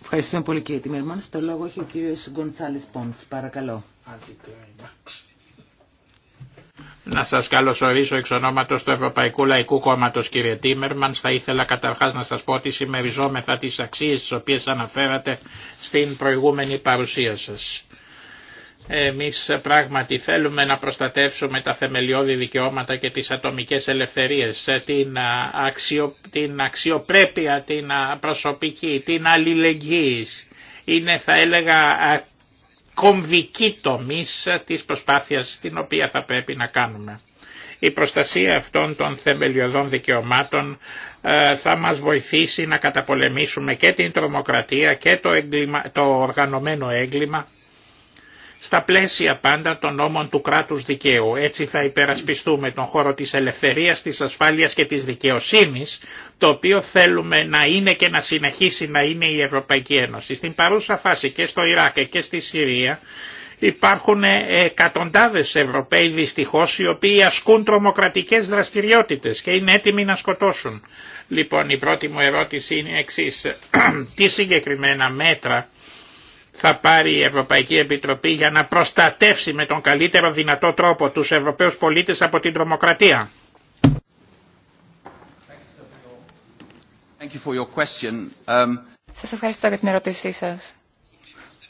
Ευχαριστούμε πολύ κύριε Τιμερμάνς. Το λόγο έχει ο κύριο Γκοντσάλης Πόντς. Παρακαλώ. Να σας καλωσορίσω εξ ονόματος του Ευρωπαϊκού Λαϊκού Κόμματος κύριε Τίμερμαν. Θα ήθελα καταρχά να σας πω ότι συμμεριζόμεθα τι αξίες τι οποίες αναφέρατε στην προηγούμενη παρουσία σας. Εμείς πράγματι θέλουμε να προστατεύσουμε τα θεμελιώδη δικαιώματα και τις ατομικές ελευθερίες, την, αξιο, την αξιοπρέπεια, την προσωπική, την αλληλεγγύη. Είναι θα έλεγα κομβική τομή της προσπάθειας την οποία θα πρέπει να κάνουμε. Η προστασία αυτών των θεμελιωδών δικαιωμάτων θα μας βοηθήσει να καταπολεμήσουμε και την τρομοκρατία και το, το οργανωμένο έγκλημα στα πλαίσια πάντα των νόμων του κράτους δικαίου. Έτσι θα υπερασπιστούμε τον χώρο της ελευθερίας, της ασφάλειας και της δικαιοσύνης, το οποίο θέλουμε να είναι και να συνεχίσει να είναι η Ευρωπαϊκή Ένωση. Στην παρούσα φάση και στο Ιράκ και στη Συρία υπάρχουν εκατοντάδες Ευρωπαίοι δυστυχώς οι οποίοι ασκούν τρομοκρατικές δραστηριότητες και είναι έτοιμοι να σκοτώσουν. Λοιπόν η πρώτη μου ερώτηση είναι εξής. Τι συγκεκριμένα μέτρα θα πάρει η Ευρωπαϊκή Επιτροπή για να προστατεύσει με τον καλύτερο δυνατό τρόπο τους Ευρωπαίους πολίτες από την τρομοκρατία. Um, σας ευχαριστώ για την ερώτησή σας.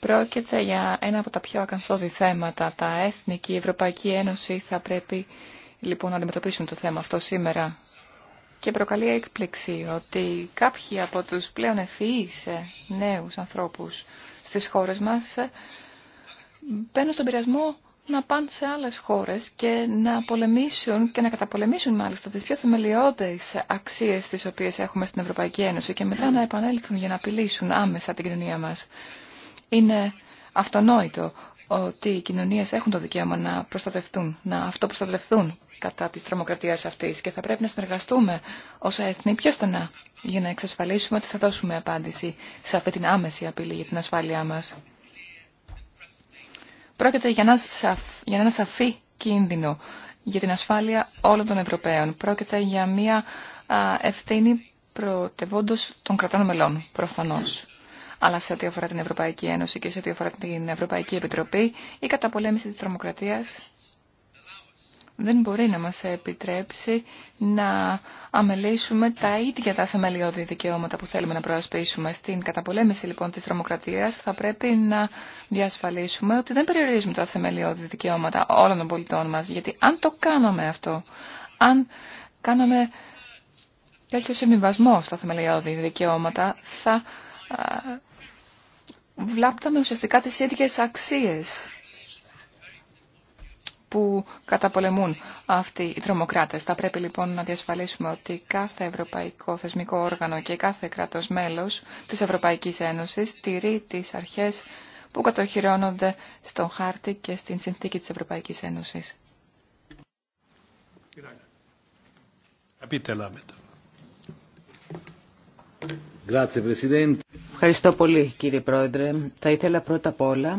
Πρόκειται για ένα από τα πιο ακαθόδη θέματα. Τα έθνη και η Ευρωπαϊκή Ένωση θα πρέπει λοιπόν να αντιμετωπίσουν το θέμα αυτό σήμερα. Και προκαλεί έκπληξη ότι κάποιοι από τους πλέον ευφυείς ε, νέους ανθρώπους στις χώρες μας μπαίνουν στον πειρασμό να πάνε σε άλλες χώρες και να πολεμήσουν και να καταπολεμήσουν μάλιστα τις πιο θεμελιώδεις αξίες τις οποίες έχουμε στην Ευρωπαϊκή Ένωση και μετά να επανέλθουν για να απειλήσουν άμεσα την κοινωνία μας. Είναι αυτονόητο ότι οι κοινωνίες έχουν το δικαίωμα να προστατευτούν, να αυτοπροστατευτούν κατά της τρομοκρατίας αυτής και θα πρέπει να συνεργαστούμε όσα έθνη πιο στενά για να εξασφαλίσουμε ότι θα δώσουμε απάντηση σε αυτή την άμεση απειλή για την ασφάλειά μας. Πρόκειται για ένα, για ένα σαφή κίνδυνο για την ασφάλεια όλων των Ευρωπαίων. Πρόκειται για μια ευθύνη πρωτευόντως των κρατών μελών, προφανώς αλλά σε ό,τι αφορά την Ευρωπαϊκή Ένωση και σε ό,τι αφορά την Ευρωπαϊκή Επιτροπή, η καταπολέμηση της τρομοκρατίας δεν μπορεί να μας επιτρέψει να αμελήσουμε τα ίδια τα θεμελιώδη δικαιώματα που θέλουμε να προασπίσουμε. Στην καταπολέμηση λοιπόν της τρομοκρατίας θα πρέπει να διασφαλίσουμε ότι δεν περιορίζουμε τα θεμελιώδη δικαιώματα όλων των πολιτών μας. Γιατί αν το κάναμε αυτό, αν κάναμε τέτοιο συμβιβασμό στα θεμελιώδη δικαιώματα, θα βλάπταμε ουσιαστικά τις ίδιες αξίες που καταπολεμούν αυτοί οι τρομοκράτες. Θα πρέπει λοιπόν να διασφαλίσουμε ότι κάθε ευρωπαϊκό θεσμικό όργανο και κάθε κράτος μέλος της Ευρωπαϊκής Ένωσης τηρεί τις αρχές που κατοχυρώνονται στον χάρτη και στην συνθήκη της Ευρωπαϊκής Ένωσης. Ευχαριστώ πολύ κύριε Πρόεδρε. Θα ήθελα πρώτα απ' όλα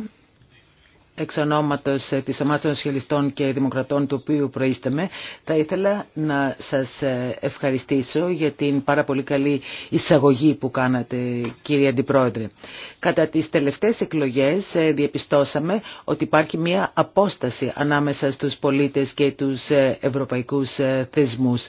εξ ονόματος ε, της ομάδας των Σχελιστών και Δημοκρατών του οποίου με θα ήθελα να σας ε, ευχαριστήσω για την πάρα πολύ καλή εισαγωγή που κάνατε κύριε Αντιπρόεδρε. Κατά τις τελευταίες εκλογές ε, διαπιστώσαμε ότι υπάρχει μια απόσταση ανάμεσα στους πολίτες και τους ευρωπαϊκούς θεσμούς.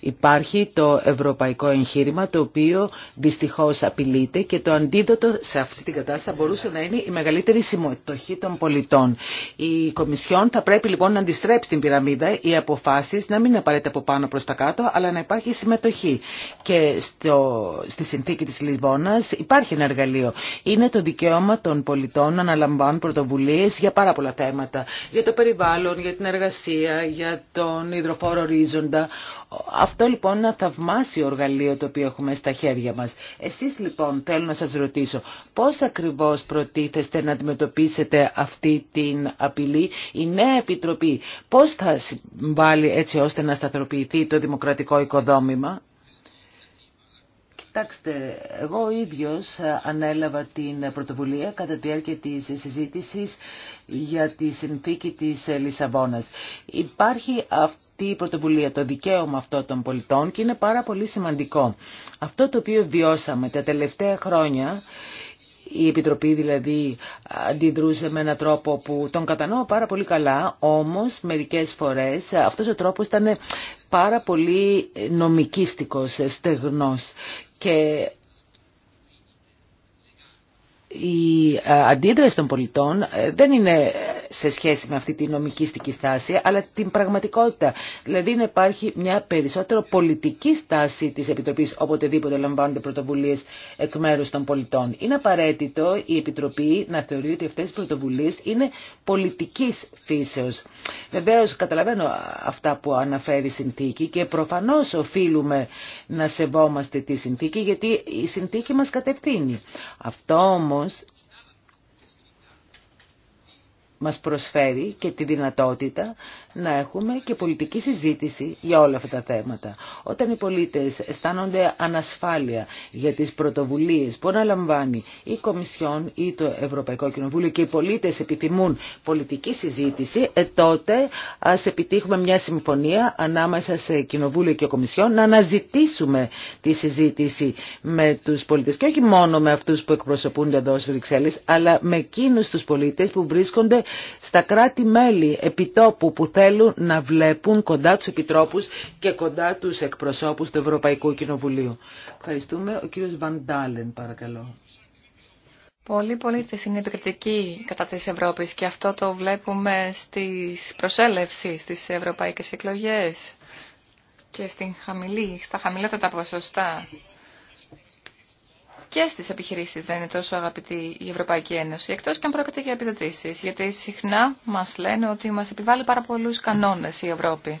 Υπάρχει το ευρωπαϊκό εγχείρημα το οποίο δυστυχώς απειλείται και το αντίδοτο σε αυτή την κατάσταση θα μπορούσε να είναι η μεγαλύτερη συμμετοχή των πολιτών πολιτών. Η Κομισιόν θα πρέπει λοιπόν να αντιστρέψει την πυραμίδα, οι αποφάσει να μην είναι απαραίτητα από πάνω προ τα κάτω, αλλά να υπάρχει συμμετοχή. Και στο, στη συνθήκη τη Λιβόνα υπάρχει ένα εργαλείο. Είναι το δικαίωμα των πολιτών να αναλαμβάνουν πρωτοβουλίε για πάρα πολλά θέματα. Για το περιβάλλον, για την εργασία, για τον υδροφόρο ορίζοντα. Αυτό λοιπόν είναι ένα θαυμάσιο εργαλείο το οποίο έχουμε στα χέρια μας. Εσείς λοιπόν θέλω να σας ρωτήσω πώς ακριβώς προτίθεστε να αντιμετωπίσετε αυτή την απειλή η νέα Επιτροπή. Πώς θα συμβάλλει έτσι ώστε να σταθεροποιηθεί το δημοκρατικό οικοδόμημα. Κοιτάξτε, εγώ ίδιος ανέλαβα την πρωτοβουλία κατά τη διάρκεια της συζήτησης για τη συνθήκη της Λισαβόνας. Υπάρχει αυτή η πρωτοβουλία, το δικαίωμα αυτό των πολιτών και είναι πάρα πολύ σημαντικό. Αυτό το οποίο βιώσαμε τα τελευταία χρόνια η Επιτροπή δηλαδή αντιδρούσε με έναν τρόπο που τον κατανοώ πάρα πολύ καλά, όμως μερικές φορές αυτός ο τρόπος ήταν πάρα πολύ νομικίστικος, στεγνός και η ε, αντίδραση των πολιτών ε, δεν είναι ε, σε σχέση με αυτή τη στική στάση, αλλά την πραγματικότητα. Δηλαδή να υπάρχει μια περισσότερο πολιτική στάση της Επιτροπής, οποτεδήποτε λαμβάνονται πρωτοβουλίες εκ μέρους των πολιτών. Είναι απαραίτητο η Επιτροπή να θεωρεί ότι αυτές οι πρωτοβουλίες είναι πολιτικής φύσεως. Βεβαίως καταλαβαίνω αυτά που αναφέρει η συνθήκη και προφανώς οφείλουμε να σεβόμαστε τη συνθήκη, γιατί η συνθήκη μας κατευθύνει. Αυτό όμως μας προσφέρει και τη δυνατότητα να έχουμε και πολιτική συζήτηση για όλα αυτά τα θέματα. Όταν οι πολίτες αισθάνονται ανασφάλεια για τις πρωτοβουλίες που αναλαμβάνει η Κομισιόν ή το Ευρωπαϊκό Κοινοβούλιο και οι πολίτες επιθυμούν πολιτική συζήτηση, ε, τότε ας επιτύχουμε μια συμφωνία ανάμεσα σε Κοινοβούλιο και Κομισιόν να αναζητήσουμε τη συζήτηση με τους πολίτες και όχι μόνο με αυτούς που εκπροσωπούνται εδώ στις Βρυξέλλες, αλλά με εκείνους τους πολίτες που βρίσκονται στα κράτη-μέλη επιτόπου που θέλουν να βλέπουν κοντά τους επιτρόπους και κοντά τους εκπροσώπους του Ευρωπαϊκού Κοινοβουλίου. Ευχαριστούμε. Ο κύριος Βαντάλεν, παρακαλώ. Πολύ πολίτες είναι επικριτικοί κατά της Ευρώπης και αυτό το βλέπουμε στις προσέλευσεις στις ευρωπαϊκές εκλογές και στην χαμηλή, στα χαμηλότερα ποσοστά και στι επιχειρήσει δεν είναι τόσο αγαπητή η Ευρωπαϊκή Ένωση, εκτός και αν πρόκειται για επιδοτήσει. γιατί συχνά μας λένε ότι μας επιβάλλει πάρα πολλού κανόνες η Ευρώπη.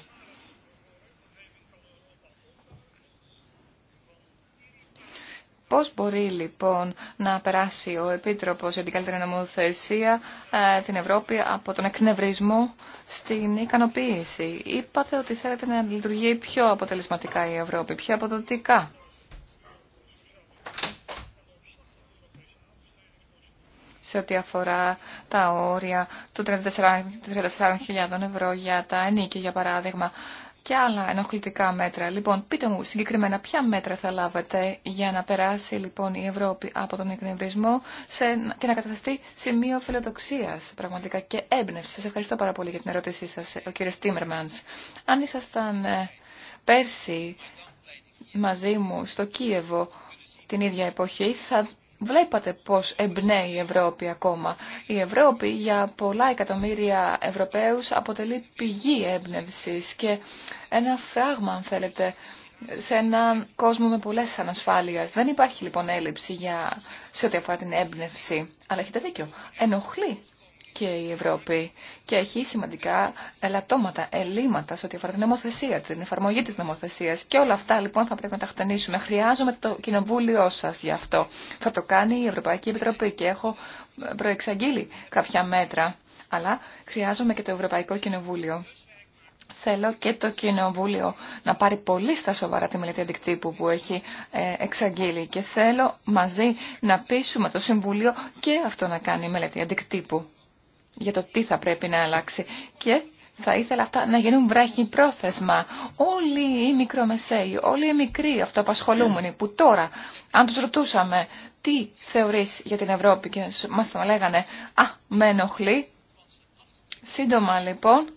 Πώς μπορεί λοιπόν να περάσει ο Επίτροπος για την καλύτερη νομοθεσία ε, την Ευρώπη από τον εκνευρισμό στην ικανοποίηση. Είπατε ότι θέλετε να λειτουργεί πιο αποτελεσματικά η Ευρώπη, πιο αποδοτικά. σε ό,τι αφορά τα όρια των 34.000 ευρώ για τα ενίκη, για παράδειγμα, και άλλα ενοχλητικά μέτρα. Λοιπόν, πείτε μου συγκεκριμένα ποια μέτρα θα λάβετε για να περάσει λοιπόν η Ευρώπη από τον εκνευρισμό σε... και να καταθεστεί σημείο φιλοδοξία πραγματικά και έμπνευση. Σα ευχαριστώ πάρα πολύ για την ερώτησή σα, ο κύριο Τίμερμαν. Αν ήσασταν ε, πέρσι μαζί μου στο Κίεβο την ίδια εποχή, θα βλέπατε πώς εμπνέει η Ευρώπη ακόμα. Η Ευρώπη για πολλά εκατομμύρια Ευρωπαίους αποτελεί πηγή έμπνευση και ένα φράγμα, αν θέλετε, σε έναν κόσμο με πολλές ανασφάλειες. Δεν υπάρχει λοιπόν έλλειψη για... σε ό,τι αφορά την έμπνευση. Αλλά έχετε δίκιο. Ενοχλεί και η Ευρώπη και έχει σημαντικά ελαττώματα, ελλείμματα σε ό,τι αφορά την νομοθεσία, την εφαρμογή της νομοθεσίας και όλα αυτά λοιπόν θα πρέπει να τα χτενίσουμε. Χρειάζομαι το κοινοβούλιο σας γι' αυτό. Θα το κάνει η Ευρωπαϊκή Επιτροπή και έχω προεξαγγείλει κάποια μέτρα, αλλά χρειάζομαι και το Ευρωπαϊκό Κοινοβούλιο. Θέλω και το Κοινοβούλιο να πάρει πολύ στα σοβαρά τη μελέτη αντικτύπου που έχει ε, εξαγγείλει και θέλω μαζί να πείσουμε το Συμβουλίο και αυτό να κάνει η μελέτη αντικτύπου για το τι θα πρέπει να αλλάξει και θα ήθελα αυτά να γίνουν βράχη πρόθεσμα. Όλοι οι μικρομεσαίοι, όλοι οι μικροί αυτοαπασχολούμενοι που τώρα, αν τους ρωτούσαμε τι θεωρείς για την Ευρώπη και μας θα λέγανε «Α, με ενοχλεί». Σύντομα λοιπόν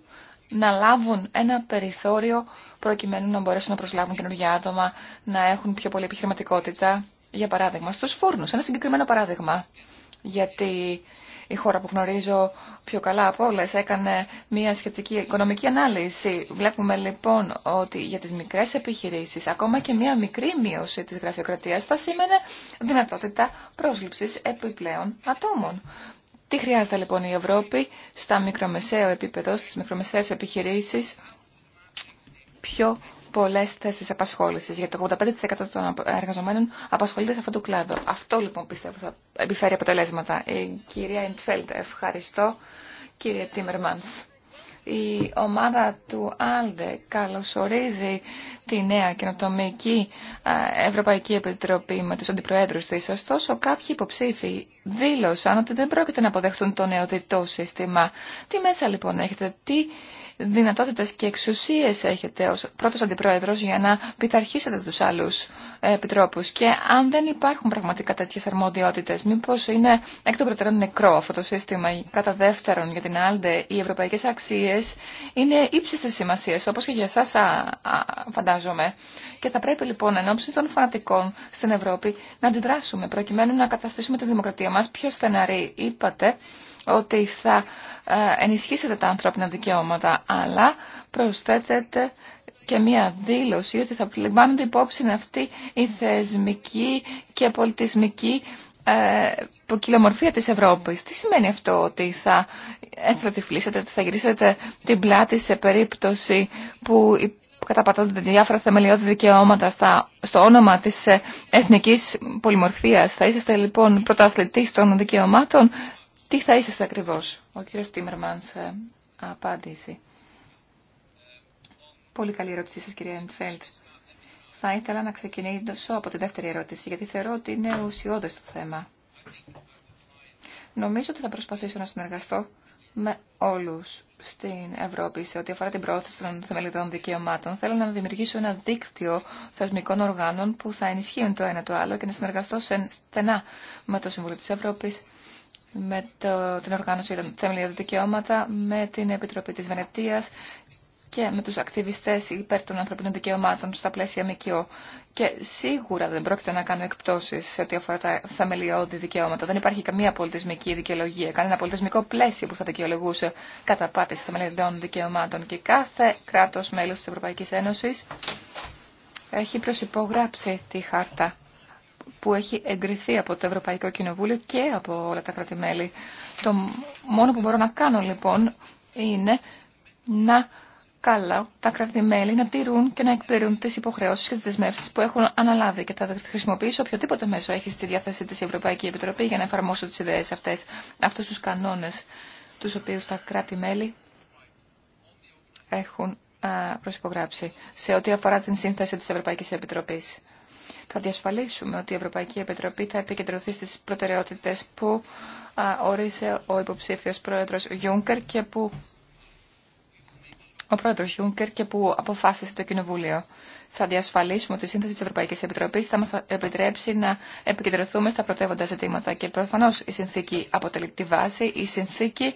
να λάβουν ένα περιθώριο προκειμένου να μπορέσουν να προσλάβουν καινούργια άτομα, να έχουν πιο πολλή επιχειρηματικότητα. Για παράδειγμα, στους φούρνους, ένα συγκεκριμένο παράδειγμα. Γιατί η χώρα που γνωρίζω πιο καλά από όλες, έκανε μια σχετική οικονομική ανάλυση. Βλέπουμε λοιπόν ότι για τις μικρές επιχειρήσεις, ακόμα και μια μικρή μείωση της γραφειοκρατίας θα σήμαινε δυνατότητα πρόσληψης επιπλέον ατόμων. Τι χρειάζεται λοιπόν η Ευρώπη στα μικρομεσαίο επίπεδο, στις μικρομεσαίες επιχειρήσεις, πιο πολλέ θέσει απασχόληση Για το 85% των εργαζομένων απασχολείται σε αυτόν τον κλάδο. Αυτό λοιπόν πιστεύω θα επιφέρει αποτελέσματα. Η κυρία Ιντφέλτ, ευχαριστώ. Κύριε Τίμερμαν. Η ομάδα του Άλντε καλωσορίζει τη νέα καινοτομική Ευρωπαϊκή Επιτροπή με του Αντιπροέδρου της. Ωστόσο, κάποιοι υποψήφοι δήλωσαν ότι δεν πρόκειται να αποδεχτούν το νεοδητό σύστημα. Τι μέσα λοιπόν έχετε, τι δυνατότητες και εξουσίες έχετε ως πρώτος αντιπρόεδρος για να πειθαρχήσετε τους άλλους ε, επιτρόπους και αν δεν υπάρχουν πραγματικά τέτοιες αρμοδιότητες, μήπως είναι εκ των προτεραιών νεκρό αυτό το σύστημα. Κατά δεύτερον, για την ΑΛΔΕ, οι ευρωπαϊκές αξίες είναι ύψιστες σημασίες όπως και για εσάς φαντάζομαι. Και θα πρέπει λοιπόν εν ώψη των φανατικών στην Ευρώπη να αντιδράσουμε προκειμένου να καταστήσουμε τη δημοκρατία μας πιο στεναρή. Είπατε ότι θα ε, ενισχύσετε τα ανθρώπινα δικαιώματα, αλλά προσθέτετε και μία δήλωση ότι θα την υπόψη αυτή η θεσμική και πολιτισμική ε, ποικιλομορφία της Ευρώπης. Τι σημαίνει αυτό ότι θα εθροτυφλήσετε, ότι θα γυρίσετε την πλάτη σε περίπτωση που καταπατώνται διάφορα θεμελιώδη δικαιώματα στο όνομα της ε, εθνικής πολυμορφίας. Θα είσαστε λοιπόν πρωταθλητής των δικαιωμάτων τι θα είσαστε ακριβώς, ο κύριος Τίμερμανς ε, απάντηση. Πολύ καλή ερώτησή σας, κυρία Εντφέλτ. Θα ήθελα να ξεκινήσω από τη δεύτερη ερώτηση, γιατί θεωρώ ότι είναι ουσιώδες το θέμα. Νομίζω ότι θα προσπαθήσω να συνεργαστώ με όλους στην Ευρώπη σε ό,τι αφορά την πρόθεση των θεμελιδών δικαιωμάτων. Θέλω να δημιουργήσω ένα δίκτυο θεσμικών οργάνων που θα ενισχύουν το ένα το άλλο και να συνεργαστώ στενά με το Συμβούλιο της Ευρώπης, με το, την Οργάνωση για τα Θεμελιώδη Δικαιώματα, με την Επιτροπή της Βενετίας και με τους ακτιβιστές υπέρ των ανθρωπίνων δικαιωμάτων στα πλαίσια ΜΚΟ. Και σίγουρα δεν πρόκειται να κάνω εκπτώσεις σε ό,τι αφορά τα θεμελιώδη δικαιώματα. Δεν υπάρχει καμία πολιτισμική δικαιολογία, κανένα πολιτισμικό πλαίσιο που θα δικαιολογούσε καταπάτηση θεμελιωδών δικαιωμάτων. Και κάθε κράτος μέλος της Ευρωπαϊκής Ένωσης έχει προσυπογράψει τη χάρτα που έχει εγκριθεί από το Ευρωπαϊκό Κοινοβούλιο και από όλα τα κράτη-μέλη. Το μόνο που μπορώ να κάνω λοιπόν είναι να κάλω τα κράτη-μέλη να τηρούν και να εκπληρούν τις υποχρεώσεις και τις δεσμεύσεις που έχουν αναλάβει και θα χρησιμοποιήσω οποιοδήποτε μέσο έχει στη διάθεσή της η Ευρωπαϊκή Επιτροπή για να εφαρμόσω τις ιδέες αυτές, αυτούς τους κανόνες τους οποίους τα κράτη-μέλη έχουν προσυπογράψει σε ό,τι αφορά την σύνθεση της Ευρωπαϊκής Επιτροπής θα διασφαλίσουμε ότι η Ευρωπαϊκή Επιτροπή θα επικεντρωθεί στις προτεραιότητες που ορίσε ο υποψήφιος πρόεδρος Γιούγκερ και που ο πρόεδρος Γιούνκερ και που αποφάσισε το Κοινοβούλιο. Θα διασφαλίσουμε ότι η σύνθεση της Ευρωπαϊκής Επιτροπής θα μας επιτρέψει να επικεντρωθούμε στα πρωτεύοντα ζητήματα και προφανώς η συνθήκη αποτελεί τη βάση, η συνθήκη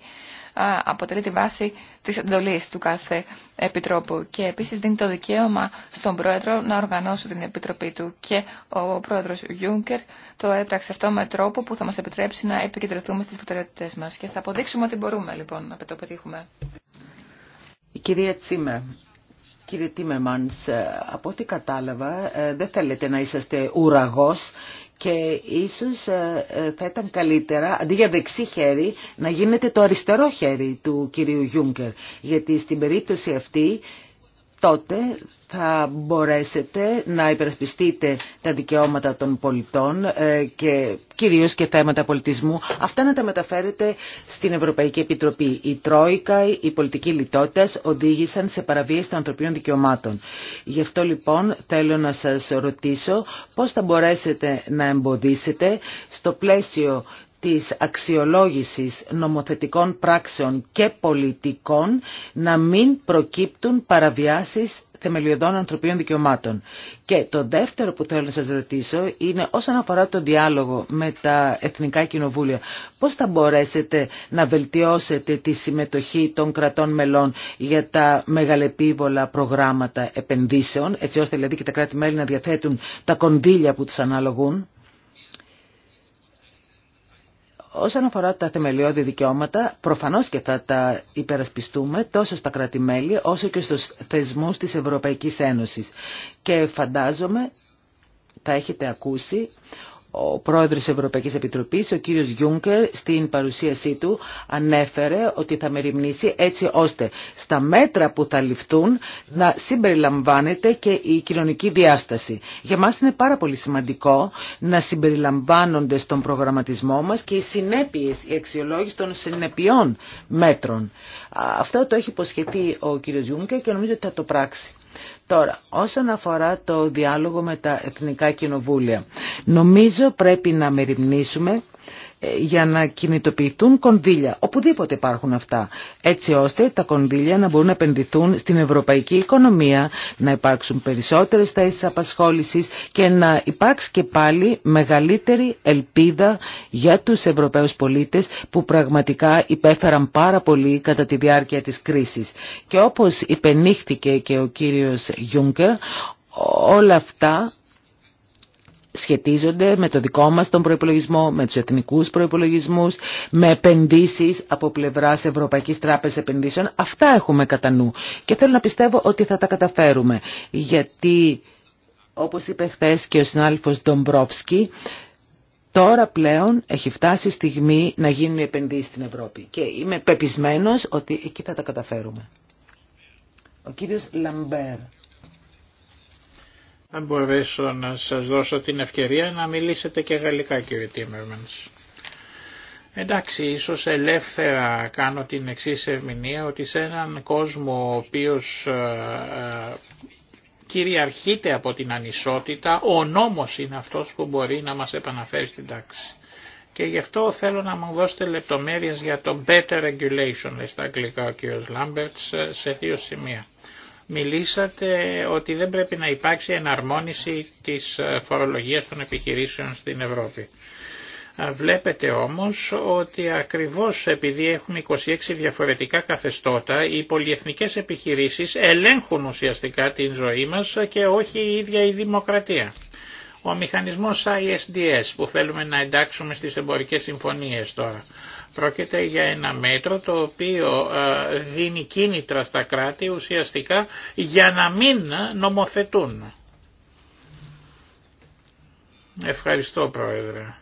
αποτελεί τη βάση της εντολής του κάθε επιτρόπου και επίσης δίνει το δικαίωμα στον πρόεδρο να οργανώσει την επιτροπή του και ο πρόεδρος Γιούγκερ το έπραξε αυτό με τρόπο που θα μας επιτρέψει να επικεντρωθούμε στις προτεραιότητες μας και θα αποδείξουμε ότι μπορούμε λοιπόν να το πετύχουμε. Η κυρία Τσίμε, Κύριε Τίμερμανς, ε, από ό,τι κατάλαβα ε, δεν θέλετε να είσαστε ουραγός και ίσως ε, ε, θα ήταν καλύτερα αντί για δεξί χέρι να γίνεται το αριστερό χέρι του κυρίου Γιούγκερ γιατί στην περίπτωση αυτή τότε θα μπορέσετε να υπερασπιστείτε τα δικαιώματα των πολιτών ε, και κυρίως και θέματα πολιτισμού. Αυτά να τα μεταφέρετε στην Ευρωπαϊκή Επιτροπή. Η Τρόικα, οι πολιτικοί λιτότητα οδήγησαν σε παραβίαση των ανθρωπίνων δικαιωμάτων. Γι' αυτό λοιπόν θέλω να σας ρωτήσω πώς θα μπορέσετε να εμποδίσετε στο πλαίσιο της αξιολόγησης νομοθετικών πράξεων και πολιτικών να μην προκύπτουν παραβιάσεις θεμελιωδών ανθρωπίνων δικαιωμάτων. Και το δεύτερο που θέλω να σας ρωτήσω είναι όσον αφορά το διάλογο με τα Εθνικά Κοινοβούλια. Πώς θα μπορέσετε να βελτιώσετε τη συμμετοχή των κρατών μελών για τα μεγαλεπίβολα προγράμματα επενδύσεων, έτσι ώστε δηλαδή και τα κράτη-μέλη να διαθέτουν τα κονδύλια που τους αναλογούν. Όσον αφορά τα θεμελιώδη δικαιώματα, προφανώς και θα τα υπερασπιστούμε τόσο στα κρατη όσο και στους θεσμούς της Ευρωπαϊκής Ένωσης. Και φαντάζομαι, θα έχετε ακούσει, ο πρόεδρος της Ευρωπαϊκής Επιτροπής, ο κύριος Γιούγκερ, στην παρουσίασή του ανέφερε ότι θα μεριμνήσει έτσι ώστε στα μέτρα που θα ληφθούν να συμπεριλαμβάνεται και η κοινωνική διάσταση. Για μας είναι πάρα πολύ σημαντικό να συμπεριλαμβάνονται στον προγραμματισμό μας και οι συνέπειες, οι αξιολόγηση των συνεπειών μέτρων. Αυτό το έχει υποσχεθεί ο κύριος Γιούγκερ και νομίζω ότι θα το πράξει. Τώρα, όσον αφορά το διάλογο με τα Εθνικά Κοινοβούλια, νομίζω πρέπει να μεριμνήσουμε για να κινητοποιηθούν κονδύλια, οπουδήποτε υπάρχουν αυτά, έτσι ώστε τα κονδύλια να μπορούν να επενδυθούν στην ευρωπαϊκή οικονομία, να υπάρξουν περισσότερες θέσεις απασχόλησης και να υπάρξει και πάλι μεγαλύτερη ελπίδα για τους Ευρωπαίους πολίτες που πραγματικά υπέφεραν πάρα πολύ κατά τη διάρκεια της κρίσης. Και όπως υπενήχθηκε και ο κύριος Γιούγκερ, όλα αυτά σχετίζονται με το δικό μας τον προϋπολογισμό, με τους εθνικούς προϋπολογισμούς, με επενδύσεις από πλευράς Ευρωπαϊκής Τράπεζας Επενδύσεων. Αυτά έχουμε κατά νου και θέλω να πιστεύω ότι θα τα καταφέρουμε γιατί όπως είπε χθε και ο συνάδελφος Ντομπρόφσκι, Τώρα πλέον έχει φτάσει η στιγμή να γίνουν οι επενδύσεις στην Ευρώπη και είμαι πεπισμένος ότι εκεί θα τα καταφέρουμε. Ο κύριος Λαμπέρ. Θα μπορέσω να σας δώσω την ευκαιρία να μιλήσετε και γαλλικά κύριε Τίμερμανς. Εντάξει, ίσως ελεύθερα κάνω την εξής ερμηνεία ότι σε έναν κόσμο ο οποίος ε, ε, κυριαρχείται από την ανισότητα, ο νόμος είναι αυτός που μπορεί να μας επαναφέρει στην τάξη. Και γι' αυτό θέλω να μου δώσετε λεπτομέρειες για το better regulation, στα αγγλικά ο κ. Λάμπερτς, σε δύο σημεία μιλήσατε ότι δεν πρέπει να υπάρξει εναρμόνιση της ε, φορολογίας των επιχειρήσεων στην Ευρώπη. Ε, βλέπετε όμως ότι ακριβώς επειδή έχουμε 26 διαφορετικά καθεστώτα, οι πολυεθνικές επιχειρήσεις ελέγχουν ουσιαστικά την ζωή μας και όχι η ίδια η δημοκρατία. Ο μηχανισμός ISDS που θέλουμε να εντάξουμε στις εμπορικές συμφωνίες τώρα. Πρόκειται για ένα μέτρο το οποίο ε, δίνει κίνητρα στα κράτη ουσιαστικά για να μην νομοθετούν. Ευχαριστώ Πρόεδρε.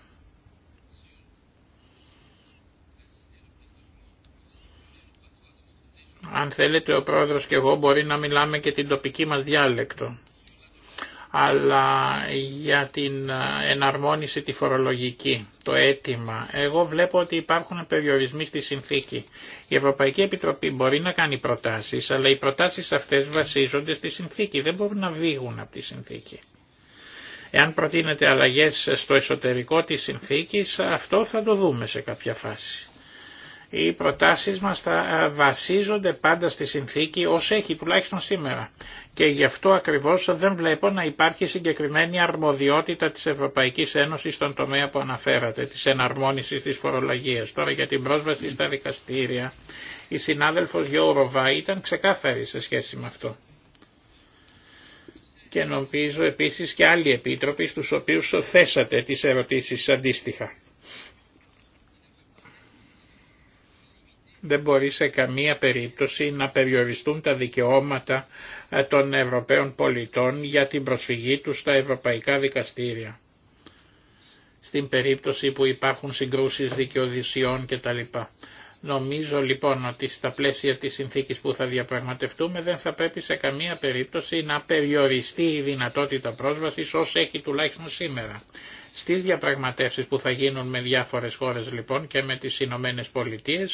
Αν θέλετε ο Πρόεδρος και εγώ μπορεί να μιλάμε και την τοπική μας διάλεκτο αλλά για την ε, εναρμόνιση τη φορολογική, το αίτημα. Εγώ βλέπω ότι υπάρχουν περιορισμοί στη συνθήκη. Η Ευρωπαϊκή Επιτροπή μπορεί να κάνει προτάσεις, αλλά οι προτάσεις αυτές βασίζονται στη συνθήκη, δεν μπορούν να βήγουν από τη συνθήκη. Εάν προτείνεται αλλαγές στο εσωτερικό της συνθήκης, αυτό θα το δούμε σε κάποια φάση. Οι προτάσεις μας θα ε, βασίζονται πάντα στη συνθήκη ως έχει τουλάχιστον σήμερα και γι' αυτό ακριβώς δεν βλέπω να υπάρχει συγκεκριμένη αρμοδιότητα της Ευρωπαϊκής Ένωσης στον τομέα που αναφέρατε, της εναρμόνισης της φορολογίας. Τώρα για την πρόσβαση στα δικαστήρια, η συνάδελφος Γιώροβα ήταν ξεκάθαρη σε σχέση με αυτό. Και νομίζω επίσης και άλλοι επίτροποι στους οποίους θέσατε τις ερωτήσεις αντίστοιχα. δεν μπορεί σε καμία περίπτωση να περιοριστούν τα δικαιώματα ε, των Ευρωπαίων πολιτών για την προσφυγή τους στα ευρωπαϊκά δικαστήρια. Στην περίπτωση που υπάρχουν συγκρούσεις δικαιοδησιών κτλ. Νομίζω λοιπόν ότι στα πλαίσια της συνθήκης που θα διαπραγματευτούμε δεν θα πρέπει σε καμία περίπτωση να περιοριστεί η δυνατότητα πρόσβασης όσο έχει τουλάχιστον σήμερα. Στις διαπραγματεύσεις που θα γίνουν με διάφορες χώρες λοιπόν και με τις Ηνωμένε Πολιτείε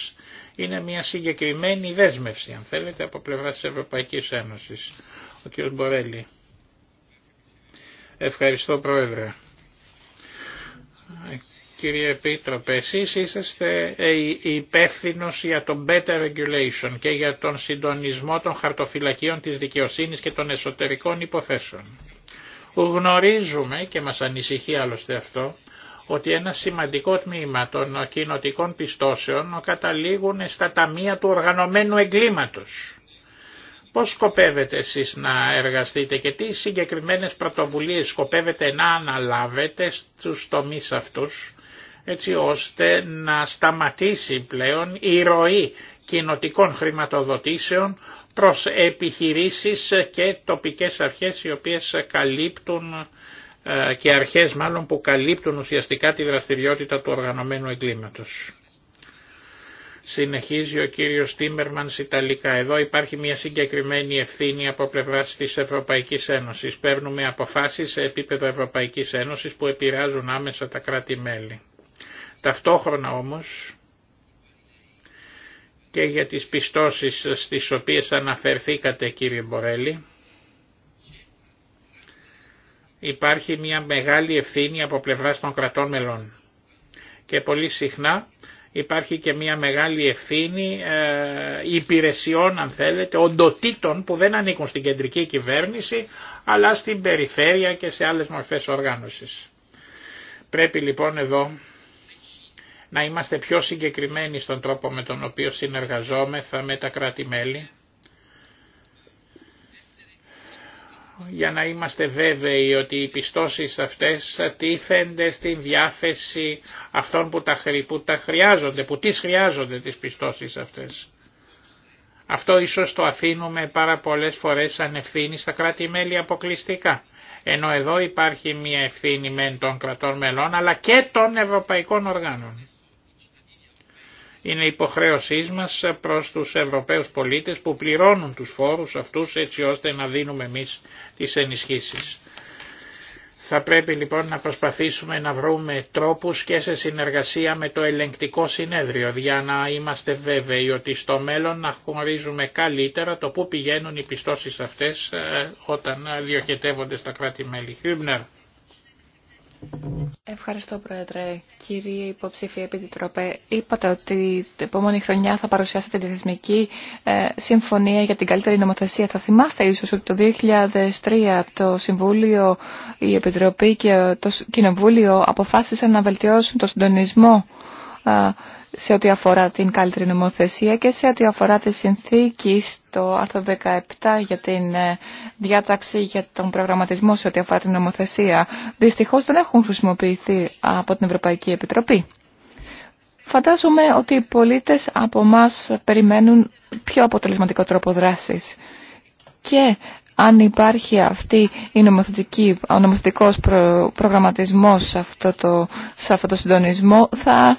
είναι μια συγκεκριμένη δέσμευση αν θέλετε από πλευρά της Ευρωπαϊκής Ένωσης. Ο κ. Μπορέλη. Ευχαριστώ Πρόεδρε. Κύριε Επίτροπε, εσείς είσαστε υπεύθυνο για το Better Regulation και για τον συντονισμό των χαρτοφυλακίων της δικαιοσύνης και των εσωτερικών υποθέσεων. Γνωρίζουμε και μας ανησυχεί άλλωστε αυτό ότι ένα σημαντικό τμήμα των κοινοτικών πιστώσεων καταλήγουν στα ταμεία του οργανωμένου εγκλήματος. Πώς σκοπεύετε εσείς να εργαστείτε και τι συγκεκριμένες πρωτοβουλίες σκοπεύετε να αναλάβετε στους τομείς αυτούς έτσι ώστε να σταματήσει πλέον η ροή κοινοτικών χρηματοδοτήσεων προς επιχειρήσεις και τοπικές αρχές οι οποίες καλύπτουν ε, και αρχές μάλλον που καλύπτουν ουσιαστικά τη δραστηριότητα του οργανωμένου εγκλήματος. Συνεχίζει ο κύριος Τίμερμαν Ιταλικά. Εδώ υπάρχει μια συγκεκριμένη ευθύνη από πλευρά τη Ευρωπαϊκής Ένωσης. Παίρνουμε αποφάσει σε επίπεδο Ευρωπαϊκή Ένωση που επηρεάζουν άμεσα τα κράτη-μέλη. Ταυτόχρονα όμως και για τις πιστώσεις στις οποίες αναφερθήκατε κύριε Μπορέλη. Υπάρχει μια μεγάλη ευθύνη από πλευράς των κρατών μελών και πολύ συχνά υπάρχει και μια μεγάλη ευθύνη ε, υπηρεσιών αν θέλετε, οντοτήτων που δεν ανήκουν στην κεντρική κυβέρνηση αλλά στην περιφέρεια και σε άλλες μορφές οργάνωσης. Πρέπει λοιπόν εδώ να είμαστε πιο συγκεκριμένοι στον τρόπο με τον οποίο συνεργαζόμεθα με τα κράτη-μέλη, για να είμαστε βέβαιοι ότι οι πιστώσεις αυτές τίθενται στην διάθεση αυτών που τα, χρειάζονται, που τις χρειάζονται τις πιστώσεις αυτές. Αυτό ίσως το αφήνουμε πάρα πολλές φορές σαν ευθύνη στα κράτη-μέλη αποκλειστικά. Ενώ εδώ υπάρχει μια ευθύνη μεν των κρατών μελών αλλά και των ευρωπαϊκών οργάνων. Είναι υποχρέωσή μας προς τους Ευρωπαίους πολίτες που πληρώνουν τους φόρους αυτούς έτσι ώστε να δίνουμε εμείς τις ενισχύσεις. Θα πρέπει λοιπόν να προσπαθήσουμε να βρούμε τρόπους και σε συνεργασία με το ελεγκτικό συνέδριο για να είμαστε βέβαιοι ότι στο μέλλον να γνωρίζουμε καλύτερα το πού πηγαίνουν οι πιστώσεις αυτές ε, όταν διοχετεύονται στα κράτη-μέλη. Ευχαριστώ, Πρόεδρε. Κύριε Υποψήφια Επιτροπέ, είπατε ότι την επόμενη χρονιά θα παρουσιάσετε τη θεσμική ε, συμφωνία για την καλύτερη νομοθεσία. Θα θυμάστε ίσως ότι το 2003 το Συμβούλιο, η Επιτροπή και το Κοινοβούλιο αποφάσισαν να βελτιώσουν το συντονισμό ε, σε ό,τι αφορά την καλύτερη νομοθεσία και σε ό,τι αφορά τη συνθήκη στο άρθρο 17 για την ε, διάταξη για τον προγραμματισμό σε ό,τι αφορά την νομοθεσία. Δυστυχώς δεν έχουν χρησιμοποιηθεί από την Ευρωπαϊκή Επιτροπή. Φαντάζομαι ότι οι πολίτες από εμά περιμένουν πιο αποτελεσματικό τρόπο δράσης. Και αν υπάρχει αυτή η νομοθετική, ο νομοθετικός προ, προγραμματισμός σε αυτό, το, σε αυτό το συντονισμό, θα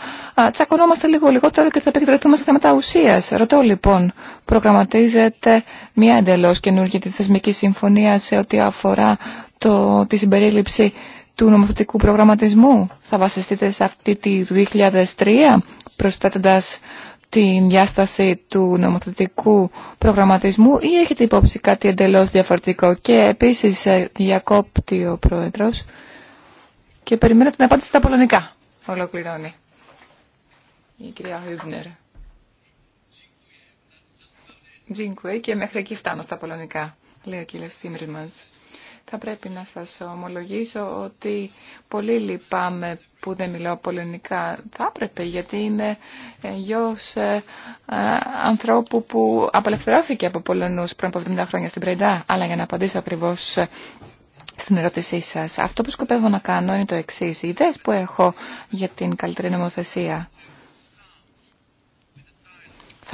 τσακωνόμαστε λίγο λιγότερο και θα επικεντρωθούμε σε θέματα ουσίας. Ρωτώ λοιπόν, προγραμματίζεται μια εντελώς καινούργια τη θεσμική συμφωνία σε ό,τι αφορά το, τη συμπερίληψη του νομοθετικού προγραμματισμού. Θα βασιστείτε σε αυτή τη 2003, προσθέτοντα την διάσταση του νομοθετικού προγραμματισμού ή έχετε υπόψη κάτι εντελώς διαφορετικό. Και επίσης ε, διακόπτει ο Πρόεδρος και περιμένω την απάντηση στα πολωνικά. Ολοκληρώνει η κυρία Χούμπνερ. Τζίνκουε και μέχρι εκεί φτάνω στα πολωνικά, λέει ο κύριος τζινκουε και μεχρι εκει φτανω στα πολωνικα λεει ο κυριος σιμριμας Θα πρέπει να σας ομολογήσω ότι πολύ λυπάμαι που δεν μιλάω πολεμικά. Θα έπρεπε γιατί είμαι γιος ε, ε, ανθρώπου που απελευθερώθηκε από πολεμούς πριν από 70 χρόνια στην Πρεντά. Αλλά για να απαντήσω ακριβώ ε, στην ερώτησή σας, αυτό που σκοπεύω να κάνω είναι το εξής. Οι ιδέες που έχω για την καλύτερη νομοθεσία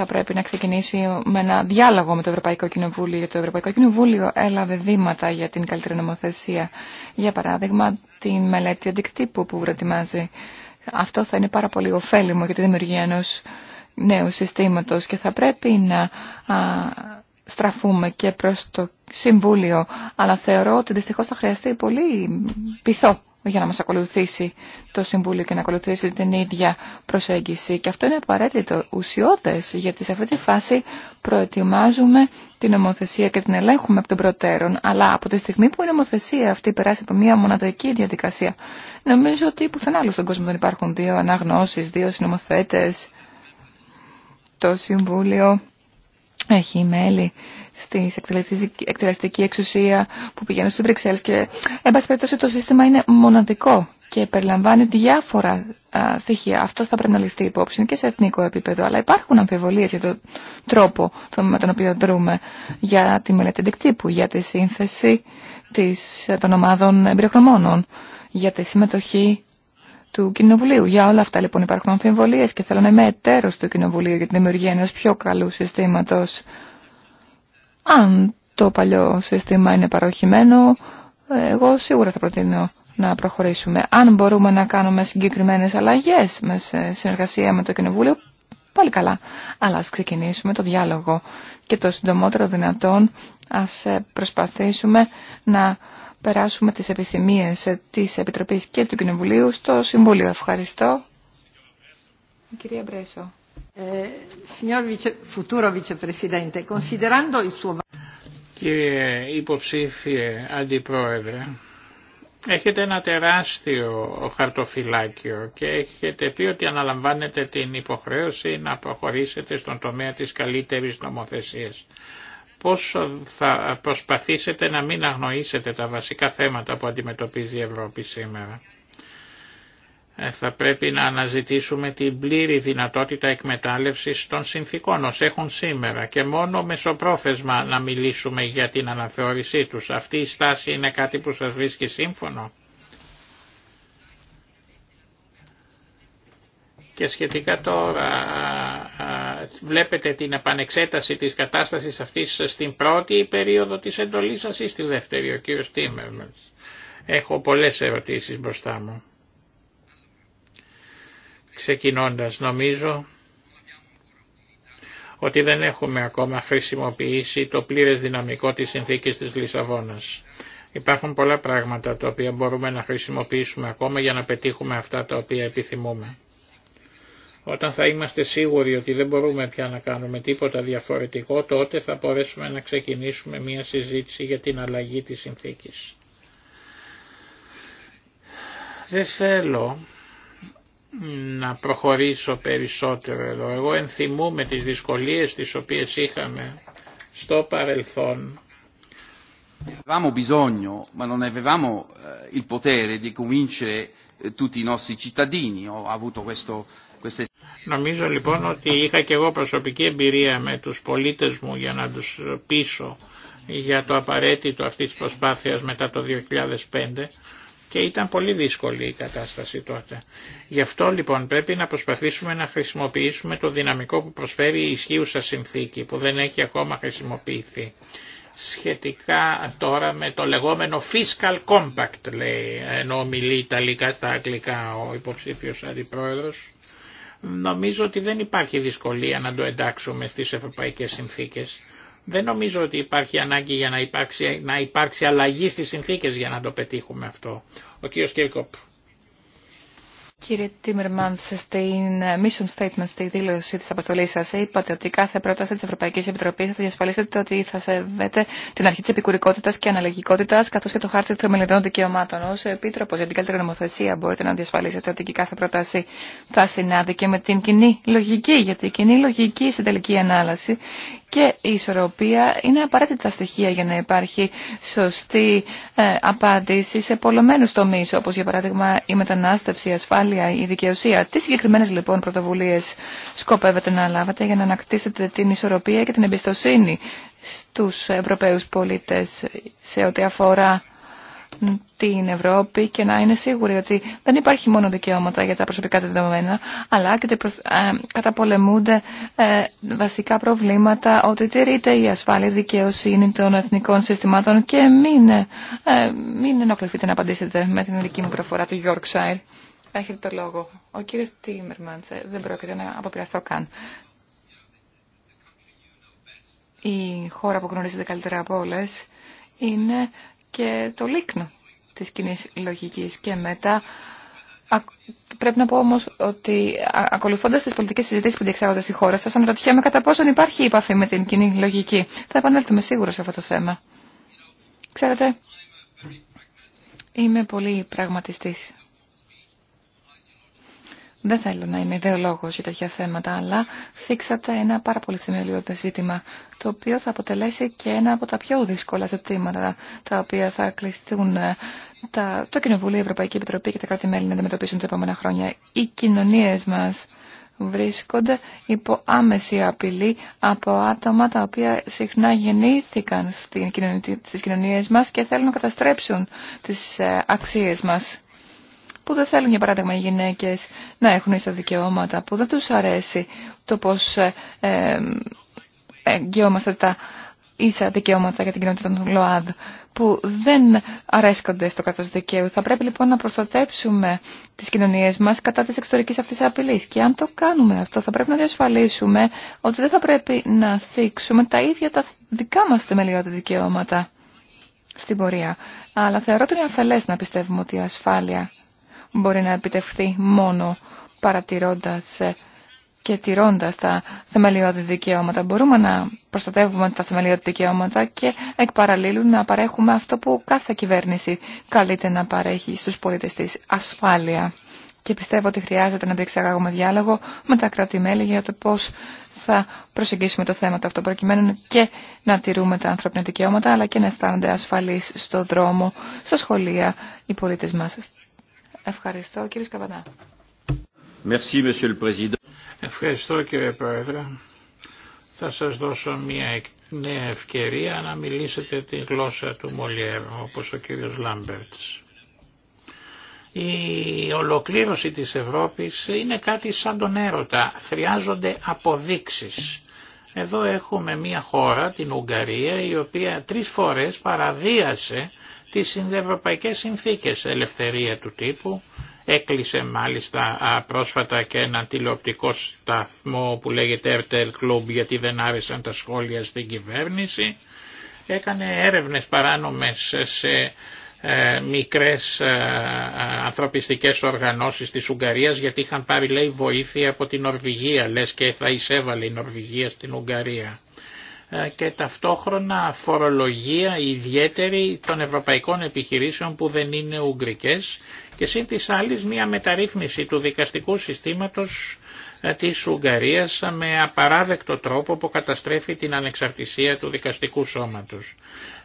θα πρέπει να ξεκινήσει με ένα διάλογο με το Ευρωπαϊκό Κοινοβούλιο. Γιατί το Ευρωπαϊκό Κοινοβούλιο έλαβε βήματα για την καλύτερη νομοθεσία. Για παράδειγμα, την μελέτη αντικτύπου που προετοιμάζει. Αυτό θα είναι πάρα πολύ ωφέλιμο για τη δημιουργία ενό νέου συστήματος και θα πρέπει να στραφούμε και προς το Συμβούλιο. Αλλά θεωρώ ότι δυστυχώ θα χρειαστεί πολύ πειθό για να μας ακολουθήσει το Συμβούλιο και να ακολουθήσει την ίδια προσέγγιση. Και αυτό είναι απαραίτητο ουσιώδες, γιατί σε αυτή τη φάση προετοιμάζουμε την νομοθεσία και την ελέγχουμε από τον προτέρων, αλλά από τη στιγμή που η νομοθεσία αυτή περάσει από μια μοναδική διαδικασία, νομίζω ότι πουθενά άλλο στον κόσμο δεν υπάρχουν δύο αναγνώσεις, δύο συνομοθέτες, το Συμβούλιο έχει μέλη στην εκτελεστική εξουσία που πηγαίνουν στις Βρυξέλλες και εν πάση περιπτώσει το σύστημα είναι μοναδικό και περιλαμβάνει διάφορα στοιχεία. Αυτό θα πρέπει να ληφθεί υπόψη και σε εθνικό επίπεδο. Αλλά υπάρχουν αμφιβολίες για τον τρόπο με τον οποίο δρούμε για τη μελέτη αντικτύπου, για τη σύνθεση της, των ομάδων εμπειροχρομόνων, για τη συμμετοχή του Κοινοβουλίου. Για όλα αυτά λοιπόν υπάρχουν αμφιβολίες και θέλω να είμαι εταίρος του Κοινοβουλίου για την δημιουργία ενός πιο καλού συστήματος αν το παλιό σύστημα είναι παροχημένο, εγώ σίγουρα θα προτείνω να προχωρήσουμε. Αν μπορούμε να κάνουμε συγκεκριμένες αλλαγές με συνεργασία με το Κοινοβούλιο, πολύ καλά. Αλλά ας ξεκινήσουμε το διάλογο και το συντομότερο δυνατόν ας ε, προσπαθήσουμε να περάσουμε τις επιθυμίες ε, της Επιτροπής και του Κοινοβουλίου στο Συμβούλιο. Ευχαριστώ. κυρία Μπρέσο. Eh, Κύριε υποψήφιε αντιπρόεδρε, έχετε ένα τεράστιο χαρτοφυλάκιο και έχετε πει ότι αναλαμβάνετε την υποχρέωση να προχωρήσετε στον τομέα της καλύτερης νομοθεσίας. Πώς θα προσπαθήσετε να μην αγνοήσετε τα βασικά θέματα που αντιμετωπίζει η Ευρώπη σήμερα. Ε, θα πρέπει να αναζητήσουμε την πλήρη δυνατότητα εκμετάλλευσης των συνθήκων ως έχουν σήμερα και μόνο μεσοπρόθεσμα να μιλήσουμε για την αναθεώρησή τους. Αυτή η στάση είναι κάτι που σας βρίσκει σύμφωνο. Και σχετικά τώρα βλέπετε την επανεξέταση της κατάστασης αυτής στην πρώτη περίοδο της εντολής σας ή στη δεύτερη, ο κύριος Τίμερμαντς. Έχω πολλές ερωτήσεις μπροστά μου. Ξεκινώντας νομίζω ότι δεν έχουμε ακόμα χρησιμοποιήσει το πλήρες δυναμικό της συνθήκης της Λισαβόνας. Υπάρχουν πολλά πράγματα τα οποία μπορούμε να χρησιμοποιήσουμε ακόμα για να πετύχουμε αυτά τα οποία επιθυμούμε. Όταν θα είμαστε σίγουροι ότι δεν μπορούμε πια να κάνουμε τίποτα διαφορετικό, τότε θα μπορέσουμε να ξεκινήσουμε μια συζήτηση για την αλλαγή της συνθήκης. Δεν θέλω να προχωρήσω περισσότερο εδώ. Εγώ ενθυμούμαι τις δυσκολίες τις οποίες είχαμε στο παρελθόν. Avevamo bisogno, ma non avevamo eh, il potere di convincere eh, tutti i nostri cittadini. Ho avuto questo, Νομίζω λοιπόν ότι είχα και εγώ προσωπική εμπειρία με τους πολίτες μου για να τους πείσω για το απαραίτητο αυτής της προσπάθειας μετά το 2005 και ήταν πολύ δύσκολη η κατάσταση τότε. Γι' αυτό λοιπόν πρέπει να προσπαθήσουμε να χρησιμοποιήσουμε το δυναμικό που προσφέρει η ισχύουσα συνθήκη που δεν έχει ακόμα χρησιμοποιηθεί. Σχετικά τώρα με το λεγόμενο fiscal compact λέει, ενώ μιλεί Ιταλικά στα Αγγλικά ο υποψήφιος αντιπρόεδρος. Νομίζω ότι δεν υπάρχει δυσκολία να το εντάξουμε στις ευρωπαϊκές συνθήκες δεν νομίζω ότι υπάρχει ανάγκη για να υπάρξει, να υπάρξει αλλαγή στις συνθήκες για να το πετύχουμε αυτό. Ο κύριος Κίρκοπ. Κύριε Τίμερμαν, στην ε, mission statement, στη δήλωση της αποστολή σας, είπατε ότι κάθε πρόταση της Ευρωπαϊκής Επιτροπής θα διασφαλίσετε ότι θα σεβέτε την αρχή της επικουρικότητας και αναλογικότητας, καθώς και το χάρτη των μελετών δικαιωμάτων. Ως επίτροπος για την καλύτερη νομοθεσία μπορείτε να διασφαλίσετε ότι και κάθε πρόταση θα συνάδει και με την κοινή λογική, γιατί η κοινή λογική στην τελική ανάλυση και η ισορροπία είναι απαραίτητα στοιχεία για να υπάρχει σωστή ε, απάντηση σε πολλωμένου τομεί, όπω για παράδειγμα η μετανάστευση, η ασφάλεια, η δικαιοσία. Τι συγκεκριμένε λοιπόν πρωτοβουλίε σκοπεύετε να λάβετε για να ανακτήσετε την ισορροπία και την εμπιστοσύνη στους Ευρωπαίου πολίτε σε ό,τι αφορά την Ευρώπη και να είναι σίγουροι ότι δεν υπάρχει μόνο δικαιώματα για τα προσωπικά δεδομένα, αλλά και ότι ε, καταπολεμούνται ε, βασικά προβλήματα, ότι τηρείται η ασφάλεια δικαιοσύνη των εθνικών συστημάτων και μην, ε, μην ενοχληθείτε να απαντήσετε με την δική μου προφορά του Yorkshire. Έχετε το λόγο. Ο κύριος Τίμερμαντ, δεν πρόκειται να αποπειραθώ καν. Η χώρα που γνωρίζετε καλύτερα από όλες είναι και το λίκνο της κοινή λογικής και μετά Πρέπει να πω όμω ότι ακολουθώντα τι πολιτικέ συζητήσει που διεξάγονται στη χώρα σα, αναρωτιέμαι κατά πόσον υπάρχει επαφή με την κοινή λογική. Θα επανέλθουμε σίγουρα σε αυτό το θέμα. Ξέρετε, είμαι πολύ πραγματιστής δεν θέλω να είμαι ιδεολόγος για τέτοια θέματα, αλλά θίξατε ένα πάρα πολύ θεμελιώδες ζήτημα, το οποίο θα αποτελέσει και ένα από τα πιο δύσκολα ζητήματα, τα οποία θα κληθούν ε, τα, το Κοινοβούλιο, η Ευρωπαϊκή Επιτροπή και τα κράτη-μέλη να αντιμετωπίσουν τα επόμενα χρόνια. Οι κοινωνίες μας βρίσκονται υπό άμεση απειλή από άτομα τα οποία συχνά γεννήθηκαν στις κοινωνίες μας και θέλουν να καταστρέψουν τις ε, αξίες μας που δεν θέλουν για παράδειγμα οι γυναίκες να έχουν ίσα δικαιώματα, που δεν τους αρέσει το πώς ε, ε, εγγυόμαστε τα ίσα δικαιώματα για την κοινότητα των ΛΟΑΔ που δεν αρέσκονται στο κράτος δικαίου. Θα πρέπει λοιπόν να προστατέψουμε τις κοινωνίες μας κατά της εξωτερικής αυτής απειλής. Και αν το κάνουμε αυτό θα πρέπει να διασφαλίσουμε ότι δεν θα πρέπει να θίξουμε τα ίδια τα δικά μας θεμελιώδη δικαιώματα στην πορεία. Αλλά θεωρώ ότι είναι αφελές να πιστεύουμε ότι η ασφάλεια μπορεί να επιτευχθεί μόνο παρατηρώντας και τηρώντας τα θεμελιώδη δικαιώματα. Μπορούμε να προστατεύουμε τα θεμελιώδη δικαιώματα και εκ παραλλήλου να παρέχουμε αυτό που κάθε κυβέρνηση καλείται να παρέχει στους πολίτες της ασφάλεια. Και πιστεύω ότι χρειάζεται να διεξαγάγουμε διάλογο με τα κράτη-μέλη για το πώς θα προσεγγίσουμε το θέμα του αυτό προκειμένου και να τηρούμε τα ανθρώπινα δικαιώματα αλλά και να αισθάνονται ασφαλείς στο δρόμο, στα σχολεία οι πολίτες μας Ευχαριστώ κύριε Σκαβανά. Ευχαριστώ κύριε Πρόεδρε. Θα σας δώσω μια νέα ευκαιρία να μιλήσετε τη γλώσσα του Μολιέρ, όπως ο κύριος Λάμπερτς. Η ολοκλήρωση της Ευρώπης είναι κάτι σαν τον έρωτα. Χρειάζονται αποδείξεις. Εδώ έχουμε μια χώρα, την Ουγγαρία, η οποία τρεις φορές παραβίασε τις συνδεευρωπαϊκές συνθήκες ελευθερία του τύπου. Έκλεισε μάλιστα πρόσφατα και ένα τηλεοπτικό σταθμό που λέγεται RTL Club γιατί δεν άρεσαν τα σχόλια στην κυβέρνηση. Έκανε έρευνες παράνομες σε ε, μικρές ε, ανθρωπιστικές οργανώσεις της Ουγγαρίας γιατί είχαν πάρει λέει βοήθεια από την Ορβηγία, λες και θα εισέβαλε η Νορβηγία στην Ουγγαρία. Ε, και ταυτόχρονα φορολογία ιδιαίτερη των ευρωπαϊκών επιχειρήσεων που δεν είναι ουγγρικές και σύν της άλλης μια μεταρρύθμιση του δικαστικού συστήματος ε, της Ουγγαρίας με απαράδεκτο τρόπο που καταστρέφει την ανεξαρτησία του δικαστικού σώματος.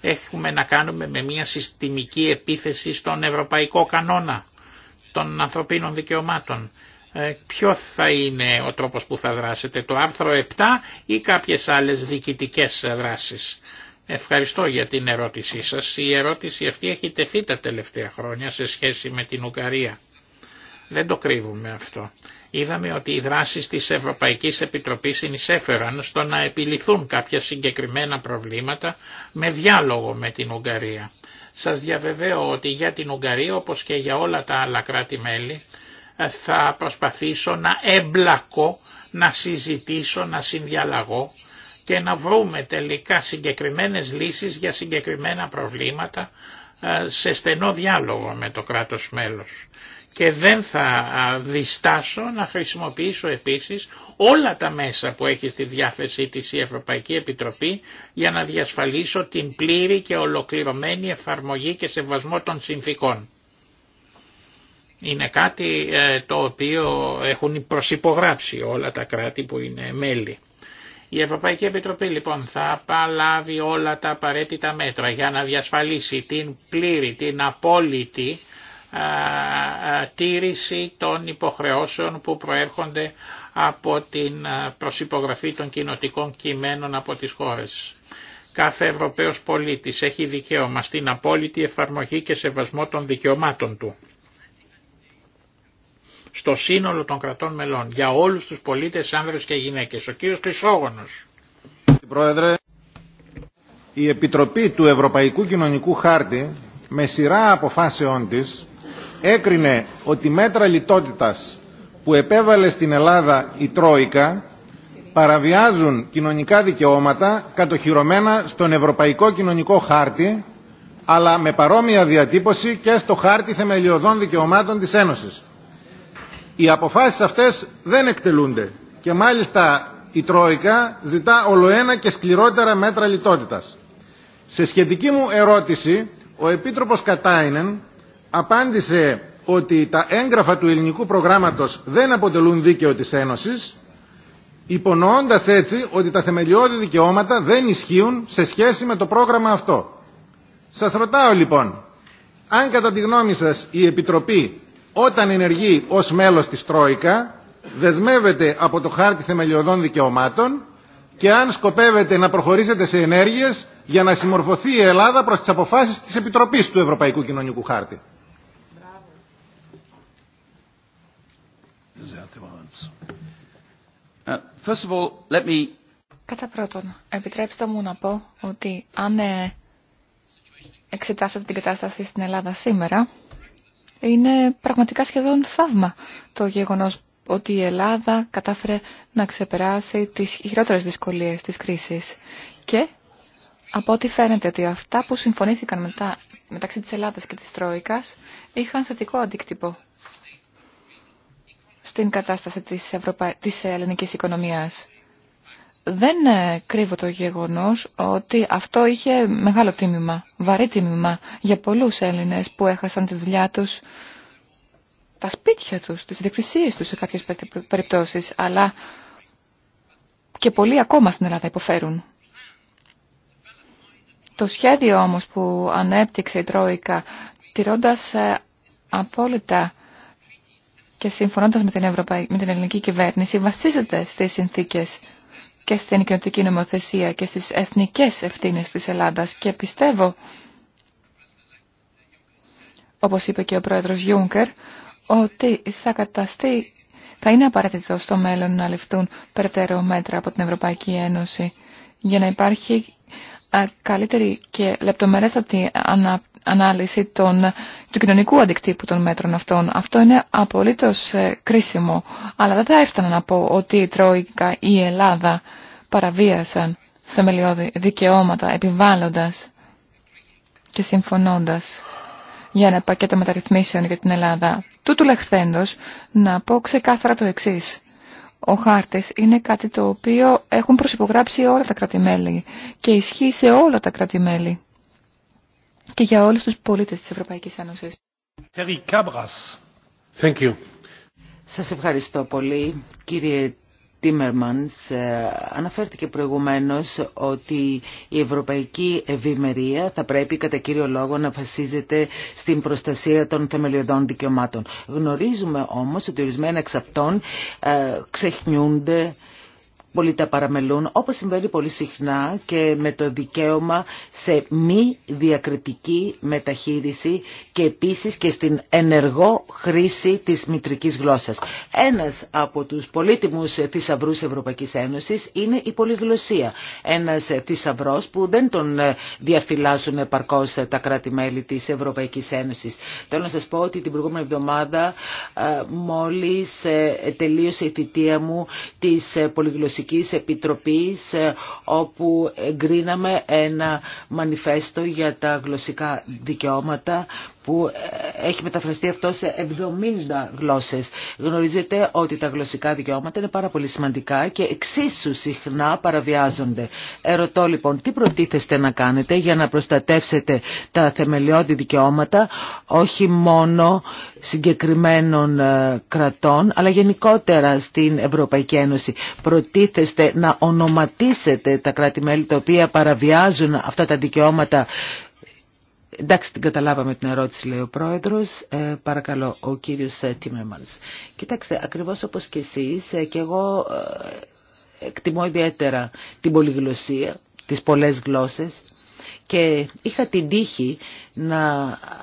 Έχουμε να κάνουμε με μια συστημική επίθεση στον ευρωπαϊκό κανόνα των ανθρωπίνων δικαιωμάτων ε, ποιο θα είναι ο τρόπος που θα δράσετε, το άρθρο 7 ή κάποιες άλλες διοικητικές δράσεις. Ευχαριστώ για την ερώτησή σας. Η ερώτηση αυτή έχει τεθεί τα τελευταία χρόνια σε σχέση με την Ουγγαρία. Δεν το κρύβουμε αυτό. Είδαμε ότι οι δράσεις της Ευρωπαϊκής Επιτροπής συνεισέφεραν στο να επιληθούν κάποια συγκεκριμένα προβλήματα με διάλογο με την Ουγγαρία. Σας διαβεβαίω ότι για την Ουγγαρία όπως και για όλα τα άλλα κράτη-μέλη θα προσπαθήσω να εμπλακώ, να συζητήσω, να συνδιαλλαγώ και να βρούμε τελικά συγκεκριμένες λύσεις για συγκεκριμένα προβλήματα ε, σε στενό διάλογο με το κράτος μέλος. Και δεν θα ε, διστάσω να χρησιμοποιήσω επίσης όλα τα μέσα που έχει στη διάθεσή της η Ευρωπαϊκή Επιτροπή για να διασφαλίσω την πλήρη και ολοκληρωμένη εφαρμογή και σεβασμό των συνθήκων είναι κάτι ε, το οποίο έχουν προσυπογράψει όλα τα κράτη που είναι μέλη. Η Ευρωπαϊκή Επιτροπή λοιπόν θα παλάβει όλα τα απαραίτητα μέτρα για να διασφαλίσει την πλήρη, την απόλυτη τήρηση των υποχρεώσεων που προέρχονται από την προσυπογραφή των κοινοτικών κειμένων από τις χώρες. Κάθε Ευρωπαίος πολίτης έχει δικαίωμα στην απόλυτη εφαρμογή και σεβασμό των δικαιωμάτων του στο σύνολο των κρατών μελών, για όλους τους πολίτες, άνδρες και γυναίκες. Ο κύριος Χρυσόγονος. Πρόεδρε, η Επιτροπή του Ευρωπαϊκού Κοινωνικού Χάρτη με σειρά αποφάσεών της έκρινε ότι μέτρα λιτότητας που επέβαλε στην Ελλάδα η Τρόικα παραβιάζουν κοινωνικά δικαιώματα κατοχυρωμένα στον Ευρωπαϊκό Κοινωνικό Χάρτη αλλά με παρόμοια διατύπωση και στο Χάρτη Θεμελιωδών Δικαιωμάτων της Ένωσης οι αποφάσεις αυτές δεν εκτελούνται και μάλιστα η Τρόικα ζητά ολοένα και σκληρότερα μέτρα λιτότητας. Σε σχετική μου ερώτηση, ο Επίτροπος Κατάινεν απάντησε ότι τα έγγραφα του ελληνικού προγράμματος δεν αποτελούν δίκαιο της Ένωσης, υπονοώντας έτσι ότι τα θεμελιώδη δικαιώματα δεν ισχύουν σε σχέση με το πρόγραμμα αυτό. Σας ρωτάω λοιπόν, αν κατά τη γνώμη σας η Επιτροπή όταν ενεργεί ως μέλος της Τρόικα δεσμεύεται από το χάρτη θεμελιωδών δικαιωμάτων και αν σκοπεύετε να προχωρήσετε σε ενέργειες για να συμμορφωθεί η Ελλάδα προς τις αποφάσεις της Επιτροπής του Ευρωπαϊκού Κοινωνικού Χάρτη. Κατά πρώτον, επιτρέψτε μου να πω ότι αν ε, εξετάσετε την κατάσταση στην Ελλάδα σήμερα, είναι πραγματικά σχεδόν θαύμα το γεγονός ότι η Ελλάδα κατάφερε να ξεπεράσει τις χειρότερες δυσκολίες της κρίσης. Και από ό,τι φαίνεται ότι αυτά που συμφωνήθηκαν μετά, μεταξύ της Ελλάδας και της Τρόικας είχαν θετικό αντίκτυπο στην κατάσταση της, Ευρωπα... της ελληνικής οικονομίας δεν ε, κρύβω το γεγονός ότι αυτό είχε μεγάλο τίμημα, βαρύ τίμημα για πολλούς Έλληνες που έχασαν τη δουλειά τους, τα σπίτια τους, τις διεκτησίες τους σε κάποιες περιπτώσεις, αλλά και πολλοί ακόμα στην Ελλάδα υποφέρουν. Το σχέδιο όμως που ανέπτυξε η Τρόικα, τηρώντας ε, απόλυτα και συμφωνώντας με την, Ευρωπαϊ... με την ελληνική κυβέρνηση, βασίζεται στις συνθήκες και στην κοινωτική νομοθεσία και στις εθνικές ευθύνες της Ελλάδας και πιστεύω, όπως είπε και ο πρόεδρος Γιούγκερ, ότι θα καταστεί, θα είναι απαραίτητο στο μέλλον να ληφθούν περαιτέρω μέτρα από την Ευρωπαϊκή Ένωση για να υπάρχει καλύτερη και λεπτομερέστατη αναπτύξη ανάλυση των, του κοινωνικού αντικτύπου των μέτρων αυτών. Αυτό είναι απολύτως ε, κρίσιμο. Αλλά δεν θα έφτανα να πω ότι η Τρόικα ή η Ελλάδα παραβίασαν θεμελιώδη δικαιώματα επιβάλλοντας και συμφωνώντας για ένα πακέτο μεταρρυθμίσεων για την Ελλάδα. Τούτου λεχθέντος να πω ξεκάθαρα το εξής. Ο χάρτης είναι κάτι το οποίο έχουν προσυπογράψει όλα τα κρατημέλη και ισχύει σε όλα τα κρατημέλη και για όλους τους πολίτες της Ευρωπαϊκής Ένωσης. Thank you. Σας ευχαριστώ πολύ κύριε Τίμερμανς ε, αναφέρθηκε προηγουμένως ότι η ευρωπαϊκή ευημερία θα πρέπει κατά κύριο λόγο να βασίζεται στην προστασία των θεμελιωδών δικαιωμάτων. Γνωρίζουμε όμως ότι ορισμένα εξ αυτών ε, ξεχνιούνται πολλοί παραμελούν, όπως συμβαίνει πολύ συχνά και με το δικαίωμα σε μη διακριτική μεταχείριση και επίσης και στην ενεργό χρήση της μητρικής γλώσσας. Ένας από τους πολύτιμους θησαυρού Ευρωπαϊκής Ένωσης είναι η πολυγλωσία. Ένας θησαυρό που δεν τον διαφυλάσσουν επαρκώς τα κράτη-μέλη της Ευρωπαϊκής Ένωσης. Θέλω να σας πω ότι την προηγούμενη εβδομάδα ε, μόλις ε, τελείωσε η θητεία μου της ε, πολυγλωσσικής Κοινοβουλευτικής Επιτροπής ε, όπου εγκρίναμε ένα μανιφέστο για τα γλωσσικά δικαιώματα που ε, έχει μεταφραστεί αυτό σε 70 γλώσσες. Γνωρίζετε ότι τα γλωσσικά δικαιώματα είναι πάρα πολύ σημαντικά και εξίσου συχνά παραβιάζονται. Ερωτώ λοιπόν τι προτίθεστε να κάνετε για να προστατεύσετε τα θεμελιώδη δικαιώματα όχι μόνο συγκεκριμένων ε, κρατών αλλά γενικότερα στην Ευρωπαϊκή Ένωση. Προτίθεστε να ονοματίσετε τα κράτη-μέλη τα οποία παραβιάζουν αυτά τα δικαιώματα Εντάξει, την καταλάβαμε την ερώτηση, λέει ο πρόεδρος. Ε, παρακαλώ, ο κύριος ε, Τίμερμανς. Κοιτάξτε, ακριβώς όπως και εσείς, ε, και εγώ εκτιμώ ιδιαίτερα την πολυγλωσία, τις πολλές γλώσσες και είχα την τύχη να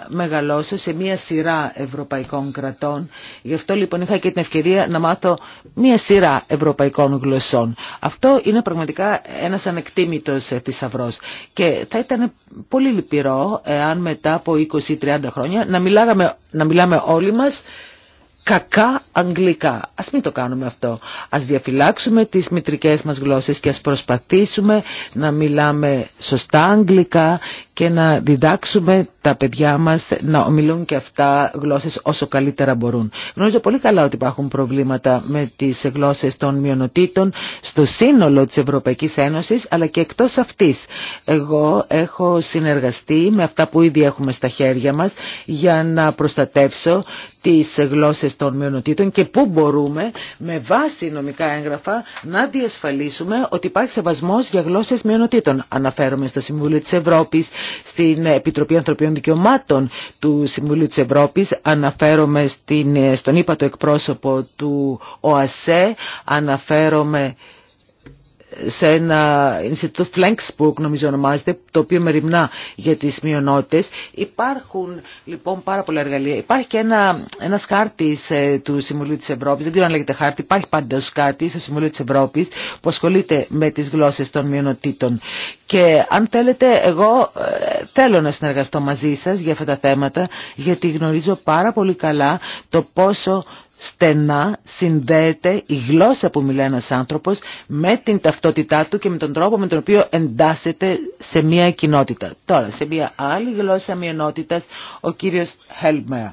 μεγαλώσω σε μία σειρά ευρωπαϊκών κρατών. Γι' αυτό λοιπόν είχα και την ευκαιρία να μάθω μία σειρά ευρωπαϊκών γλωσσών. Αυτό είναι πραγματικά ένας ανεκτήμητος θησαυρό. και θα ήταν πολύ λυπηρό εάν μετά από 20-30 χρόνια να, να μιλάμε όλοι μας κακά αγγλικά. Ας μην το κάνουμε αυτό. Ας διαφυλάξουμε τις μητρικές μας γλώσσες και ας προσπαθήσουμε να μιλάμε σωστά αγγλικά και να διδάξουμε τα παιδιά μας να ομιλούν και αυτά γλώσσες όσο καλύτερα μπορούν. Γνωρίζω πολύ καλά ότι υπάρχουν προβλήματα με τις γλώσσες των μειονοτήτων στο σύνολο της Ευρωπαϊκής Ένωσης αλλά και εκτός αυτής. Εγώ έχω συνεργαστεί με αυτά που ήδη έχουμε στα χέρια μας για να προστατεύσω τις γλώσσες των μειονοτήτων και πού μπορούμε με βάση νομικά έγγραφα να διασφαλίσουμε ότι υπάρχει σεβασμός για γλώσσες μειονοτήτων. Αναφέρομαι στο Συμβούλιο της Ευρώπης, στην Επιτροπή Ανθρωπίνων Δικαιωμάτων του Συμβουλίου της Ευρώπης. Αναφέρομαι στην, στον ύπατο εκπρόσωπο του ΟΑΣΕ, αναφέρομαι σε ένα Ινστιτούτο Φλέγκσπουργκ νομίζω ονομάζεται, το οποίο με ρημνά για τι μειονότητε. Υπάρχουν λοιπόν πάρα πολλά εργαλεία. Υπάρχει και ένα, ένας χάρτης ε, του Συμβουλίου τη Ευρώπη, δεν ξέρω αν λέγεται χάρτη, υπάρχει πάντα ω κάτι στο Συμβουλίο τη Ευρώπη που ασχολείται με τι γλώσσε των μειονοτήτων. Και αν θέλετε, εγώ ε, θέλω να συνεργαστώ μαζί σα για αυτά τα θέματα, γιατί γνωρίζω πάρα πολύ καλά το πόσο στενά συνδέεται η γλώσσα που μιλάει ένας άνθρωπος με την ταυτότητά του και με τον τρόπο με τον οποίο εντάσσεται σε μια κοινότητα. Τώρα, σε μια άλλη γλώσσα μειονότητας, ο κύριος Χέλμερ.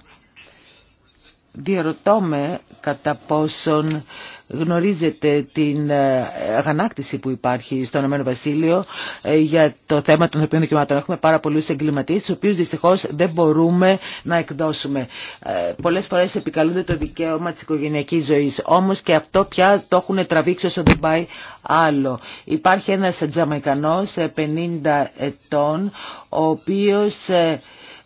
Διαρωτώ με κατά πόσον Γνωρίζετε την ε, αγανάκτηση που υπάρχει στο Ηνωμένο Βασίλειο ε, για το θέμα των ανθρωπίνων δικαιωμάτων. Έχουμε πάρα πολλού εγκληματίες, του οποίου δυστυχώς δεν μπορούμε να εκδώσουμε. Ε, πολλές φορές επικαλούνται το δικαίωμα της οικογένειακή ζωής. Όμως και αυτό πια το έχουν τραβήξει όσο δεν πάει άλλο. Υπάρχει ένας Τζαμαικανό 50 ετών, ο οποίο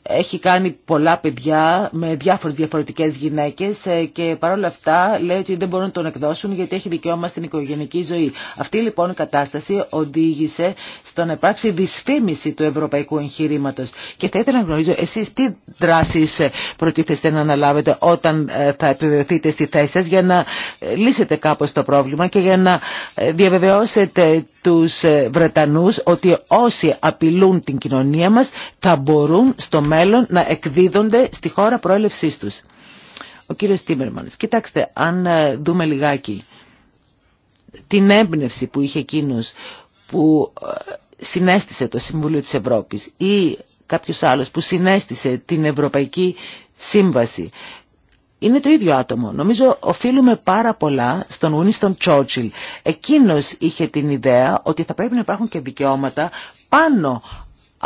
έχει κάνει πολλά παιδιά με διάφορες διαφορετικές γυναίκες ε, και παρόλα αυτά λέει ότι δεν μπορούν να τον εκδώσουν γιατί έχει δικαίωμα στην οικογενική ζωή. Αυτή λοιπόν η κατάσταση οδήγησε στο να υπάρξει δυσφήμιση του ευρωπαϊκού εγχειρήματο. Και θα ήθελα να γνωρίζω εσείς τι δράσεις ε, προτίθεστε να αναλάβετε όταν ε, θα επιβεβαιωθείτε στη θέση σας για να λύσετε κάπως το πρόβλημα και για να διαβεβαιώσετε τους Βρετανούς ότι όσοι απειλούν την κοινωνία μας θα μπορούν στο μέλλον μέλλον να εκδίδονται στη χώρα προέλευσής τους. Ο κύριος Τίμερμανς, κοιτάξτε, αν ε, δούμε λιγάκι την έμπνευση που είχε εκείνος που ε, συνέστησε το Συμβούλιο της Ευρώπης ή κάποιος άλλος που συνέστησε την Ευρωπαϊκή Σύμβαση. Είναι το ίδιο άτομο. Νομίζω οφείλουμε πάρα πολλά στον Ουνίστον Churchill. Εκείνος είχε την ιδέα ότι θα πρέπει να υπάρχουν και δικαιώματα πάνω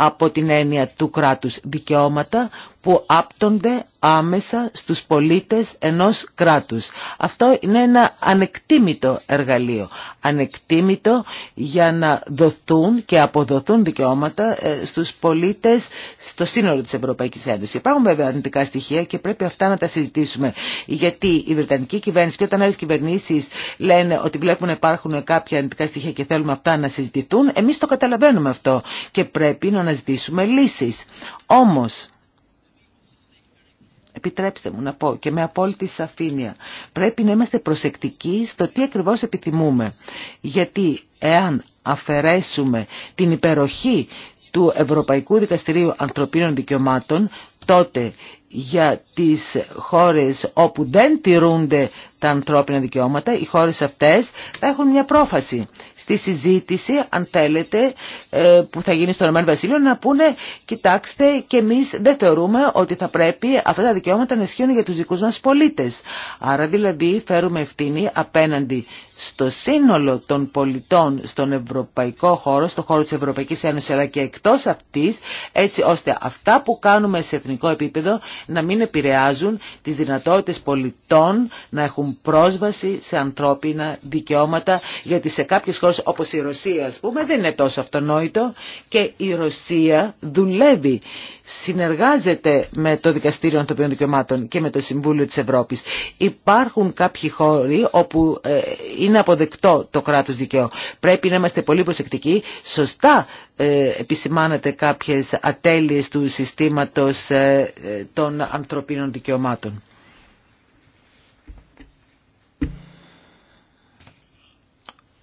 από την έννοια του κράτους δικαιώματα που άπτονται άμεσα στους πολίτες ενός κράτους. Αυτό είναι ένα ανεκτήμητο εργαλείο. Ανεκτήμητο για να δοθούν και αποδοθούν δικαιώματα ε, στους πολίτες στο σύνολο της Ευρωπαϊκής Ένωσης. Υπάρχουν βέβαια αρνητικά στοιχεία και πρέπει αυτά να τα συζητήσουμε. Γιατί η Βρετανική κυβέρνηση και όταν άλλε κυβερνήσεις λένε ότι βλέπουν να υπάρχουν κάποια αρνητικά στοιχεία και θέλουμε αυτά να συζητηθούν, εμείς το καταλαβαίνουμε αυτό και πρέπει να αναζητήσουμε λύσεις. Όμως, επιτρέψτε μου να πω και με απόλυτη σαφήνεια, πρέπει να είμαστε προσεκτικοί στο τι ακριβώς επιθυμούμε. Γιατί εάν αφαιρέσουμε την υπεροχή του Ευρωπαϊκού Δικαστηρίου Ανθρωπίνων Δικαιωμάτων, τότε για τις χώρες όπου δεν τηρούνται τα ανθρώπινα δικαιώματα, οι χώρες αυτές θα έχουν μια πρόφαση στη συζήτηση, αν θέλετε, ε, που θα γίνει στο Ηνωμένο Βασίλειο, να πούνε, κοιτάξτε, και εμείς δεν θεωρούμε ότι θα πρέπει αυτά τα δικαιώματα να ισχύουν για τους δικούς μας πολίτες. Άρα δηλαδή φέρουμε ευθύνη απέναντι στο σύνολο των πολιτών στον ευρωπαϊκό χώρο, στον χώρο της Ευρωπαϊκής Ένωσης, αλλά και εκτός αυτής, έτσι ώστε αυτά που κάνουμε σε εθνικό επίπεδο να μην επηρεάζουν τις δυνατότητες πολιτών να έχουν πρόσβαση σε ανθρώπινα δικαιώματα γιατί σε κάποιες χώρες όπως η Ρωσία ας πούμε δεν είναι τόσο αυτονόητο και η Ρωσία δουλεύει, συνεργάζεται με το Δικαστήριο Ανθρωπίνων Δικαιωμάτων και με το Συμβούλιο της Ευρώπης. Υπάρχουν κάποιοι χώροι όπου ε, είναι αποδεκτό το κράτος δικαίου. Πρέπει να είμαστε πολύ προσεκτικοί. Σωστά ε, επισημάνεται κάποιες ατέλειες του συστήματος ε, των ανθρωπίνων δικαιωμάτων.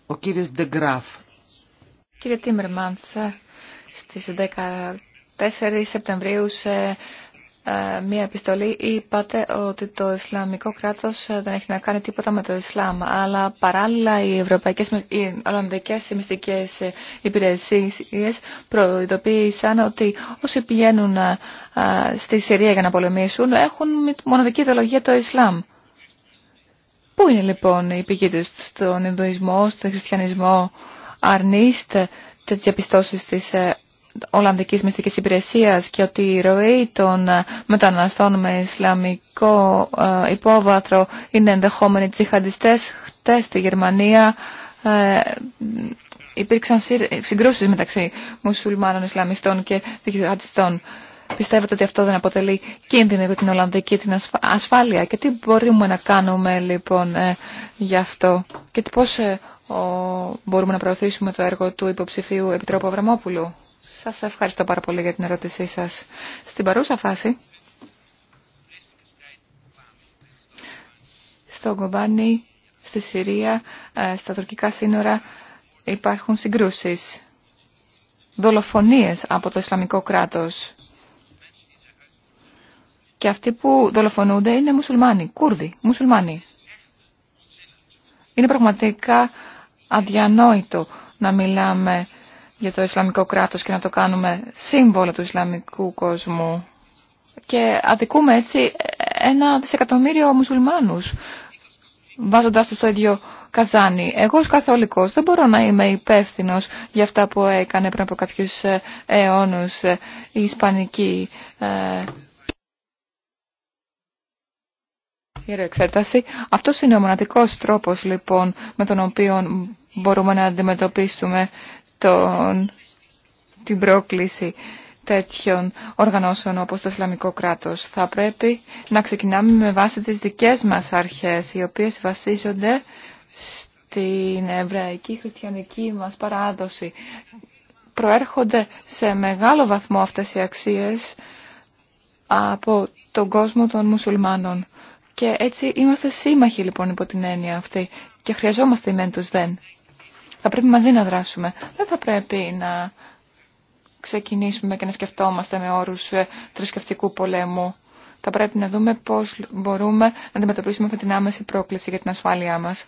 Ο κύριος Ντεγκράφ. Κύριε Τίμερμαντς, ε, στις 14 Σεπτεμβρίου σε ε, μία επιστολή είπατε ότι το Ισλαμικό κράτος ε, δεν έχει να κάνει τίποτα με το Ισλάμ, αλλά παράλληλα οι ευρωπαϊκές, οι ολλανδικές μυστικές υπηρεσίες προειδοποίησαν ότι όσοι πηγαίνουν στη Συρία για να πολεμήσουν έχουν μοναδική ιδεολογία το Ισλάμ. Πού είναι λοιπόν η πηγή του στον Ινδουισμό, στον Χριστιανισμό, αρνείστε τέτοια πιστώσεις της ε, Ολλανδικής Μυστικής Υπηρεσίας και ότι η ροή των ε, μεταναστών με Ισλαμικό ε, υπόβαθρο είναι ενδεχόμενοι τσιχαντιστές. Χτες στη Γερμανία υπήρξαν συγκρούσεις μεταξύ μουσουλμάνων Ισλαμιστών και τσιχαντιστών. Πιστεύετε ότι αυτό δεν αποτελεί κίνδυνο για την Ολλανδική την ασφάλεια και τι μπορούμε να κάνουμε λοιπόν ε, γι' αυτό και πώς ε, μπορούμε να προωθήσουμε το έργο του υποψηφίου Επιτρόπου Αβραμόπουλου. Σας ευχαριστώ πάρα πολύ για την ερώτησή σας. Στην παρούσα φάση, στο Γκομπάνι, στη Συρία, ε, στα τουρκικά σύνορα υπάρχουν συγκρούσεις, δολοφονίες από το Ισλαμικό κράτος και αυτοί που δολοφονούνται είναι μουσουλμάνοι, Κούρδοι, μουσουλμάνοι. Είναι πραγματικά αδιανόητο να μιλάμε για το Ισλαμικό κράτος και να το κάνουμε σύμβολο του Ισλαμικού κόσμου. Και αδικούμε έτσι ένα δισεκατομμύριο μουσουλμάνους βάζοντάς τους στο ίδιο καζάνι. Εγώ ως καθολικός δεν μπορώ να είμαι υπεύθυνο για αυτά που έκανε πριν από κάποιους ε, αιώνους ε, η Ισπανική ε, εξέταση. Αυτό είναι ο μοναδικό τρόπο λοιπόν με τον οποίο μπορούμε να αντιμετωπίσουμε τον, την πρόκληση τέτοιων οργανώσεων όπως το Ισλαμικό κράτος. Θα πρέπει να ξεκινάμε με βάση τις δικές μας αρχές, οι οποίες βασίζονται στην εβραϊκή χριστιανική μας παράδοση. Προέρχονται σε μεγάλο βαθμό αυτές οι αξίες από τον κόσμο των μουσουλμάνων. Και έτσι είμαστε σύμμαχοι λοιπόν υπό την έννοια αυτή και χρειαζόμαστε οι τους δεν. Θα πρέπει μαζί να δράσουμε. Δεν θα πρέπει να ξεκινήσουμε και να σκεφτόμαστε με όρους ε, θρησκευτικού πολέμου. Θα πρέπει να δούμε πώς μπορούμε να αντιμετωπίσουμε αυτή την άμεση πρόκληση για την ασφάλειά μας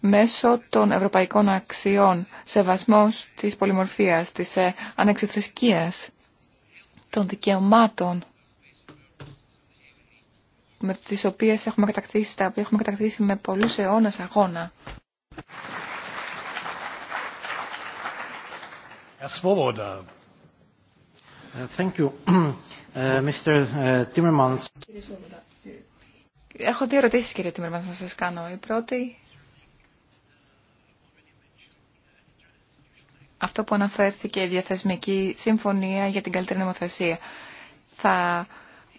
μέσω των ευρωπαϊκών αξιών, σεβασμός της πολυμορφίας, της ε, ανεξιθρησκείας, των δικαιωμάτων με τις οποίες έχουμε κατακτήσει, τα οποία έχουμε κατακτήσει με πολλούς αιώνε αγώνα. Ε, ε, ε, έχω δύο ερωτήσει, κύριε Τίμερμαν, να σα κάνω. Η πρώτη... Αυτό που αναφέρθηκε η διαθεσμική συμφωνία για την καλύτερη νομοθεσία. Θα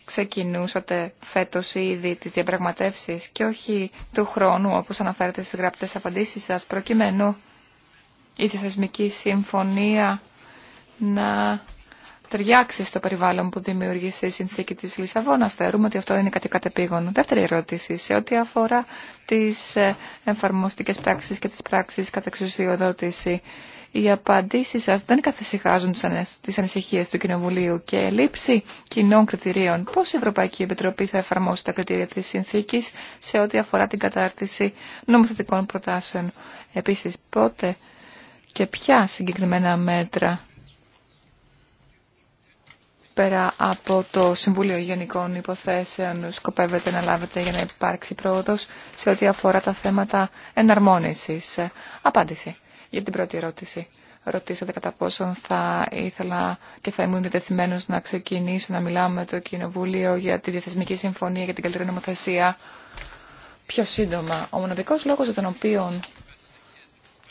ξεκινούσατε φέτος ήδη τις διαπραγματεύσεις και όχι του χρόνου όπως αναφέρετε στις γραπτές απαντήσεις σας προκειμένου η θεσμική συμφωνία να ταιριάξει στο περιβάλλον που δημιούργησε η συνθήκη της Λισαβόνας. Θεωρούμε ότι αυτό είναι κάτι κατεπήγον. Δεύτερη ερώτηση σε ό,τι αφορά τις εμφαρμοστικές πράξεις και τις πράξεις κατά οι απαντήσεις σας δεν καθησυχάζουν τις ανησυχίες του Κοινοβουλίου και λήψη κοινών κριτηρίων. Πώς η Ευρωπαϊκή Επιτροπή θα εφαρμόσει τα κριτήρια της συνθήκης σε ό,τι αφορά την κατάρτιση νομοθετικών προτάσεων. Επίσης, πότε και ποια συγκεκριμένα μέτρα πέρα από το Συμβούλιο Γενικών Υποθέσεων σκοπεύετε να λάβετε για να υπάρξει πρόοδος σε ό,τι αφορά τα θέματα εναρμόνισης. Απάντηση για την πρώτη ερώτηση. Ρωτήσατε κατά πόσον θα ήθελα και θα ήμουν διατεθειμένος να ξεκινήσω να μιλάω με το Κοινοβούλιο για τη Διαθεσμική Συμφωνία για την καλύτερη νομοθεσία πιο σύντομα. Ο μοναδικός λόγος για τον οποίο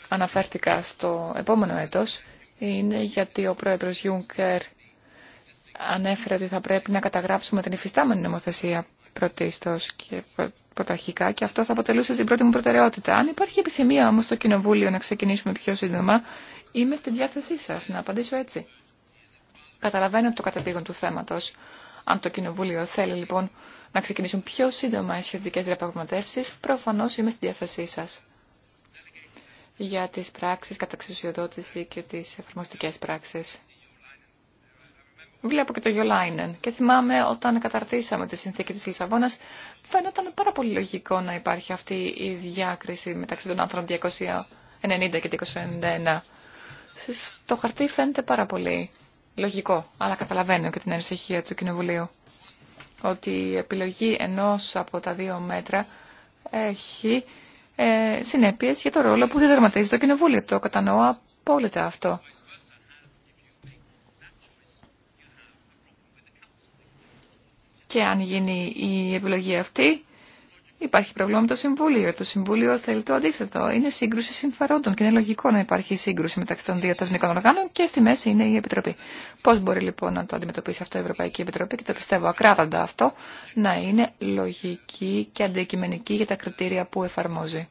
αναφέρθηκα στο επόμενο έτος είναι γιατί ο πρόεδρος Γιούνκερ ανέφερε ότι θα πρέπει να καταγράψουμε την υφιστάμενη νομοθεσία πρωτίστως και πρωταρχικά και αυτό θα αποτελούσε την πρώτη μου προτεραιότητα. Αν υπάρχει επιθυμία όμω στο Κοινοβούλιο να ξεκινήσουμε πιο σύντομα, είμαι στη διάθεσή σας να απαντήσω έτσι. Καταλαβαίνω το καταπήγον του θέματος. Αν το Κοινοβούλιο θέλει λοιπόν να ξεκινήσουν πιο σύντομα οι σχετικέ διαπραγματεύσει, προφανώ είμαι στη διάθεσή σα για τις πράξεις κατά και τις εφαρμοστικές πράξεις. Βλέπω και το Γιολάινεν και θυμάμαι όταν καταρτήσαμε τη συνθήκη της Λισαβόνας φαίνονταν πάρα πολύ λογικό να υπάρχει αυτή η διάκριση μεταξύ των άνθρωπων 290 και 291. Στο χαρτί φαίνεται πάρα πολύ λογικό, αλλά καταλαβαίνω και την ανησυχία του Κοινοβουλίου ότι η επιλογή ενός από τα δύο μέτρα έχει ε, συνέπειες για το ρόλο που διδερματίζει το Κοινοβούλιο. Το κατανοώ απόλυτα αυτό. Και αν γίνει η επιλογή αυτή, υπάρχει πρόβλημα με το Συμβούλιο. Το Συμβούλιο θέλει το αντίθετο. Είναι σύγκρουση συμφερόντων και είναι λογικό να υπάρχει σύγκρουση μεταξύ των δύο τασμικών οργάνων και στη μέση είναι η Επιτροπή. Πώ μπορεί λοιπόν να το αντιμετωπίσει αυτό η Ευρωπαϊκή Επιτροπή και το πιστεύω ακράδαντα αυτό να είναι λογική και αντικειμενική για τα κριτήρια που εφαρμόζει.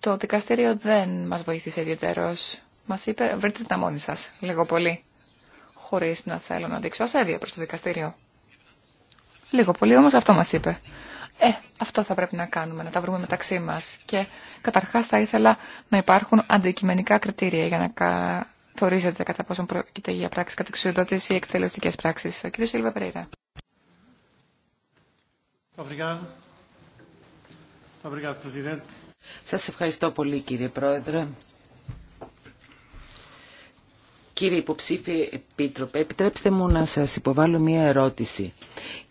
Το δικαστήριο δεν μας βοήθησε ιδιαίτερω. Μας είπε βρείτε τα μόνοι σα λίγο πολύ, χωρί να θέλω να δείξω ασέβεια προ το δικαστήριο. Λίγο πολύ όμως αυτό μας είπε. Ε, αυτό θα πρέπει να κάνουμε, να τα βρούμε μεταξύ μας. Και καταρχάς θα ήθελα να υπάρχουν αντικειμενικά κριτήρια για να καθορίζεται κατά πόσο πρόκειται για πράξεις κατεξουδότηση ή εκτελεστικές πράξεις. Ο κ. Σίλβα Σας ευχαριστώ πολύ κύριε Πρόεδρε. Κύριε Υποψήφιε Επίτροπε, επιτρέψτε μου να σας υποβάλω μία ερώτηση.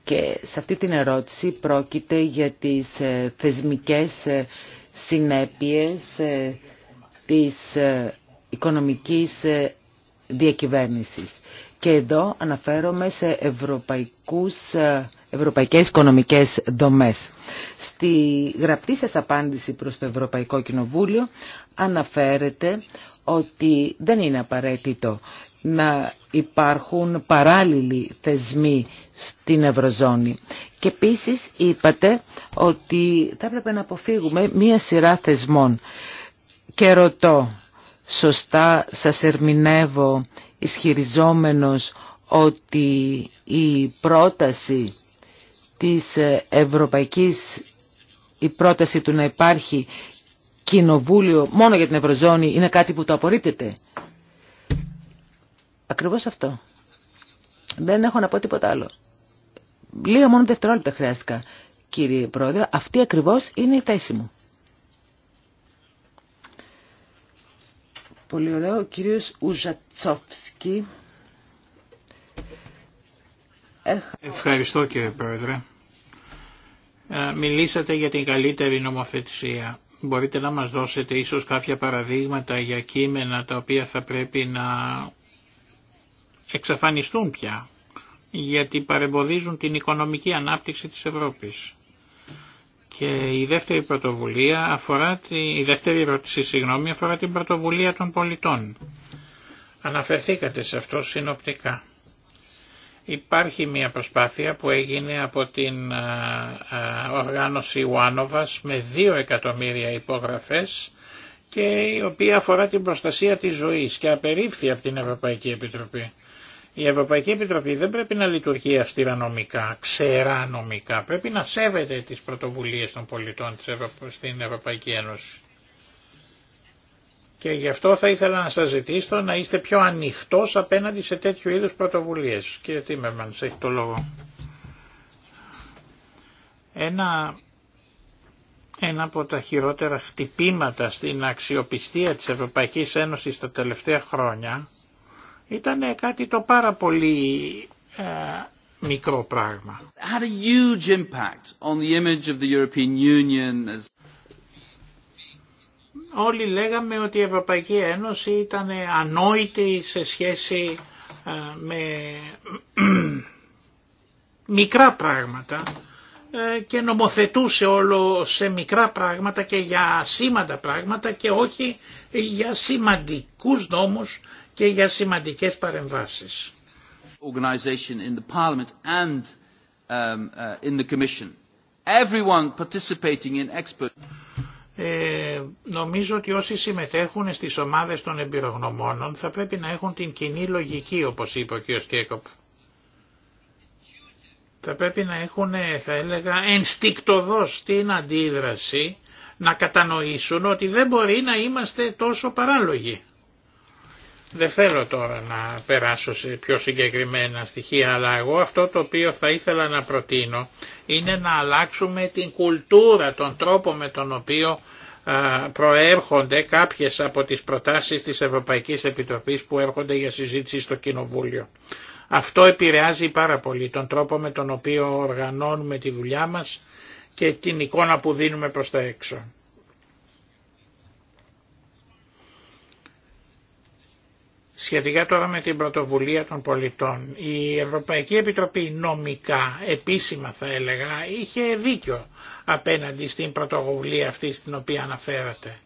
Και σε αυτή την ερώτηση πρόκειται για τις ε, θεσμικές ε, συνέπειες ε, της οικονομικής διακυβέρνησης. Και εδώ αναφέρομαι σε ευρωπαϊκούς, ε, ευρωπαϊκές οικονομικές δομές. Στη γραπτή σας απάντηση προς το Ευρωπαϊκό Κοινοβούλιο αναφέρεται ότι δεν είναι απαραίτητο να υπάρχουν παράλληλοι θεσμοί στην Ευρωζώνη. Και επίσης είπατε ότι θα έπρεπε να αποφύγουμε μία σειρά θεσμών. Και ρωτώ, σωστά σας ερμηνεύω ισχυριζόμενος ότι η πρόταση της Ευρωπαϊκής, η πρόταση του να υπάρχει κοινοβούλιο μόνο για την Ευρωζώνη είναι κάτι που το απορρίπτεται. Ακριβώς αυτό. Δεν έχω να πω τίποτα άλλο. Λίγα μόνο δευτερόλεπτα χρειάστηκα, κύριε Πρόεδρε. Αυτή ακριβώς είναι η θέση μου. Ευχαριστώ κύριε Πρόεδρε. Ε, μιλήσατε για την καλύτερη νομοθετησία. Μπορείτε να μας δώσετε ίσως κάποια παραδείγματα για κείμενα τα οποία θα πρέπει να εξαφανιστούν πια, γιατί παρεμποδίζουν την οικονομική ανάπτυξη της Ευρώπης. Και η δεύτερη πρωτοβουλία αφορά τη, δεύτερη ερώτηση συγγνώμη, αφορά την πρωτοβουλία των πολιτών. Αναφερθήκατε σε αυτό συνοπτικά. Υπάρχει μια προσπάθεια που έγινε από την οργάνωση Ουάνοβας με δύο εκατομμύρια υπογραφές και η οποία αφορά την προστασία της ζωής και απερίφθη από την Ευρωπαϊκή Επιτροπή. Η Ευρωπαϊκή Επιτροπή δεν πρέπει να λειτουργεί αυστηρά νομικά, Πρέπει να σέβεται τις πρωτοβουλίες των πολιτών της Ευρω... στην Ευρωπαϊκή Ένωση. Και γι' αυτό θα ήθελα να σας ζητήσω να είστε πιο ανοιχτός απέναντι σε τέτοιου είδους πρωτοβουλίες. Κύριε Τίμερμανς, έχει το λόγο. Ένα, ένα από τα χειρότερα χτυπήματα στην αξιοπιστία της Ευρωπαϊκής Ένωσης τα τελευταία χρόνια ήταν κάτι το πάρα πολύ ε, μικρό πράγμα. Had a huge impact on the image of the European Όλοι λέγαμε ότι η Ευρωπαϊκή Ένωση ήταν ανόητη σε σχέση ε, με μικρά πράγματα ε, και νομοθετούσε όλο σε μικρά πράγματα και για σήμαντα πράγματα και όχι για σημαντικούς νόμους και για σημαντικές παρεμβάσεις. Organization in the Parliament and um, uh, in the Commission. Everyone participating in expert. Ε, νομίζω ότι όσοι συμμετέχουν στις ομάδες των εμπειρογνωμόνων θα πρέπει να έχουν την κοινή λογική όπως είπε ο κ. Κέκοπ. Θα πρέπει να έχουν, θα έλεγα, ενστικτοδός την αντίδραση να κατανοήσουν ότι δεν μπορεί να είμαστε τόσο παράλογοι. Δεν θέλω τώρα να περάσω σε πιο συγκεκριμένα στοιχεία, αλλά εγώ αυτό το οποίο θα ήθελα να προτείνω είναι να αλλάξουμε την κουλτούρα, τον τρόπο με τον οποίο προέρχονται κάποιες από τις προτάσεις της Ευρωπαϊκής Επιτροπής που έρχονται για συζήτηση στο Κοινοβούλιο. Αυτό επηρεάζει πάρα πολύ τον τρόπο με τον οποίο οργανώνουμε τη δουλειά μας και την εικόνα που δίνουμε προς τα έξω. Σχετικά τώρα με την πρωτοβουλία των πολιτών, η Ευρωπαϊκή Επιτροπή νομικά, επίσημα θα έλεγα, είχε δίκιο απέναντι στην πρωτοβουλία αυτή στην οποία αναφέρατε.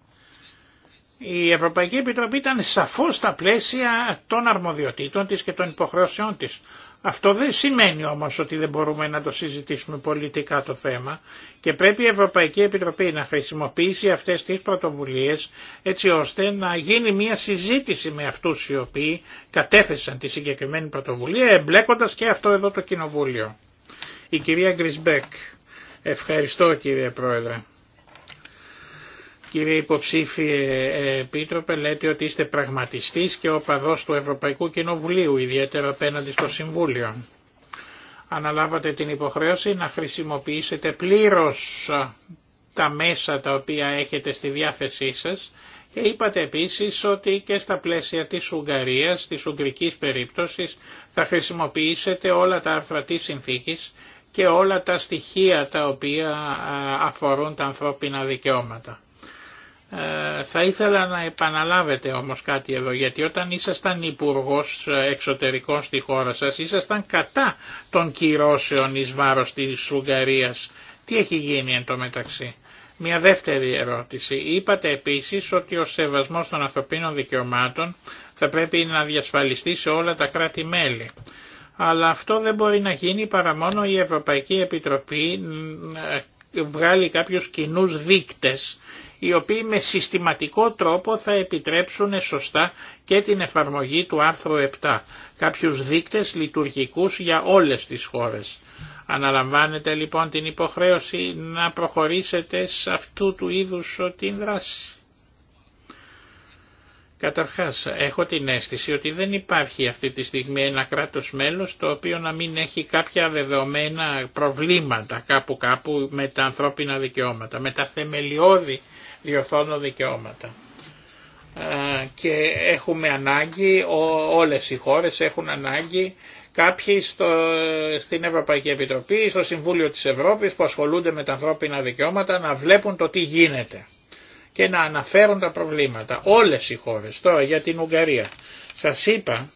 Η Ευρωπαϊκή Επιτροπή ήταν σαφώς στα πλαίσια των αρμοδιοτήτων της και των υποχρεώσεών της. Αυτό δεν σημαίνει όμως ότι δεν μπορούμε να το συζητήσουμε πολιτικά το θέμα και πρέπει η Ευρωπαϊκή Επιτροπή να χρησιμοποιήσει αυτές τις πρωτοβουλίες έτσι ώστε να γίνει μια συζήτηση με αυτούς οι οποίοι κατέθεσαν τη συγκεκριμένη πρωτοβουλία εμπλέκοντας και αυτό εδώ το κοινοβούλιο. Η κυρία Γκρισμπέκ. Ευχαριστώ κύριε Πρόεδρε. Κύριε υποψήφιε ε, επίτροπε, λέτε ότι είστε πραγματιστής και οπαδός του Ευρωπαϊκού Κοινοβουλίου, ιδιαίτερα απέναντι στο Συμβούλιο. Αναλάβατε την υποχρέωση να χρησιμοποιήσετε πλήρως τα μέσα τα οποία έχετε στη διάθεσή σας και είπατε επίσης ότι και στα πλαίσια της Ουγγαρίας, της Ουγγρικής περίπτωσης, θα χρησιμοποιήσετε όλα τα άρθρα της συνθήκης και όλα τα στοιχεία τα οποία αφορούν τα ανθρώπινα δικαιώματα. Ε, θα ήθελα να επαναλάβετε όμως κάτι εδώ, γιατί όταν ήσασταν υπουργό ε, εξωτερικών στη χώρα σας, ήσασταν κατά των κυρώσεων εις βάρος της Ουγγαρίας. Τι έχει γίνει εν τω μεταξύ. Μια δεύτερη ερώτηση. Είπατε επίσης ότι ο σεβασμός των ανθρωπίνων δικαιωμάτων θα πρέπει να διασφαλιστεί σε όλα τα κράτη-μέλη. Αλλά αυτό δεν μπορεί να γίνει παρά μόνο η Ευρωπαϊκή Επιτροπή ε, βγάλει κάποιους κοινούς δείκτες οι οποίοι με συστηματικό τρόπο θα επιτρέψουν σωστά και την εφαρμογή του άρθρου 7, κάποιους δείκτες λειτουργικούς για όλες τις χώρες. Αναλαμβάνετε λοιπόν την υποχρέωση να προχωρήσετε σε αυτού του είδους την δράση. Καταρχάς, έχω την αίσθηση ότι δεν υπάρχει αυτή τη στιγμή ένα κράτος μέλος το οποίο να μην έχει κάποια δεδομένα προβλήματα κάπου κάπου με τα ανθρώπινα δικαιώματα, με τα θεμελιώδη διορθώνω δικαιώματα. Ε, και έχουμε ανάγκη, όλες οι χώρες έχουν ανάγκη, κάποιοι στο, στην Ευρωπαϊκή Επιτροπή, στο Συμβούλιο της Ευρώπης που ασχολούνται με τα ανθρώπινα δικαιώματα να βλέπουν το τι γίνεται και να αναφέρουν τα προβλήματα. Όλες οι χώρες. Τώρα για την Ουγγαρία. Σας είπα,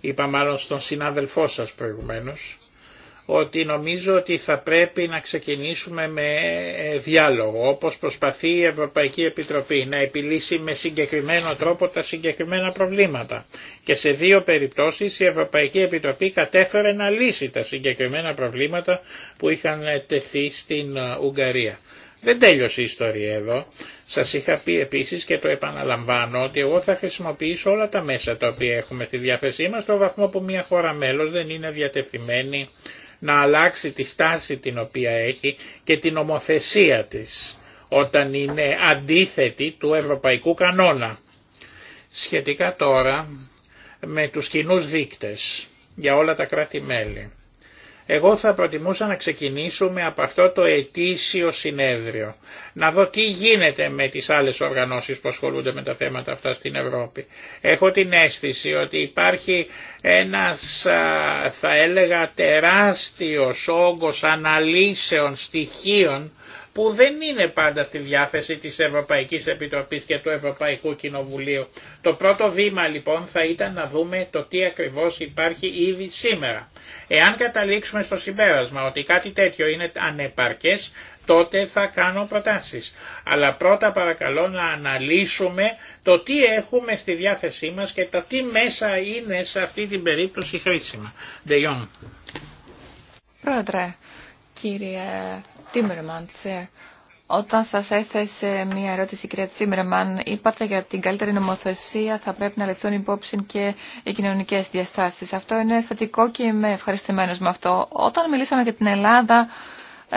είπα μάλλον στον συνάδελφό σας προηγουμένως, ότι νομίζω ότι θα πρέπει να ξεκινήσουμε με ε, διάλογο, όπως προσπαθεί η Ευρωπαϊκή Επιτροπή να επιλύσει με συγκεκριμένο τρόπο τα συγκεκριμένα προβλήματα. Και σε δύο περιπτώσεις η Ευρωπαϊκή Επιτροπή κατέφερε να λύσει τα συγκεκριμένα προβλήματα που είχαν ε, τεθεί στην ε, Ουγγαρία. Δεν τέλειωσε η ιστορία εδώ. Σας είχα πει επίσης και το επαναλαμβάνω ότι εγώ θα χρησιμοποιήσω όλα τα μέσα τα οποία έχουμε στη διάθεσή μας στο βαθμό που μια χώρα μέλος δεν είναι διατεθειμένη να αλλάξει τη στάση την οποία έχει και την ομοθεσία της όταν είναι αντίθετη του ευρωπαϊκού κανόνα. Σχετικά τώρα με τους κοινούς δείκτες για όλα τα κράτη-μέλη. Εγώ θα προτιμούσα να ξεκινήσουμε από αυτό το ετήσιο συνέδριο. Να δω τι γίνεται με τις άλλες οργανώσεις που ασχολούνται με τα θέματα αυτά στην Ευρώπη. Έχω την αίσθηση ότι υπάρχει ένας θα έλεγα τεράστιος όγκος αναλύσεων στοιχείων που δεν είναι πάντα στη διάθεση της Ευρωπαϊκής Επιτροπής και του Ευρωπαϊκού Κοινοβουλίου. Το πρώτο βήμα λοιπόν θα ήταν να δούμε το τι ακριβώς υπάρχει ήδη σήμερα. Εάν καταλήξουμε στο συμπέρασμα ότι κάτι τέτοιο είναι ανεπαρκές, τότε θα κάνω προτάσεις. Αλλά πρώτα παρακαλώ να αναλύσουμε το τι έχουμε στη διάθεσή μας και τα τι μέσα είναι σε αυτή την περίπτωση χρήσιμα. Πρόεδρε, κύριε Τίμερμαντς, ε, όταν σας έθεσε μια ερώτηση, κυρία Τσίμερμαν, είπατε για την καλύτερη νομοθεσία θα πρέπει να ληφθούν υπόψη και οι κοινωνικέ διαστάσεις. Αυτό είναι θετικό και είμαι ευχαριστημένος με αυτό. Όταν μιλήσαμε για την Ελλάδα,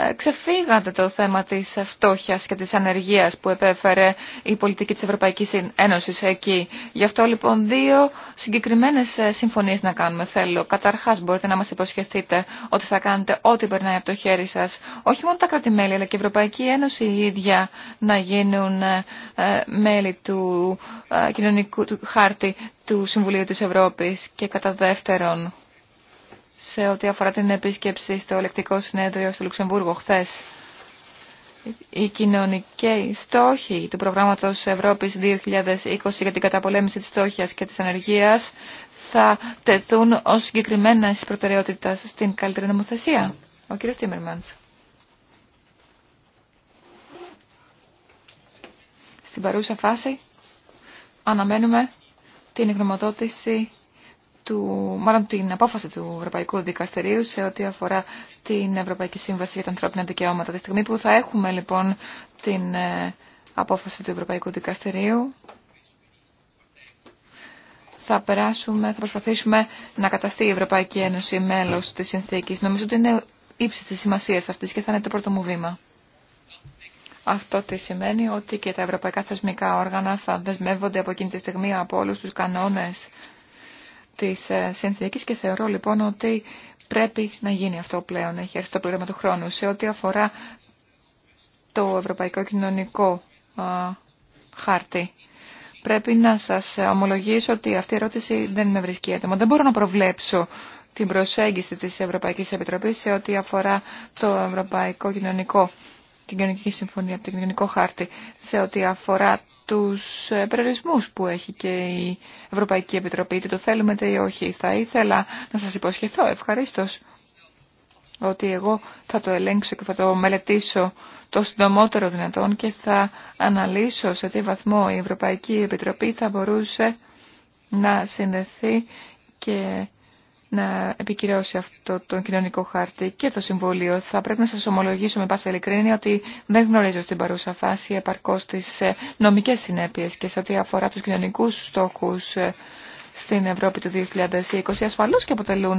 ε, ξεφύγατε το θέμα της φτώχειας και της ανεργίας που επέφερε η πολιτική της Ευρωπαϊκής Ένωσης εκεί. Γι' αυτό λοιπόν δύο συγκεκριμένες ε, συμφωνίες να κάνουμε θέλω. Καταρχάς μπορείτε να μας υποσχεθείτε ότι θα κάνετε ό,τι περνάει από το χέρι σας. Όχι μόνο τα κράτη-μέλη, αλλά και η Ευρωπαϊκή Ένωση η ίδια να γίνουν ε, μέλη του κοινωνικού χάρτη του Συμβουλίου της Ευρώπης και κατά δεύτερον σε ό,τι αφορά την επίσκεψη στο ελεκτικό συνέδριο στο Λουξεμβούργο χθες. Οι κοινωνικοί στόχοι του προγράμματος Ευρώπης 2020 για την καταπολέμηση της στόχιας και της ανεργίας θα τεθούν ως συγκεκριμένα προτεραιότητα στην καλύτερη νομοθεσία. Ο κύριος Τίμερμαντ. Στην παρούσα φάση αναμένουμε την γνωμοδότηση του, μάλλον την απόφαση του Ευρωπαϊκού Δικαστηρίου σε ό,τι αφορά την Ευρωπαϊκή Σύμβαση για τα Ανθρώπινα Δικαιώματα. Τη στιγμή που θα έχουμε λοιπόν την ε, απόφαση του Ευρωπαϊκού Δικαστηρίου, θα περάσουμε, θα προσπαθήσουμε να καταστεί η Ευρωπαϊκή Ένωση μέλος της συνθήκης. Νομίζω ότι είναι ύψη της σημασίας αυτής και θα είναι το πρώτο μου βήμα. Αυτό τι σημαίνει ότι και τα ευρωπαϊκά θεσμικά όργανα θα δεσμεύονται από εκείνη τη στιγμή από όλους τους κανόνες της ε, συνθήκης και θεωρώ λοιπόν ότι πρέπει να γίνει αυτό πλέον. Έχει έρθει το πλήρωμα του χρόνου σε ό,τι αφορά το Ευρωπαϊκό Κοινωνικό Χάρτη. Πρέπει να σας ομολογήσω ότι αυτή η ερώτηση δεν με βρίσκει έτοιμο. Δεν μπορώ να προβλέψω την προσέγγιση της Ευρωπαϊκής Επιτροπής σε ό,τι αφορά το Ευρωπαϊκό Κοινωνικό την Κοινωνική Συμφωνία, την Κοινωνικό Χάρτη, σε ό,τι αφορά τους ε, περιορισμούς που έχει και η Ευρωπαϊκή Επιτροπή, είτε το θέλουμε είτε όχι. Θα ήθελα να σας υποσχεθώ ευχαρίστω ότι εγώ θα το ελέγξω και θα το μελετήσω το συντομότερο δυνατόν και θα αναλύσω σε τι βαθμό η Ευρωπαϊκή Επιτροπή θα μπορούσε να συνδεθεί και να επικυρώσει αυτό το κοινωνικό χάρτη και το Συμβούλιο. Θα πρέπει να σας ομολογήσω με πάσα ειλικρίνη ότι δεν γνωρίζω στην παρούσα φάση επαρκώς τις ε, νομικές συνέπειες και σε ό,τι αφορά τους κοινωνικούς στόχους ε, στην Ευρώπη του 2020 ασφαλώς και αποτελούν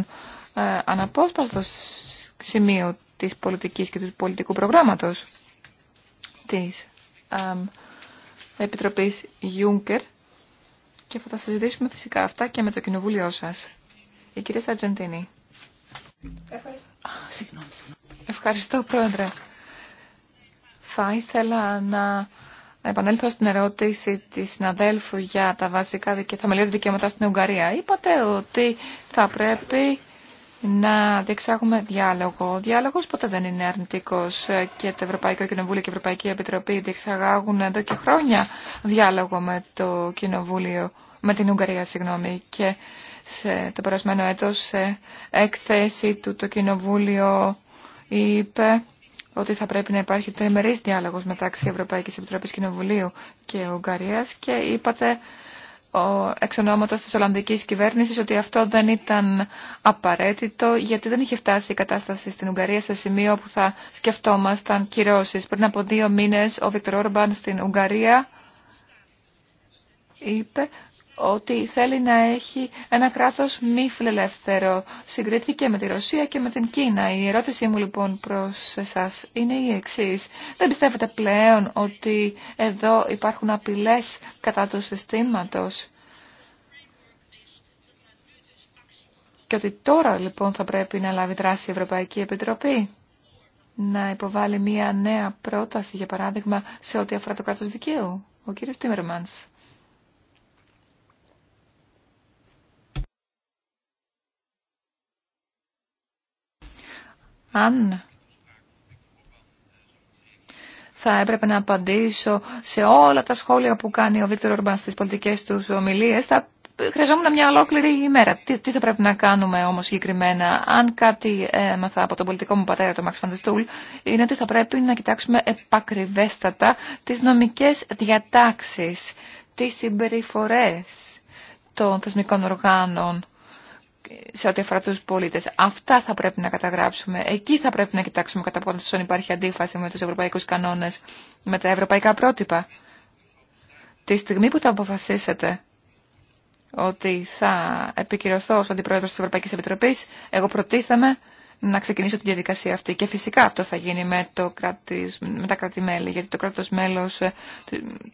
ε, αναπόσπαστο σημείο της πολιτικής και του πολιτικού προγράμματος της Επιτροπής Juncker και θα τα συζητήσουμε φυσικά αυτά και με το κοινοβούλιο σας. Η κυρία Σαρτζεντίνη. Ευχαριστώ. Oh, Ευχαριστώ, Πρόεδρε. Θα ήθελα να επανέλθω στην ερώτηση τη συναδέλφου για τα βασικά δικαιώματα στην Ουγγαρία. Είπατε ότι θα πρέπει να διεξάγουμε διάλογο. Ο διάλογος ποτέ δεν είναι αρνητικός και το Ευρωπαϊκό Κοινοβούλιο και η Ευρωπαϊκή Επιτροπή διεξαγάγουν εδώ και χρόνια διάλογο με το Κοινοβούλιο, με την Ουγγαρία, συγγνώμη. Και σε το περασμένο έτος σε έκθεση του το Κοινοβούλιο είπε ότι θα πρέπει να υπάρχει τριμερής διάλογος μεταξύ Ευρωπαϊκής Επιτροπής Κοινοβουλίου και Ουγγαρίας και είπατε ο, εξ ονόματος της Ολλανδικής κυβέρνησης ότι αυτό δεν ήταν απαραίτητο γιατί δεν είχε φτάσει η κατάσταση στην Ουγγαρία σε σημείο που θα σκεφτόμασταν κυρώσεις. Πριν από δύο μήνες ο Βίκτορ στην Ουγγαρία είπε ότι θέλει να έχει ένα κράτος μη φιλελεύθερο. Συγκρίθηκε με τη Ρωσία και με την Κίνα. Η ερώτησή μου λοιπόν προς εσάς είναι η εξής. Δεν πιστεύετε πλέον ότι εδώ υπάρχουν απειλές κατά του συστήματος και ότι τώρα λοιπόν θα πρέπει να λάβει δράση η Ευρωπαϊκή Επιτροπή να υποβάλει μία νέα πρόταση, για παράδειγμα, σε ό,τι αφορά το κράτος δικαίου. Ο κύριος Τίμερμανς. αν θα έπρεπε να απαντήσω σε όλα τα σχόλια που κάνει ο Βίκτορ Ορμπάν στις πολιτικές του ομιλίες, θα χρειαζόμουν μια ολόκληρη ημέρα. Τι, τι θα πρέπει να κάνουμε όμως συγκεκριμένα, αν κάτι έμαθα από τον πολιτικό μου πατέρα, τον Μαξ Φαντεστούλ, είναι ότι θα πρέπει να κοιτάξουμε επακριβέστατα τις νομικές διατάξεις, τις συμπεριφορές των θεσμικών οργάνων σε ό,τι αφορά τους πολίτες. Αυτά θα πρέπει να καταγράψουμε. Εκεί θα πρέπει να κοιτάξουμε κατά πόσον υπάρχει αντίφαση με τους ευρωπαϊκούς κανόνες, με τα ευρωπαϊκά πρότυπα. Τη στιγμή που θα αποφασίσετε ότι θα επικυρωθώ ως αντιπρόεδρος της Ευρωπαϊκής Επιτροπής, εγώ προτίθεμαι να ξεκινήσω τη διαδικασία αυτή. Και φυσικά αυτό θα γίνει με, το κρατης, με τα κράτη-μέλη, γιατί το κράτος μέλος ε,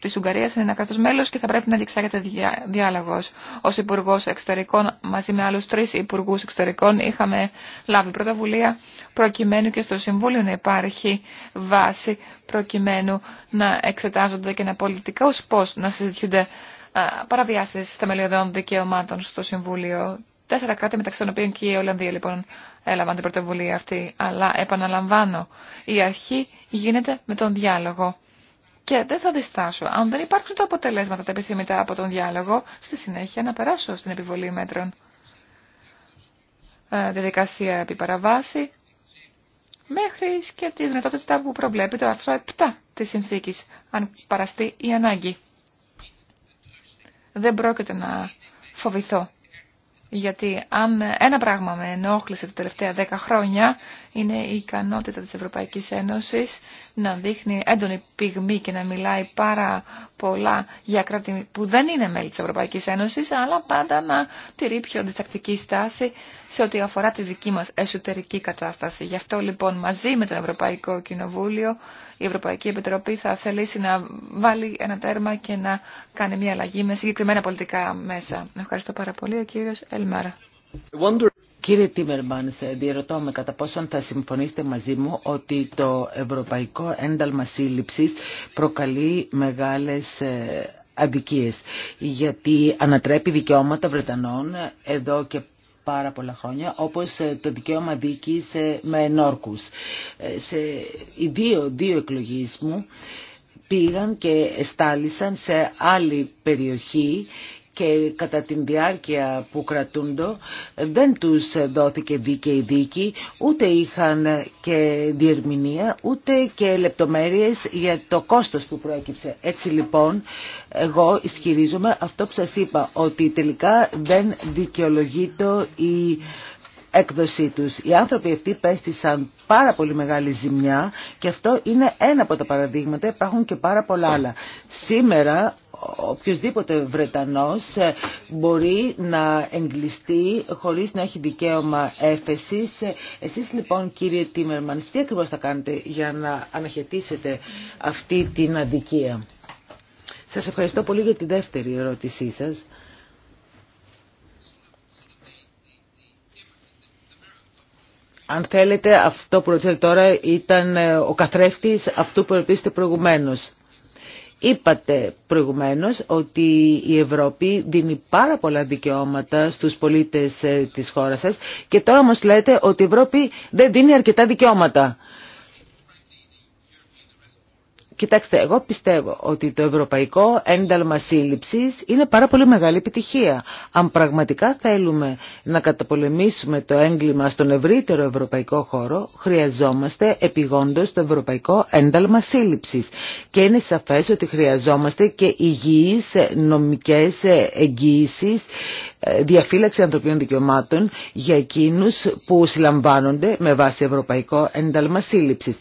της Ουγγαρίας είναι ένα κράτος μέλος και θα πρέπει να διεξάγεται διάλογος. Ως υπουργό Εξωτερικών, μαζί με άλλους τρεις υπουργού Εξωτερικών, είχαμε λάβει πρωτοβουλία προκειμένου και στο Συμβούλιο να υπάρχει βάση προκειμένου να εξετάζονται και να πολιτικά ως πώς να συζητιούνται παραβιάσεις θεμελιωδών δικαιωμάτων στο Συμβούλιο Τέσσερα κράτη μεταξύ των οποίων και η Ολλανδία λοιπόν έλαβαν την πρωτοβουλία αυτή. Αλλά επαναλαμβάνω, η αρχή γίνεται με τον διάλογο. Και δεν θα διστάσω. Αν δεν υπάρξουν τα αποτελέσματα τα επιθυμητά από τον διάλογο, στη συνέχεια να περάσω στην επιβολή μέτρων. Ε, διαδικασία επί παραβάση, μέχρι και τη δυνατότητα που προβλέπει το άρθρο 7 της συνθήκης, αν παραστεί η ανάγκη. Δεν πρόκειται να φοβηθώ. Γιατί αν ένα πράγμα με ενόχλησε τα τελευταία δέκα χρόνια είναι η ικανότητα της Ευρωπαϊκής Ένωσης να δείχνει έντονη πυγμή και να μιλάει πάρα πολλά για κράτη που δεν είναι μέλη της Ευρωπαϊκής Ένωσης αλλά πάντα να τηρεί πιο αντιστακτική στάση σε ό,τι αφορά τη δική μας εσωτερική κατάσταση. Γι' αυτό λοιπόν μαζί με το Ευρωπαϊκό Κοινοβούλιο η Ευρωπαϊκή Επιτροπή θα θελήσει να βάλει ένα τέρμα και να κάνει μια αλλαγή με συγκεκριμένα πολιτικά μέσα. Ευχαριστώ πάρα πολύ. Ο κύριος Ελμάρα. Κύριε Τίμερμανς, διερωτώ με κατά πόσον θα συμφωνήσετε μαζί μου ότι το Ευρωπαϊκό Ένταλμα Σύλληψης προκαλεί μεγάλες ε, αδικίες γιατί ανατρέπει δικαιώματα Βρετανών εδώ και πάρα πολλά χρόνια, όπως ε, το δικαίωμα δίκη ε, με ενόρκους. Ε, σε οι δύο, δύο μου πήγαν και στάλησαν σε άλλη περιοχή και κατά την διάρκεια που κρατούντο δεν τους δόθηκε δίκαιη δίκη, ούτε είχαν και διερμηνία, ούτε και λεπτομέρειες για το κόστος που προέκυψε. Έτσι λοιπόν, εγώ ισχυρίζομαι αυτό που σας είπα, ότι τελικά δεν δικαιολογείται η έκδοσή τους. Οι άνθρωποι αυτοί πέστησαν πάρα πολύ μεγάλη ζημιά και αυτό είναι ένα από τα παραδείγματα, υπάρχουν και πάρα πολλά άλλα. Σήμερα οποιοδήποτε Βρετανός ε, μπορεί να εγκλειστεί χωρίς να έχει δικαίωμα έφεσης. Ε, εσείς λοιπόν κύριε Τίμερμαν, τι ακριβώς θα κάνετε για να αναχαιτήσετε αυτή την αδικία. Σας ευχαριστώ πολύ για τη δεύτερη ερώτησή σας. αν θέλετε αυτό που ρωτήσατε τώρα ήταν ε, ο καθρέφτης αυτού που ρωτήσατε προηγουμένως. Είπατε προηγουμένως ότι η Ευρώπη δίνει πάρα πολλά δικαιώματα στους πολίτες ε, της χώρας σας και τώρα όμω λέτε ότι η Ευρώπη δεν δίνει αρκετά δικαιώματα. Κοιτάξτε, εγώ πιστεύω ότι το ευρωπαϊκό ένταλμα σύλληψης είναι πάρα πολύ μεγάλη επιτυχία. Αν πραγματικά θέλουμε να καταπολεμήσουμε το έγκλημα στον ευρύτερο ευρωπαϊκό χώρο, χρειαζόμαστε επιγόντως το ευρωπαϊκό ένταλμα σύλληψης. Και είναι σαφές ότι χρειαζόμαστε και υγιείς νομικές εγγύησεις, ε, διαφύλαξη ανθρωπίνων δικαιωμάτων για εκείνους που συλλαμβάνονται με βάση ευρωπαϊκό ένταλμα σύλληψης.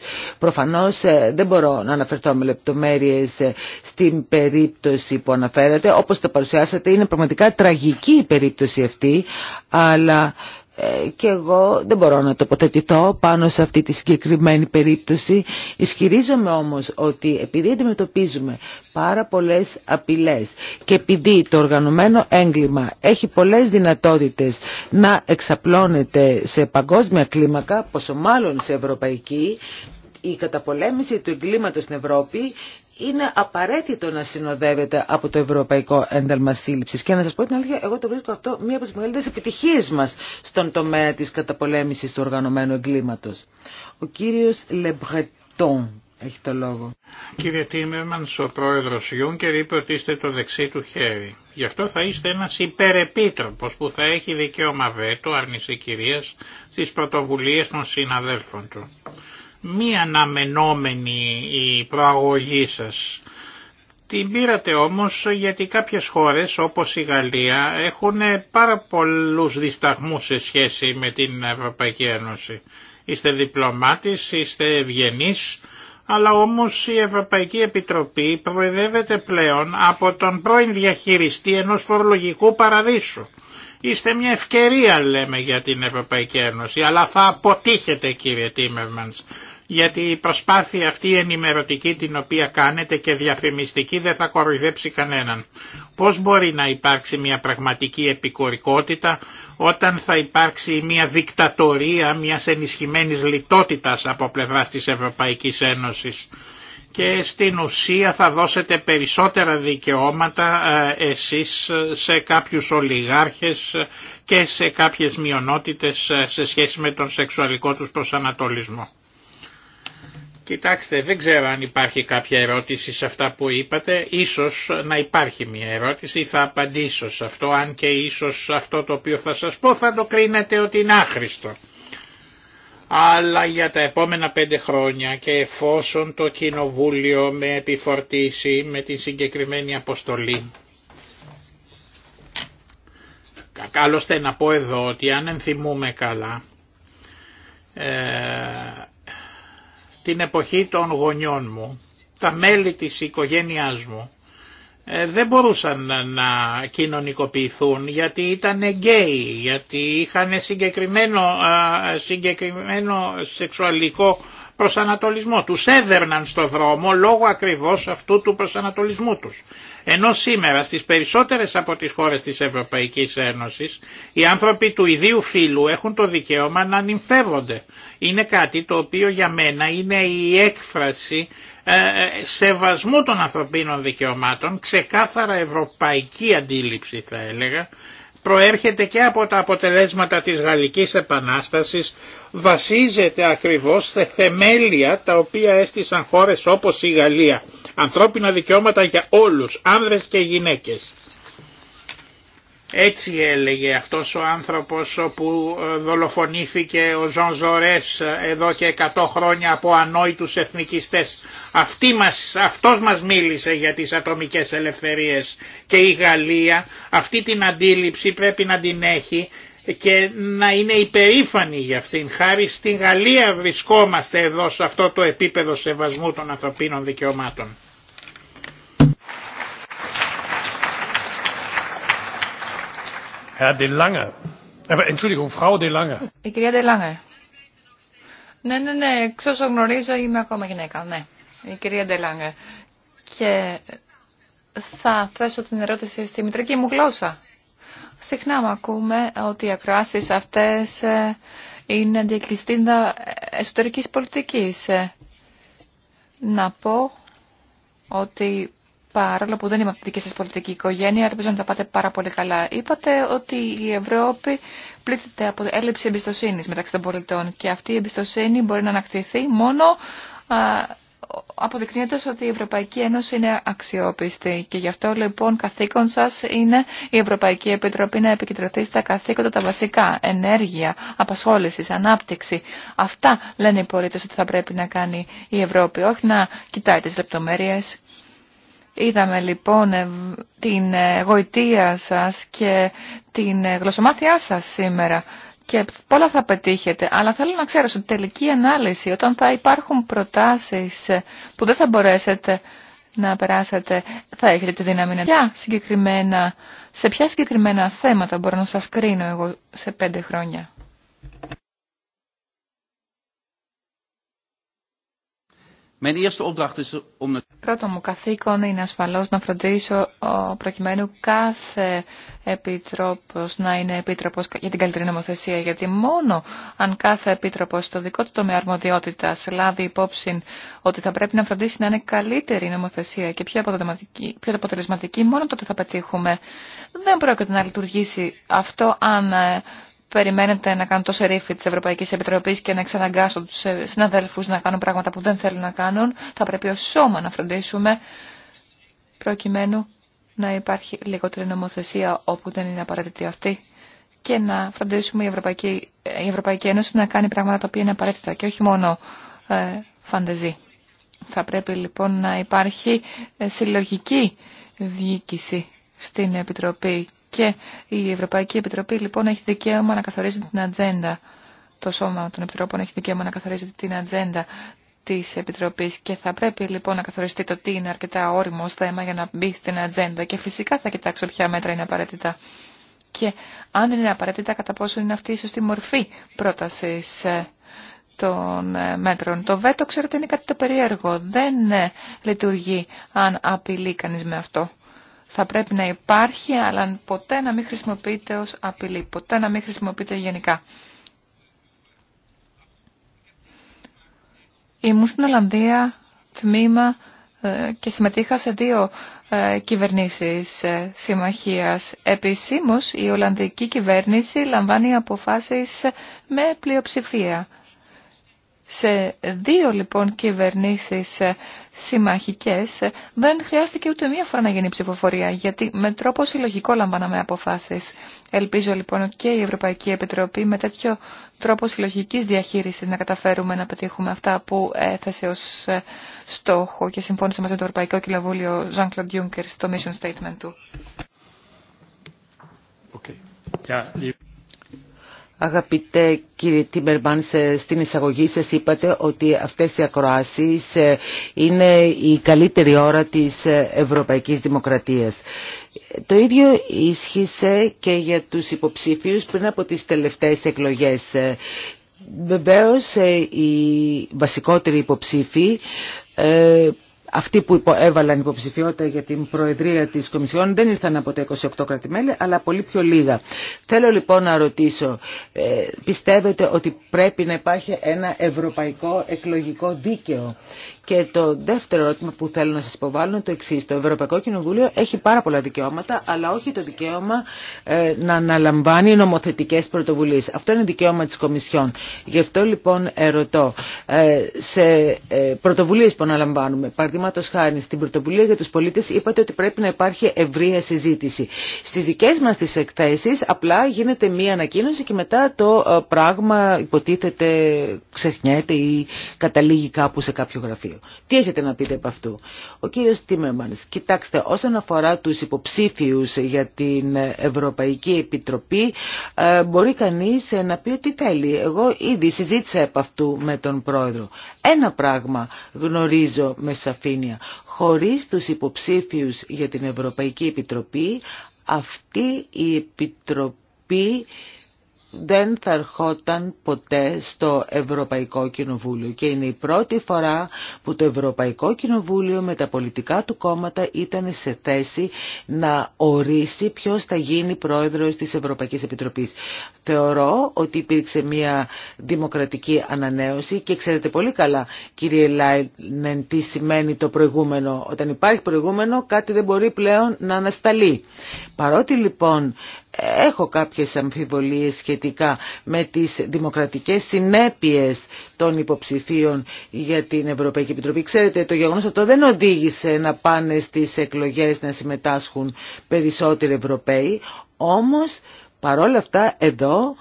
Ε, δεν μπορώ να αναφερθώ αυτό με λεπτομέρειες ε, στην περίπτωση που αναφέρατε. Όπως το παρουσιάσατε είναι πραγματικά τραγική η περίπτωση αυτή, αλλά ε, και εγώ δεν μπορώ να τοποθετηθώ πάνω σε αυτή τη συγκεκριμένη περίπτωση. Ισχυρίζομαι όμως ότι επειδή αντιμετωπίζουμε πάρα πολλές απειλές και επειδή το οργανωμένο έγκλημα έχει πολλές δυνατότητες να εξαπλώνεται σε παγκόσμια κλίμακα, πόσο μάλλον σε ευρωπαϊκή, η καταπολέμηση του εγκλήματος στην Ευρώπη είναι απαραίτητο να συνοδεύεται από το Ευρωπαϊκό Ένταλμα Σύλληψης. Και να σας πω την αλήθεια, εγώ το βρίσκω αυτό μία από τις μεγαλύτερες επιτυχίες μας στον τομέα της καταπολέμησης του οργανωμένου εγκλήματος. Ο κύριος Λεμπρετόν έχει το λόγο. Κύριε Τίμερμανς, ο πρόεδρος Γιούνκερ είπε ότι είστε το δεξί του χέρι. Γι' αυτό θα είστε ένας υπερεπίτροπος που θα έχει δικαίωμα βέτο, αρνησή στις πρωτοβουλίες των συναδέλφων του μη αναμενόμενη η προαγωγή σας. Την πήρατε όμως γιατί κάποιες χώρες όπως η Γαλλία έχουν πάρα πολλούς δισταγμούς σε σχέση με την Ευρωπαϊκή Ένωση. Είστε διπλωμάτης, είστε ευγενής, αλλά όμως η Ευρωπαϊκή Επιτροπή προεδρεύεται πλέον από τον πρώην διαχειριστή ενός φορολογικού παραδείσου. Είστε μια ευκαιρία λέμε για την Ευρωπαϊκή Ένωση, αλλά θα αποτύχετε κύριε Τίμερμανς γιατί η προσπάθεια αυτή η ενημερωτική την οποία κάνετε και διαφημιστική δεν θα κοροϊδέψει κανέναν. Πώς μπορεί να υπάρξει μια πραγματική επικορικότητα όταν θα υπάρξει μια δικτατορία μια ενισχυμένης λιτότητας από πλευράς της Ευρωπαϊκής Ένωσης και στην ουσία θα δώσετε περισσότερα δικαιώματα ε, εσείς σε κάποιους ολιγάρχες και σε κάποιες μειονότητες ε, σε σχέση με τον σεξουαλικό τους προσανατολισμό. Κοιτάξτε, δεν ξέρω αν υπάρχει κάποια ερώτηση σε αυτά που είπατε. Ίσως να υπάρχει μια ερώτηση θα απαντήσω σε αυτό, αν και ίσως αυτό το οποίο θα σας πω θα το κρίνετε ότι είναι άχρηστο. Αλλά για τα επόμενα πέντε χρόνια και εφόσον το Κοινοβούλιο με επιφορτήσει με την συγκεκριμένη αποστολή, Άλλωστε να πω εδώ ότι αν ενθυμούμε καλά, ε, την εποχή των γονιών μου, τα μέλη της οικογένειάς μου, ε, δεν μπορούσαν να κοινωνικοποιηθούν γιατί ήταν γκέι, γιατί είχαν συγκεκριμένο, συγκεκριμένο σεξουαλικό προσανατολισμό. Τους έδερναν στο δρόμο λόγω ακριβώς αυτού του προσανατολισμού τους. Ενώ σήμερα στις περισσότερες από τις χώρες της Ευρωπαϊκής Ένωσης οι άνθρωποι του ιδίου φύλου έχουν το δικαίωμα να νυμφεύονται. Είναι κάτι το οποίο για μένα είναι η έκφραση ε, ε, σεβασμού των ανθρωπίνων δικαιωμάτων, ξεκάθαρα ευρωπαϊκή αντίληψη θα έλεγα, προέρχεται και από τα αποτελέσματα της Γαλλικής Επανάστασης, βασίζεται ακριβώς σε θεμέλια τα οποία έστησαν χώρες όπως η Γαλλία. Ανθρώπινα δικαιώματα για όλους, άνδρες και γυναίκες. Έτσι έλεγε αυτός ο άνθρωπος που ε, δολοφονήθηκε ο Ζων Ζορές ε, εδώ και 100 χρόνια από ανόητους εθνικιστές. Αυτή μας, αυτός μας μίλησε για τις ατομικές ελευθερίες και η Γαλλία αυτή την αντίληψη πρέπει να την έχει και να είναι υπερήφανη για αυτήν. Χάρη στην Γαλλία βρισκόμαστε εδώ σε αυτό το επίπεδο σεβασμού των ανθρωπίνων δικαιωμάτων. Äh, η κυρία De Ναι, ναι, ναι, εξ όσο γνωρίζω είμαι ακόμα γυναίκα, ναι. Η κυρία De Και θα θέσω την ερώτηση στη μητρική μου γλώσσα. Συχνά μου ακούμε ότι οι ακράσεις αυτές ε, είναι διακριστήντα εσωτερικής πολιτικής. Ε, να πω ότι παρόλο που δεν είμαι από τη δική σας πολιτική οικογένεια, ελπίζω να τα πάτε πάρα πολύ καλά. Είπατε ότι η Ευρώπη πλήττεται από έλλειψη εμπιστοσύνη μεταξύ των πολιτών και αυτή η εμπιστοσύνη μπορεί να ανακτηθεί μόνο αποδεικνύοντας ότι η Ευρωπαϊκή Ένωση είναι αξιόπιστη και γι' αυτό λοιπόν καθήκον σας είναι η Ευρωπαϊκή Επιτροπή να επικεντρωθεί στα καθήκοντα τα βασικά, ενέργεια, απασχόληση, ανάπτυξη. Αυτά λένε οι πολίτε ότι θα πρέπει να κάνει η Ευρώπη, όχι να κοιτάει τι λεπτομέρειες Είδαμε λοιπόν την ε, γοητεία σας και την ε, γλωσσομάθειά σας σήμερα και πολλά θα πετύχετε, αλλά θέλω να ξέρω στην τελική ανάλυση όταν θα υπάρχουν προτάσεις ε, που δεν θα μπορέσετε να περάσετε, θα έχετε τη δύναμη να συγκεκριμένα, σε ποια συγκεκριμένα θέματα μπορώ να σας κρίνω εγώ σε πέντε χρόνια. Mijn Πρώτο μου καθήκον είναι ασφαλώ να φροντίσω προκειμένου κάθε επίτροπο να είναι επίτροπο για την καλύτερη νομοθεσία. Γιατί μόνο αν κάθε επίτροπο στο δικό του τομέα αρμοδιότητα λάβει υπόψη ότι θα πρέπει να φροντίσει να είναι καλύτερη νομοθεσία και πιο, πιο αποτελεσματική, μόνο τότε θα πετύχουμε. Δεν πρόκειται να λειτουργήσει αυτό αν ε, περιμένετε να κάνουν το ρήφη τη Ευρωπαϊκή Επιτροπή και να εξαναγκάσουν του ε, συναδέλφου να κάνουν πράγματα που δεν θέλουν να κάνουν. Θα πρέπει ω σώμα να φροντίσουμε προκειμένου να υπάρχει λιγότερη νομοθεσία όπου δεν είναι απαραίτητη αυτή και να φροντίσουμε η Ευρωπαϊκή, Ευρωπαϊκή Ένωση να κάνει πράγματα τα οποία είναι απαραίτητα και όχι μόνο ε, φανταζή. Θα πρέπει λοιπόν να υπάρχει ε, συλλογική διοίκηση στην Επιτροπή και η Ευρωπαϊκή Επιτροπή λοιπόν έχει δικαίωμα να καθορίζει την ατζέντα. Το Σώμα των Επιτροπών έχει δικαίωμα να καθορίζει την ατζέντα τη Επιτροπή. και θα πρέπει λοιπόν να καθοριστεί το τι είναι αρκετά όριμο θέμα για να μπει στην ατζέντα και φυσικά θα κοιτάξω ποια μέτρα είναι απαραίτητα και αν είναι απαραίτητα κατά πόσο είναι αυτή η σωστή μορφή πρόταση ε, των ε, μέτρων. Το βέτο ξέρετε είναι κάτι το περίεργο. Δεν ε, λειτουργεί αν απειλεί κανεί με αυτό θα πρέπει να υπάρχει, αλλά ποτέ να μην χρησιμοποιείται ως απειλή, ποτέ να μην χρησιμοποιείται γενικά. Ήμουν στην Ολλανδία τμήμα ε, και συμμετείχα σε δύο ε, κυβερνήσεις ε, συμμαχίας. Επισήμως η Ολλανδική κυβέρνηση λαμβάνει αποφάσεις με πλειοψηφία σε δύο λοιπόν κυβερνήσεις ε, συμμαχικές ε, δεν χρειάστηκε ούτε μία φορά να γίνει ψηφοφορία γιατί με τρόπο συλλογικό λαμβάναμε αποφάσεις. Ελπίζω λοιπόν και η Ευρωπαϊκή Επιτροπή με τέτοιο τρόπο συλλογική διαχείρισης να καταφέρουμε να πετύχουμε αυτά που έθεσε ως ε, στόχο και συμφώνησε μαζί με το Ευρωπαϊκό Κοινοβούλιο Jean-Claude Juncker στο mission statement του. Okay. Αγαπητέ κύριε Τίμερμαν, στην εισαγωγή σας είπατε ότι αυτές οι ακροάσεις ε, είναι η καλύτερη ώρα της ε, ευρωπαϊκής δημοκρατίας. Το ίδιο ίσχυσε και για τους υποψήφιους πριν από τις τελευταίες εκλογές. Ε, βεβαίως οι βασικότεροι υποψήφοι αυτοί που έβαλαν υποψηφιότητα για την Προεδρία της Κομισιόν δεν ήρθαν από τα 28 κρατημέλη, αλλά πολύ πιο λίγα. Θέλω λοιπόν να ρωτήσω, ε, πιστεύετε ότι πρέπει να υπάρχει ένα ευρωπαϊκό εκλογικό δίκαιο και το δεύτερο ερώτημα που θέλω να σας υποβάλω είναι το εξής. Το Ευρωπαϊκό Κοινοβούλιο έχει πάρα πολλά δικαιώματα, αλλά όχι το δικαίωμα ε, να αναλαμβάνει νομοθετικές πρωτοβουλίες. Αυτό είναι δικαίωμα της Κομισιόν. Γι' αυτό λοιπόν ερωτώ, ε, σε ε, πρωτοβουλίες που αναλαμβάνουμε, παραδείγματο χάρη στην πρωτοβουλία για τους πολίτες, είπατε ότι πρέπει να υπάρχει ευρεία συζήτηση. Στις δικέ μας τις εκθέσεις απλά γίνεται μία ανακοίνωση και μετά το πράγμα υποτίθεται ξεχνιέται ή καταλήγει κάπου σε κάποιο γραφείο. Τι έχετε να πείτε από αυτού. Ο κύριος Τίμερμανς, κοιτάξτε, όσον αφορά τους υποψήφιους για την Ευρωπαϊκή Επιτροπή, ε, μπορεί κανείς να πει ότι τέλει. Εγώ ήδη συζήτησα από αυτού με τον Πρόεδρο. Ένα πράγμα γνωρίζω με σαφήνεια. Χωρίς τους υποψήφιους για την Ευρωπαϊκή Επιτροπή, αυτή η Επιτροπή δεν θα ερχόταν ποτέ στο Ευρωπαϊκό Κοινοβούλιο και είναι η πρώτη φορά που το Ευρωπαϊκό Κοινοβούλιο με τα πολιτικά του κόμματα ήταν σε θέση να ορίσει ποιος θα γίνει πρόεδρος της Ευρωπαϊκής Επιτροπής. Θεωρώ ότι υπήρξε μια δημοκρατική ανανέωση και ξέρετε πολύ καλά κύριε Λάινεν τι σημαίνει το προηγούμενο. Όταν υπάρχει προηγούμενο κάτι δεν μπορεί πλέον να ανασταλεί. Παρότι λοιπόν έχω κάποιες αμφιβολίες με τις δημοκρατικές συνέπειες των υποψηφίων για την Ευρωπαϊκή Επιτροπή. Ξέρετε, το γεγονός αυτό δεν οδήγησε να πάνε στις εκλογές να συμμετάσχουν περισσότεροι Ευρωπαίοι, όμως παρόλα αυτά εδώ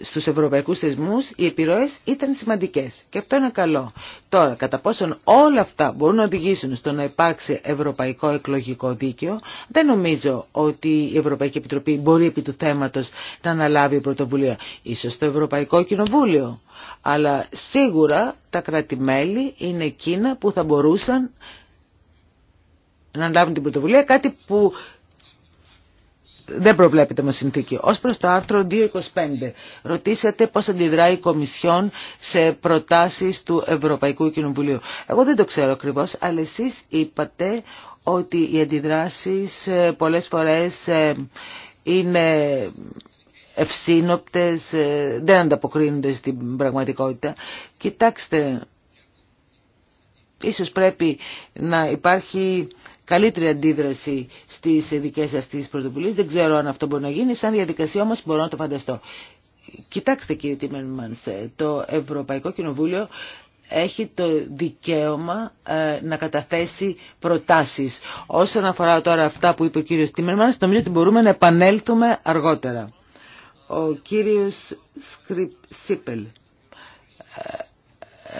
στους ευρωπαϊκούς θεσμούς οι επιρροές ήταν σημαντικές και αυτό είναι καλό. Τώρα, κατά πόσον όλα αυτά μπορούν να οδηγήσουν στο να υπάρξει ευρωπαϊκό εκλογικό δίκαιο, δεν νομίζω ότι η Ευρωπαϊκή Επιτροπή μπορεί επί του θέματος να αναλάβει πρωτοβουλία. Ίσως το Ευρωπαϊκό Κοινοβούλιο, αλλά σίγουρα τα κράτη-μέλη είναι εκείνα που θα μπορούσαν να αναλάβουν την πρωτοβουλία, κάτι που δεν προβλέπεται με συνθήκη. Ως προς το άρθρο 225, ρωτήσατε πώς αντιδράει η Κομισιόν σε προτάσεις του Ευρωπαϊκού Κοινοβουλίου. Εγώ δεν το ξέρω ακριβώς, αλλά εσείς είπατε ότι οι αντιδράσεις ε, πολλές φορές ε, είναι ευσύνοπτες, ε, δεν ανταποκρίνονται στην πραγματικότητα. Κοιτάξτε, Ίσως πρέπει να υπάρχει καλύτερη αντίδραση στις δικές τις πρωτοβουλίες. Δεν ξέρω αν αυτό μπορεί να γίνει. Σαν διαδικασία όμως μπορώ να το φανταστώ. Κοιτάξτε κύριε Τίμερμανς, το Ευρωπαϊκό Κοινοβούλιο έχει το δικαίωμα ε, να καταθέσει προτάσεις. Όσον αφορά τώρα αυτά που είπε ο κύριος Τίμερμανς, νομίζω ότι μπορούμε να επανέλθουμε αργότερα. Ο κύριος Σίπελ. Ε,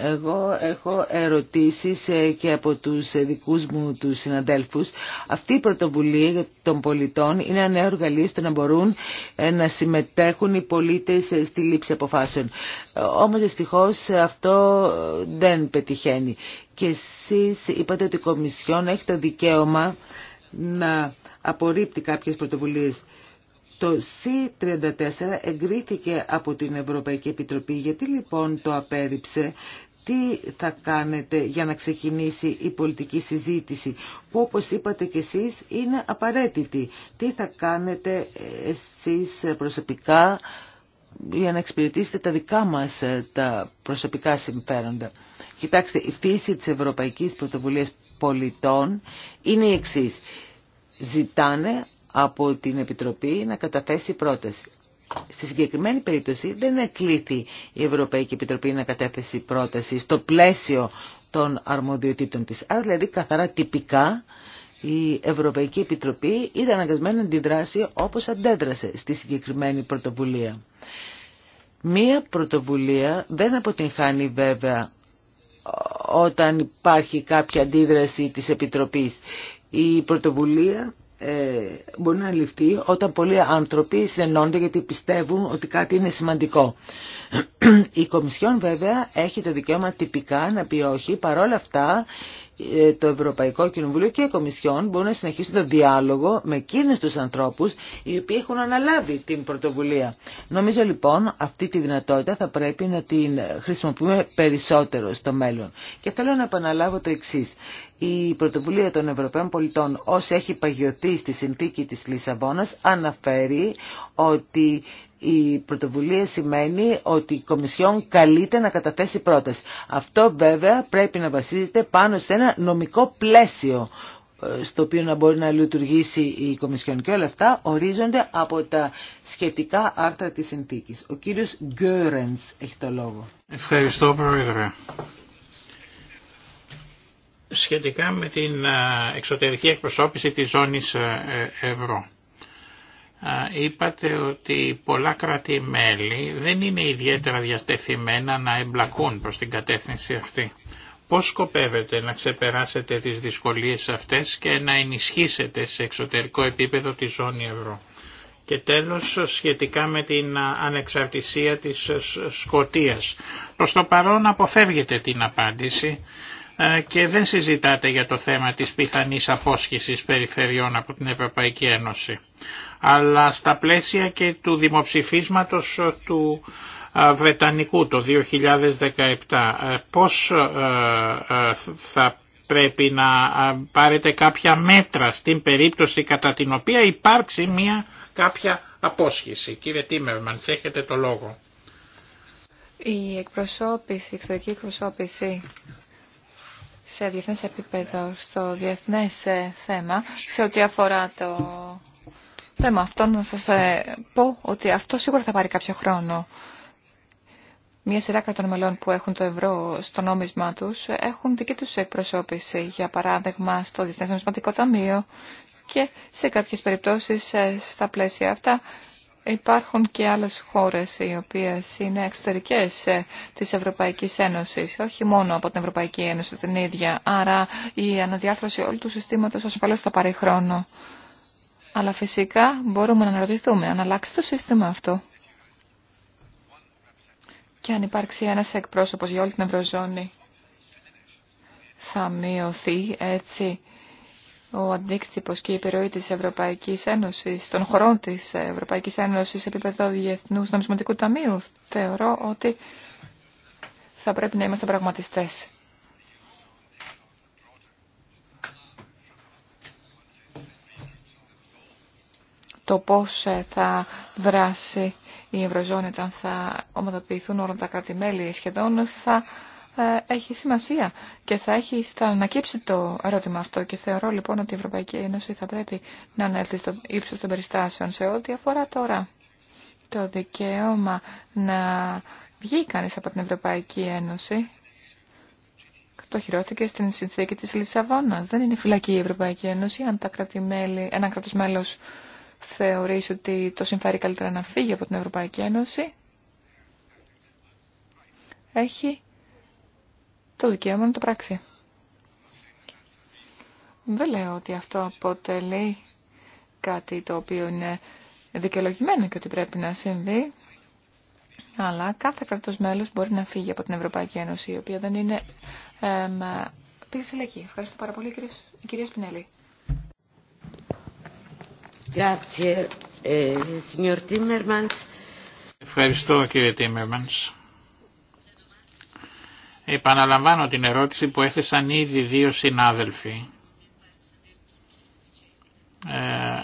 εγώ έχω ερωτήσεις ε, και από τους δικούς μου τους συναδέλφους. Αυτή η πρωτοβουλία των πολιτών είναι ένα νέο εργαλείο στο να μπορούν ε, να συμμετέχουν οι πολίτες ε, στη λήψη αποφάσεων. Όμως δυστυχώ αυτό δεν πετυχαίνει. Και εσείς είπατε ότι η Κομισιόν έχει το δικαίωμα να απορρίπτει κάποιες πρωτοβουλίες. Το C34 εγκρίθηκε από την Ευρωπαϊκή Επιτροπή. Γιατί λοιπόν το απέρριψε τι θα κάνετε για να ξεκινήσει η πολιτική συζήτηση που όπως είπατε και εσείς είναι απαραίτητη. Τι θα κάνετε εσείς προσωπικά για να εξυπηρετήσετε τα δικά μας ε, τα προσωπικά συμφέροντα. Κοιτάξτε, η φύση της Ευρωπαϊκής Πρωτοβουλίας Πολιτών είναι η εξής. Ζητάνε από την Επιτροπή να καταθέσει πρόταση. Στη συγκεκριμένη περίπτωση δεν εκλήθη η Ευρωπαϊκή Επιτροπή να καταθέσει πρόταση στο πλαίσιο των αρμοδιοτήτων της. Άρα δηλαδή καθαρά τυπικά η Ευρωπαϊκή Επιτροπή ήταν αναγκασμένη να αντιδράσει όπως αντέδρασε στη συγκεκριμένη πρωτοβουλία. Μία πρωτοβουλία δεν αποτυγχάνει βέβαια όταν υπάρχει κάποια αντίδραση της Επιτροπής. Η πρωτοβουλία ε, μπορεί να ληφθεί όταν πολλοί άνθρωποι συνενώνται γιατί πιστεύουν ότι κάτι είναι σημαντικό. Η Κομισιόν βέβαια έχει το δικαίωμα τυπικά να πει όχι, παρόλα αυτά ε, το Ευρωπαϊκό Κοινοβούλιο και οι Κομισιόν μπορούν να συνεχίσουν τον διάλογο με εκείνους τους ανθρώπους οι οποίοι έχουν αναλάβει την πρωτοβουλία. Νομίζω λοιπόν αυτή τη δυνατότητα θα πρέπει να την χρησιμοποιούμε περισσότερο στο μέλλον. Και θέλω να επαναλάβω το εξή. Η πρωτοβουλία των Ευρωπαίων πολιτών όσο έχει παγιωθεί στη συνθήκη της Λισαβόνας αναφέρει ότι η πρωτοβουλία σημαίνει ότι η Κομισιόν καλείται να καταθέσει πρόταση. Αυτό βέβαια πρέπει να βασίζεται πάνω σε ένα νομικό πλαίσιο ε, στο οποίο να μπορεί να λειτουργήσει η Κομισιόν και όλα αυτά ορίζονται από τα σχετικά άρθρα της συνθήκης. Ο κύριος Γκέρενς έχει το λόγο. Ευχαριστώ Πρόεδρε. Σχετικά με την ε, εξωτερική εκπροσώπηση της ζώνης ε, ευρώ είπατε ότι πολλά κράτη-μέλη δεν είναι ιδιαίτερα διατεθειμένα να εμπλακούν προς την κατεύθυνση αυτή. Πώς σκοπεύετε να ξεπεράσετε τις δυσκολίες αυτές και να ενισχύσετε σε εξωτερικό επίπεδο τη ζώνη ευρώ. Και τέλος σχετικά με την ανεξαρτησία της Σκοτίας. Προς το παρόν αποφεύγετε την απάντηση ε, και δεν συζητάτε για το θέμα της πιθανής απόσχησης περιφερειών από την Ευρωπαϊκή Ένωση. Αλλά στα πλαίσια και του δημοψηφίσματος του ε, Βρετανικού το 2017 ε, πώς θα πρέπει να πάρετε κάποια μέτρα στην περίπτωση κατά την οποία υπάρξει μια κάποια απόσχηση. Κύριε Τίμερμαντς, έχετε το λόγο. Η εκπροσώπηση, η εξωτερική εκπροσώπηση σε διεθνές επίπεδο, στο διεθνές ε, θέμα, σε ό,τι αφορά το θέμα αυτό, να σας ε, πω ότι αυτό σίγουρα θα πάρει κάποιο χρόνο. Μία σειρά κρατών μελών που έχουν το ευρώ στο νόμισμα τους έχουν δική τους εκπροσώπηση, για παράδειγμα στο Διεθνές Νομισματικό Ταμείο και σε κάποιες περιπτώσεις ε, στα πλαίσια αυτά Υπάρχουν και άλλες χώρες οι οποίες είναι εξωτερικές ε, της Ευρωπαϊκής Ένωσης, όχι μόνο από την Ευρωπαϊκή Ένωση την ίδια. Άρα η αναδιάρθρωση όλου του συστήματος ασφαλώς θα πάρει χρόνο. Αλλά φυσικά μπορούμε να αναρωτηθούμε αν αλλάξει το σύστημα αυτό. Και αν υπάρξει ένας εκπρόσωπος για όλη την Ευρωζώνη, θα μειωθεί έτσι ο αντίκτυπος και η επιρροή της Ευρωπαϊκής Ένωσης, των χωρών της Ευρωπαϊκής Ένωσης σε επίπεδο Διεθνούς Νομισματικού Ταμείου, θεωρώ ότι θα πρέπει να είμαστε πραγματιστές. Το πώς ε, θα δράσει η Ευρωζώνη όταν θα ομοδοποιηθούν όλα τα κράτη-μέλη σχεδόν θα ε, έχει σημασία και θα, έχει, θα ανακύψει το ερώτημα αυτό και θεωρώ λοιπόν ότι η Ευρωπαϊκή Ένωση θα πρέπει να ανέλθει στο ύψος των περιστάσεων σε ό,τι αφορά τώρα το δικαίωμα να βγει κανείς από την Ευρωπαϊκή Ένωση το χειρώθηκε στην συνθήκη της Λισαβόνας. Δεν είναι φυλακή η Ευρωπαϊκή Ένωση αν ένα κράτος μέλος ότι το συμφέρει καλύτερα να φύγει από την Ευρωπαϊκή Ένωση. Έχει το δικαίωμα να το πράξη. Δεν λέω ότι αυτό αποτελεί κάτι το οποίο είναι δικαιολογημένο και ότι πρέπει να συμβεί, αλλά κάθε κρατός μέλος μπορεί να φύγει από την Ευρωπαϊκή Ένωση, η οποία δεν είναι εμ, πήγε φυλακή. Ευχαριστώ πάρα πολύ, κυρία, κυρία Σπινέλη. Eh, Ευχαριστώ, κύριε Τίμερμαντς. Επαναλαμβάνω την ερώτηση που έθεσαν ήδη δύο συνάδελφοι ε,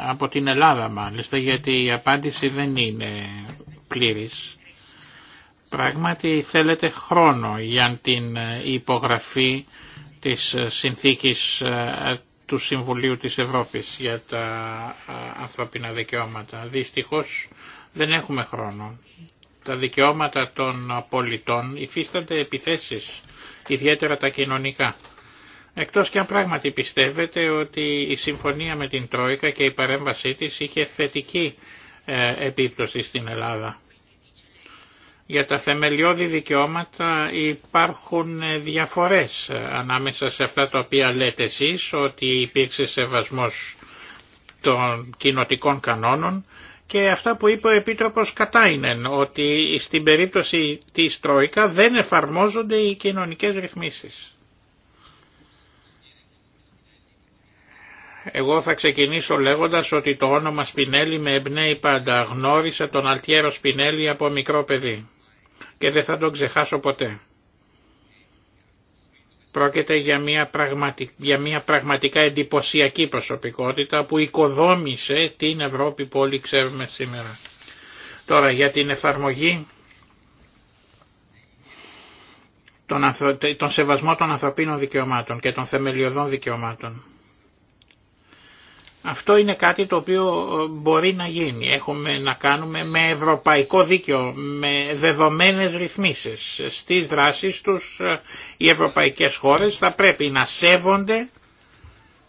από την Ελλάδα μάλιστα γιατί η απάντηση δεν είναι πλήρης. Πράγματι θέλετε χρόνο για την ε, υπογραφή της ε, συνθήκης του Συμβουλίου της Ευρώπης για τα ανθρώπινα δικαιώματα. Δυστυχώς δεν έχουμε χρόνο τα δικαιώματα των πολιτών υφίστανται επιθέσεις, ιδιαίτερα τα κοινωνικά. Εκτός και αν πράγματι πιστεύετε ότι η συμφωνία με την Τρόικα και η παρέμβασή της είχε θετική ε, επίπτωση στην Ελλάδα. Για τα θεμελιώδη δικαιώματα υπάρχουν ε, διαφορές ε, ανάμεσα σε αυτά τα οποία λέτε εσείς ότι υπήρξε σεβασμός των κοινοτικών κανόνων και αυτά που είπε ο Επίτροπος Κατάινεν, ότι στην περίπτωση της Τρόικα δεν εφαρμόζονται οι κοινωνικές ρυθμίσεις. Εγώ θα ξεκινήσω λέγοντας ότι το όνομα Σπινέλη με εμπνέει πάντα. Γνώρισα τον Αλτιέρο Σπινέλη από μικρό παιδί και δεν θα τον ξεχάσω ποτέ. Πρόκειται για μια, για μια πραγματικά εντυπωσιακή προσωπικότητα που οικοδόμησε την Ευρώπη που όλοι ξέρουμε σήμερα. Τώρα για την εφαρμογή, τον, σεβασμών τον σεβασμό των ανθρωπίνων δικαιωμάτων και των θεμελιωδών δικαιωμάτων. Αυτό είναι κάτι το οποίο ε, μπορεί να γίνει. Έχουμε να κάνουμε με ευρωπαϊκό δίκαιο, με δεδομένες ρυθμίσεις. Στις δράσεις τους ε, οι ευρωπαϊκές χώρες θα πρέπει να σέβονται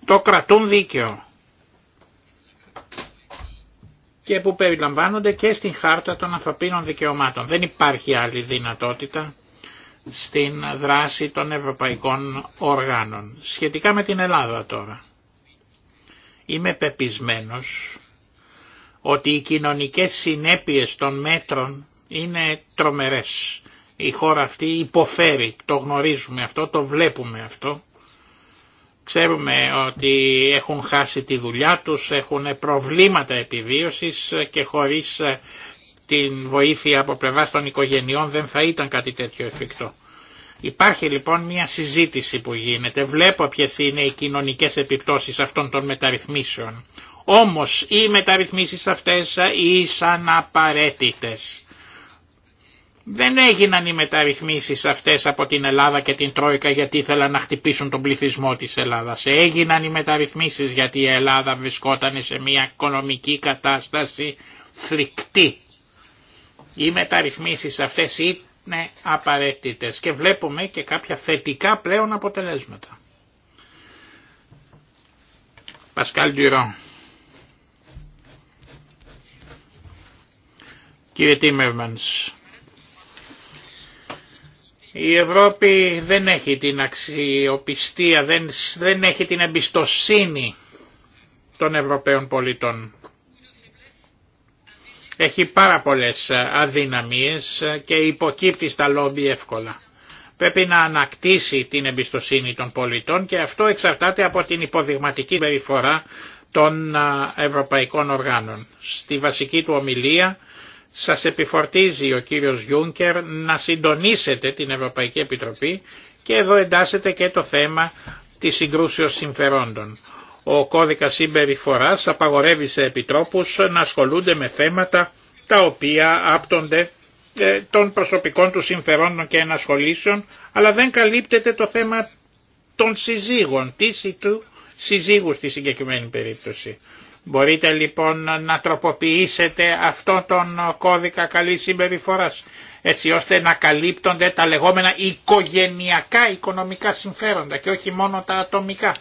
το κρατούν δίκαιο και που περιλαμβάνονται και στην χάρτα των ανθρωπίνων δικαιωμάτων. Δεν υπάρχει άλλη δυνατότητα στην δράση των ευρωπαϊκών οργάνων. Σχετικά με την Ελλάδα τώρα. Είμαι πεπισμένος ότι οι κοινωνικές συνέπειες των μέτρων είναι τρομερές. Η χώρα αυτή υποφέρει, το γνωρίζουμε αυτό, το βλέπουμε αυτό. Ξέρουμε ότι έχουν χάσει τη δουλειά τους, έχουν προβλήματα επιβίωσης και χωρίς την βοήθεια από πλευρά των οικογενειών δεν θα ήταν κάτι τέτοιο εφικτό. Υπάρχει λοιπόν μια συζήτηση που γίνεται, βλέπω ποιες είναι οι κοινωνικές επιπτώσεις αυτών των μεταρρυθμίσεων. Όμως οι μεταρρυθμίσεις αυτές ήσαν απαραίτητες. Δεν έγιναν οι μεταρρυθμίσεις αυτές από την Ελλάδα και την Τρόικα γιατί ήθελαν να χτυπήσουν τον πληθυσμό της Ελλάδας. Έγιναν οι μεταρρυθμίσεις γιατί η Ελλάδα βρισκόταν σε μια οικονομική κατάσταση φρικτή. Οι μεταρρυθμίσεις αυτές είναι απαραίτητες και βλέπουμε και κάποια θετικά πλέον αποτελέσματα. Πασκάλ Ντυρό. Κύριε Τίμερμανς, η Ευρώπη δεν έχει την αξιοπιστία, δεν, δεν έχει την εμπιστοσύνη των Ευρωπαίων πολιτών έχει πάρα πολλές ε, αδυναμίες ε, και υποκύπτει στα λόμπι εύκολα. Πρέπει να ανακτήσει την εμπιστοσύνη των πολιτών και αυτό εξαρτάται από την υποδειγματική περιφορά των ε, ευρωπαϊκών οργάνων. Στη βασική του ομιλία σας επιφορτίζει ο κύριος Γιούνκερ να συντονίσετε την Ευρωπαϊκή Επιτροπή και εδώ εντάσσεται και το θέμα της συγκρούσεως συμφερόντων. Ο κώδικας συμπεριφοράς απαγορεύει σε επιτρόπους να ασχολούνται με θέματα τα οποία άπτονται ε, των προσωπικών του συμφερόντων και ενασχολήσεων, αλλά δεν καλύπτεται το θέμα των συζύγων, της ή του συζύγου στη συγκεκριμένη περίπτωση. Μπορείτε λοιπόν να τροποποιήσετε αυτό τον κώδικα καλή συμπεριφορά, έτσι ώστε να καλύπτονται τα λεγόμενα οικογενειακά οικονομικά συμφέροντα και όχι μόνο τα ατομικά.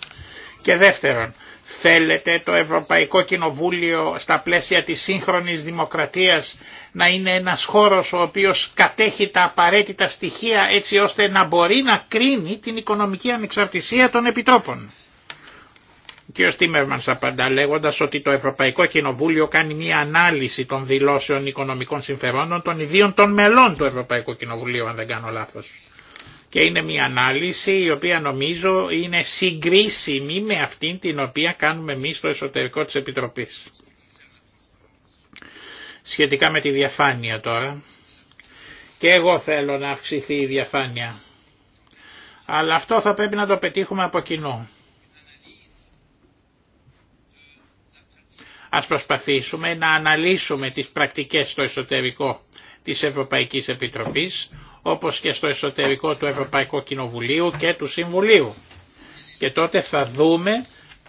Και δεύτερον, θέλετε το Ευρωπαϊκό Κοινοβούλιο στα πλαίσια της σύγχρονης δημοκρατίας να είναι ένας χώρος ο οποίος κατέχει τα απαραίτητα στοιχεία έτσι ώστε να μπορεί να κρίνει την οικονομική ανεξαρτησία των επιτρόπων. Ο κ. Τίμερμανς απαντά λέγοντας ότι το Ευρωπαϊκό Κοινοβούλιο κάνει μια ανάλυση των δηλώσεων οικονομικών συμφερόντων των ιδίων των μελών του Ευρωπαϊκού Κοινοβουλίου αν δεν κάνω λάθος και είναι μια ανάλυση η οποία νομίζω είναι συγκρίσιμη με αυτήν την οποία κάνουμε εμείς στο εσωτερικό της Επιτροπής. Σχετικά με τη διαφάνεια τώρα. Και εγώ θέλω να αυξηθεί η διαφάνεια. Αλλά αυτό θα πρέπει να το πετύχουμε από κοινού. Ας προσπαθήσουμε να αναλύσουμε τις πρακτικές στο εσωτερικό της Ευρωπαϊκής Επιτροπής, όπως και στο εσωτερικό του Ευρωπαϊκού Κοινοβουλίου και του Συμβουλίου. Και τότε θα δούμε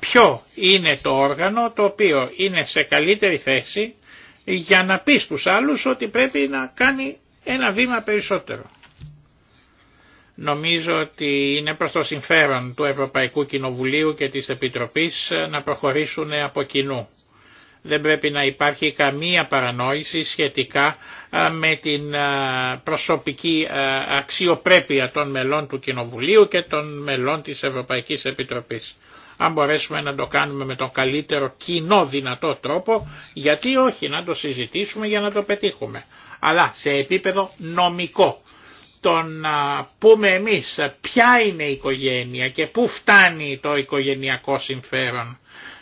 ποιο είναι το όργανο το οποίο είναι σε καλύτερη θέση για να πει στους άλλους ότι πρέπει να κάνει ένα βήμα περισσότερο. Νομίζω ότι είναι προς το συμφέρον του Ευρωπαϊκού Κοινοβουλίου και της Επιτροπής να προχωρήσουν από κοινού δεν πρέπει να υπάρχει καμία παρανόηση σχετικά με την προσωπική αξιοπρέπεια των μελών του Κοινοβουλίου και των μελών της Ευρωπαϊκής Επιτροπής. Αν μπορέσουμε να το κάνουμε με τον καλύτερο κοινό δυνατό τρόπο, γιατί όχι να το συζητήσουμε για να το πετύχουμε. Αλλά σε επίπεδο νομικό το να πούμε εμείς ποια είναι η οικογένεια και πού φτάνει το οικογενειακό συμφέρον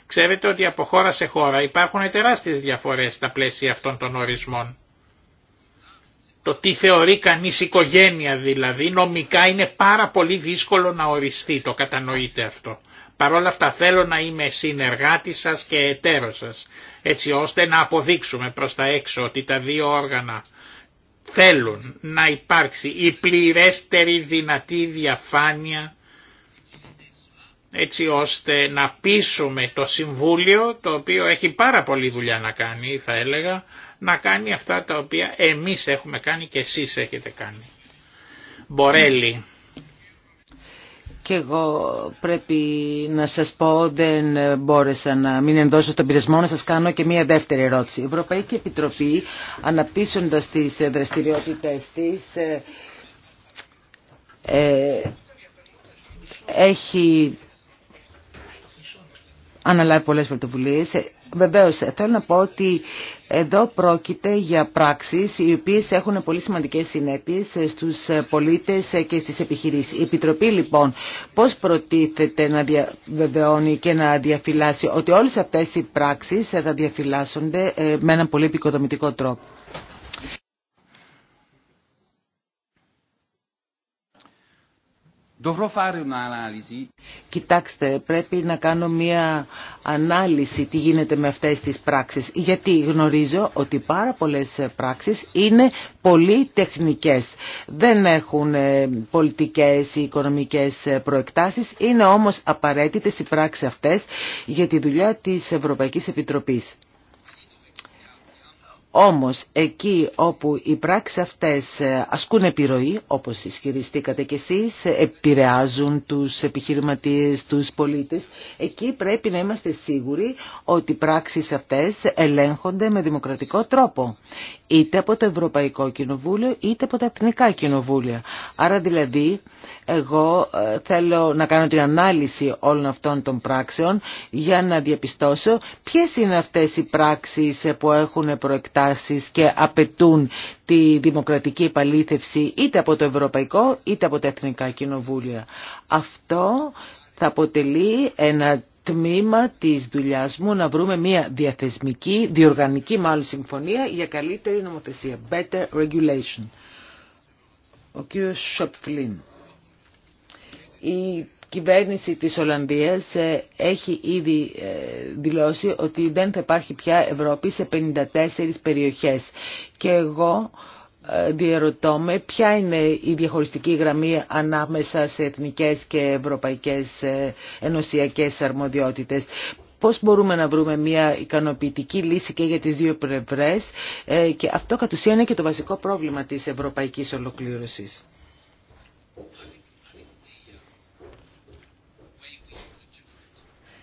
Ξέρετε ότι από χώρα σε χώρα υπάρχουν τεράστιες διαφορές στα πλαίσια αυτών των ορισμών. Το τι θεωρεί κανείς οικογένεια δηλαδή νομικά είναι πάρα πολύ δύσκολο να οριστεί, το κατανοείτε αυτό. Παρ' όλα αυτά θέλω να είμαι συνεργάτη σας και εταίρος σας, έτσι ώστε να αποδείξουμε προς τα έξω ότι τα δύο όργανα θέλουν να υπάρξει η πληρέστερη δυνατή διαφάνεια έτσι ώστε να πείσουμε το Συμβούλιο, το οποίο έχει πάρα πολλή δουλειά να κάνει, θα έλεγα, να κάνει αυτά τα οποία εμείς έχουμε κάνει και εσείς έχετε κάνει. Μπορέλη. Και εγώ πρέπει να σας πω, δεν μπόρεσα να μην ενδώσω τον πειρασμό να σας κάνω και μία δεύτερη ερώτηση. Η Ευρωπαϊκή Επιτροπή, αναπτύσσοντας τις δραστηριότητες της, ε, ε, έχει αναλάβει πολλές πρωτοβουλίες. Ε, βεβαίως, θέλω να πω ότι εδώ πρόκειται για πράξεις οι οποίες έχουν πολύ σημαντικές συνέπειες στους πολίτες και στις επιχειρήσεις. Η Επιτροπή λοιπόν πώς προτίθεται να διαβεβαιώνει και να διαφυλάσει ότι όλες αυτές οι πράξεις θα διαφυλάσσονται ε, με έναν πολύ επικοδομητικό τρόπο. Κοιτάξτε, πρέπει να κάνω μία ανάλυση τι γίνεται με αυτές τις πράξεις. Γιατί γνωρίζω ότι πάρα πολλές πράξεις είναι πολύ τεχνικές. Δεν έχουν ε, πολιτικές ή οικονομικές ε, προεκτάσεις. Είναι όμως απαραίτητες οι πράξεις αυτές για τη δουλειά της Ευρωπαϊκής Επιτροπής. Όμως εκεί όπου οι πράξεις αυτές ε, ασκούν επιρροή, όπως ισχυριστήκατε κι εσείς, ε, επηρεάζουν τους επιχειρηματίες, τους πολίτες, εκεί πρέπει να είμαστε σίγουροι ότι οι πράξεις αυτές ελέγχονται με δημοκρατικό τρόπο. Είτε από το Ευρωπαϊκό Κοινοβούλιο, είτε από τα Εθνικά Κοινοβούλια. Άρα δηλαδή, εγώ ε, θέλω να κάνω την ανάλυση όλων αυτών των πράξεων για να διαπιστώσω ποιες είναι αυτές οι πράξεις που έχουν προεκτάσει και απαιτούν τη δημοκρατική επαλήθευση είτε από το Ευρωπαϊκό είτε από τα Εθνικά Κοινοβούλια. Αυτό θα αποτελεί ένα τμήμα της δουλειάς μου να βρούμε μια διαθεσμική, διοργανική μάλλον συμφωνία για καλύτερη νομοθεσία. Better regulation. Ο κύριος κυβέρνηση της Ολλανδίας ε, έχει ήδη ε, δηλώσει ότι δεν θα υπάρχει πια Ευρώπη σε 54 περιοχές. Και εγώ ε, διαρωτώ με ποια είναι η διαχωριστική γραμμή ανάμεσα σε εθνικές και ευρωπαϊκές ενωσιακές αρμοδιότητες. Πώς μπορούμε να βρούμε μια ικανοποιητική λύση και για τις δύο πλευρές και αυτό κατ' ουσία είναι και το βασικό πρόβλημα της ευρωπαϊκής ολοκλήρωσης.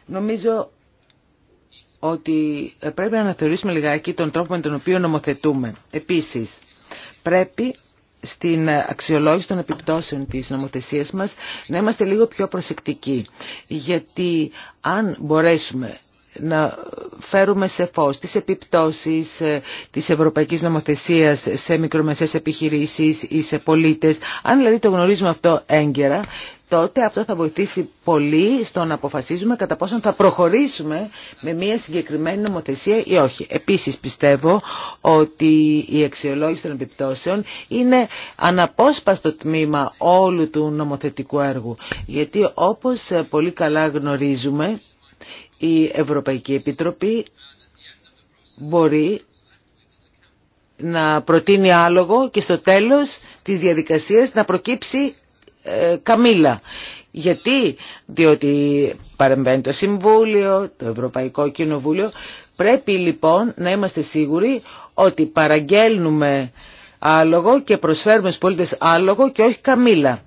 Νομίζω ότι πρέπει να αναθεωρήσουμε λιγάκι τον τρόπο με τον οποίο νομοθετούμε. Επίσης, πρέπει στην αξιολόγηση των επιπτώσεων της νομοθεσίας μας να είμαστε λίγο πιο προσεκτικοί. Γιατί αν μπορέσουμε να φέρουμε σε φως τις επιπτώσεις ε, της ευρωπαϊκής νομοθεσίας σε μικρομεσαίες επιχειρήσεις ή σε πολίτες. Αν δηλαδή το γνωρίζουμε αυτό έγκαιρα, τότε αυτό θα βοηθήσει πολύ στο να αποφασίζουμε κατά πόσον θα προχωρήσουμε με μια συγκεκριμένη νομοθεσία ή όχι. Επίσης πιστεύω ότι η αξιολόγηση των επιπτώσεων είναι αναπόσπαστο τμήμα όλου του νομοθετικού έργου. Γιατί όπως πολύ καλά γνωρίζουμε, η Ευρωπαϊκή Επιτροπή μπορεί να προτείνει άλογο και στο τέλος της διαδικασίας να προκύψει ε, καμήλα. Γιατί, διότι παρεμβαίνει το Συμβούλιο, το Ευρωπαϊκό Κοινοβούλιο, πρέπει λοιπόν να είμαστε σίγουροι ότι παραγγέλνουμε άλογο και προσφέρουμε στους πολίτες άλογο και όχι καμήλα.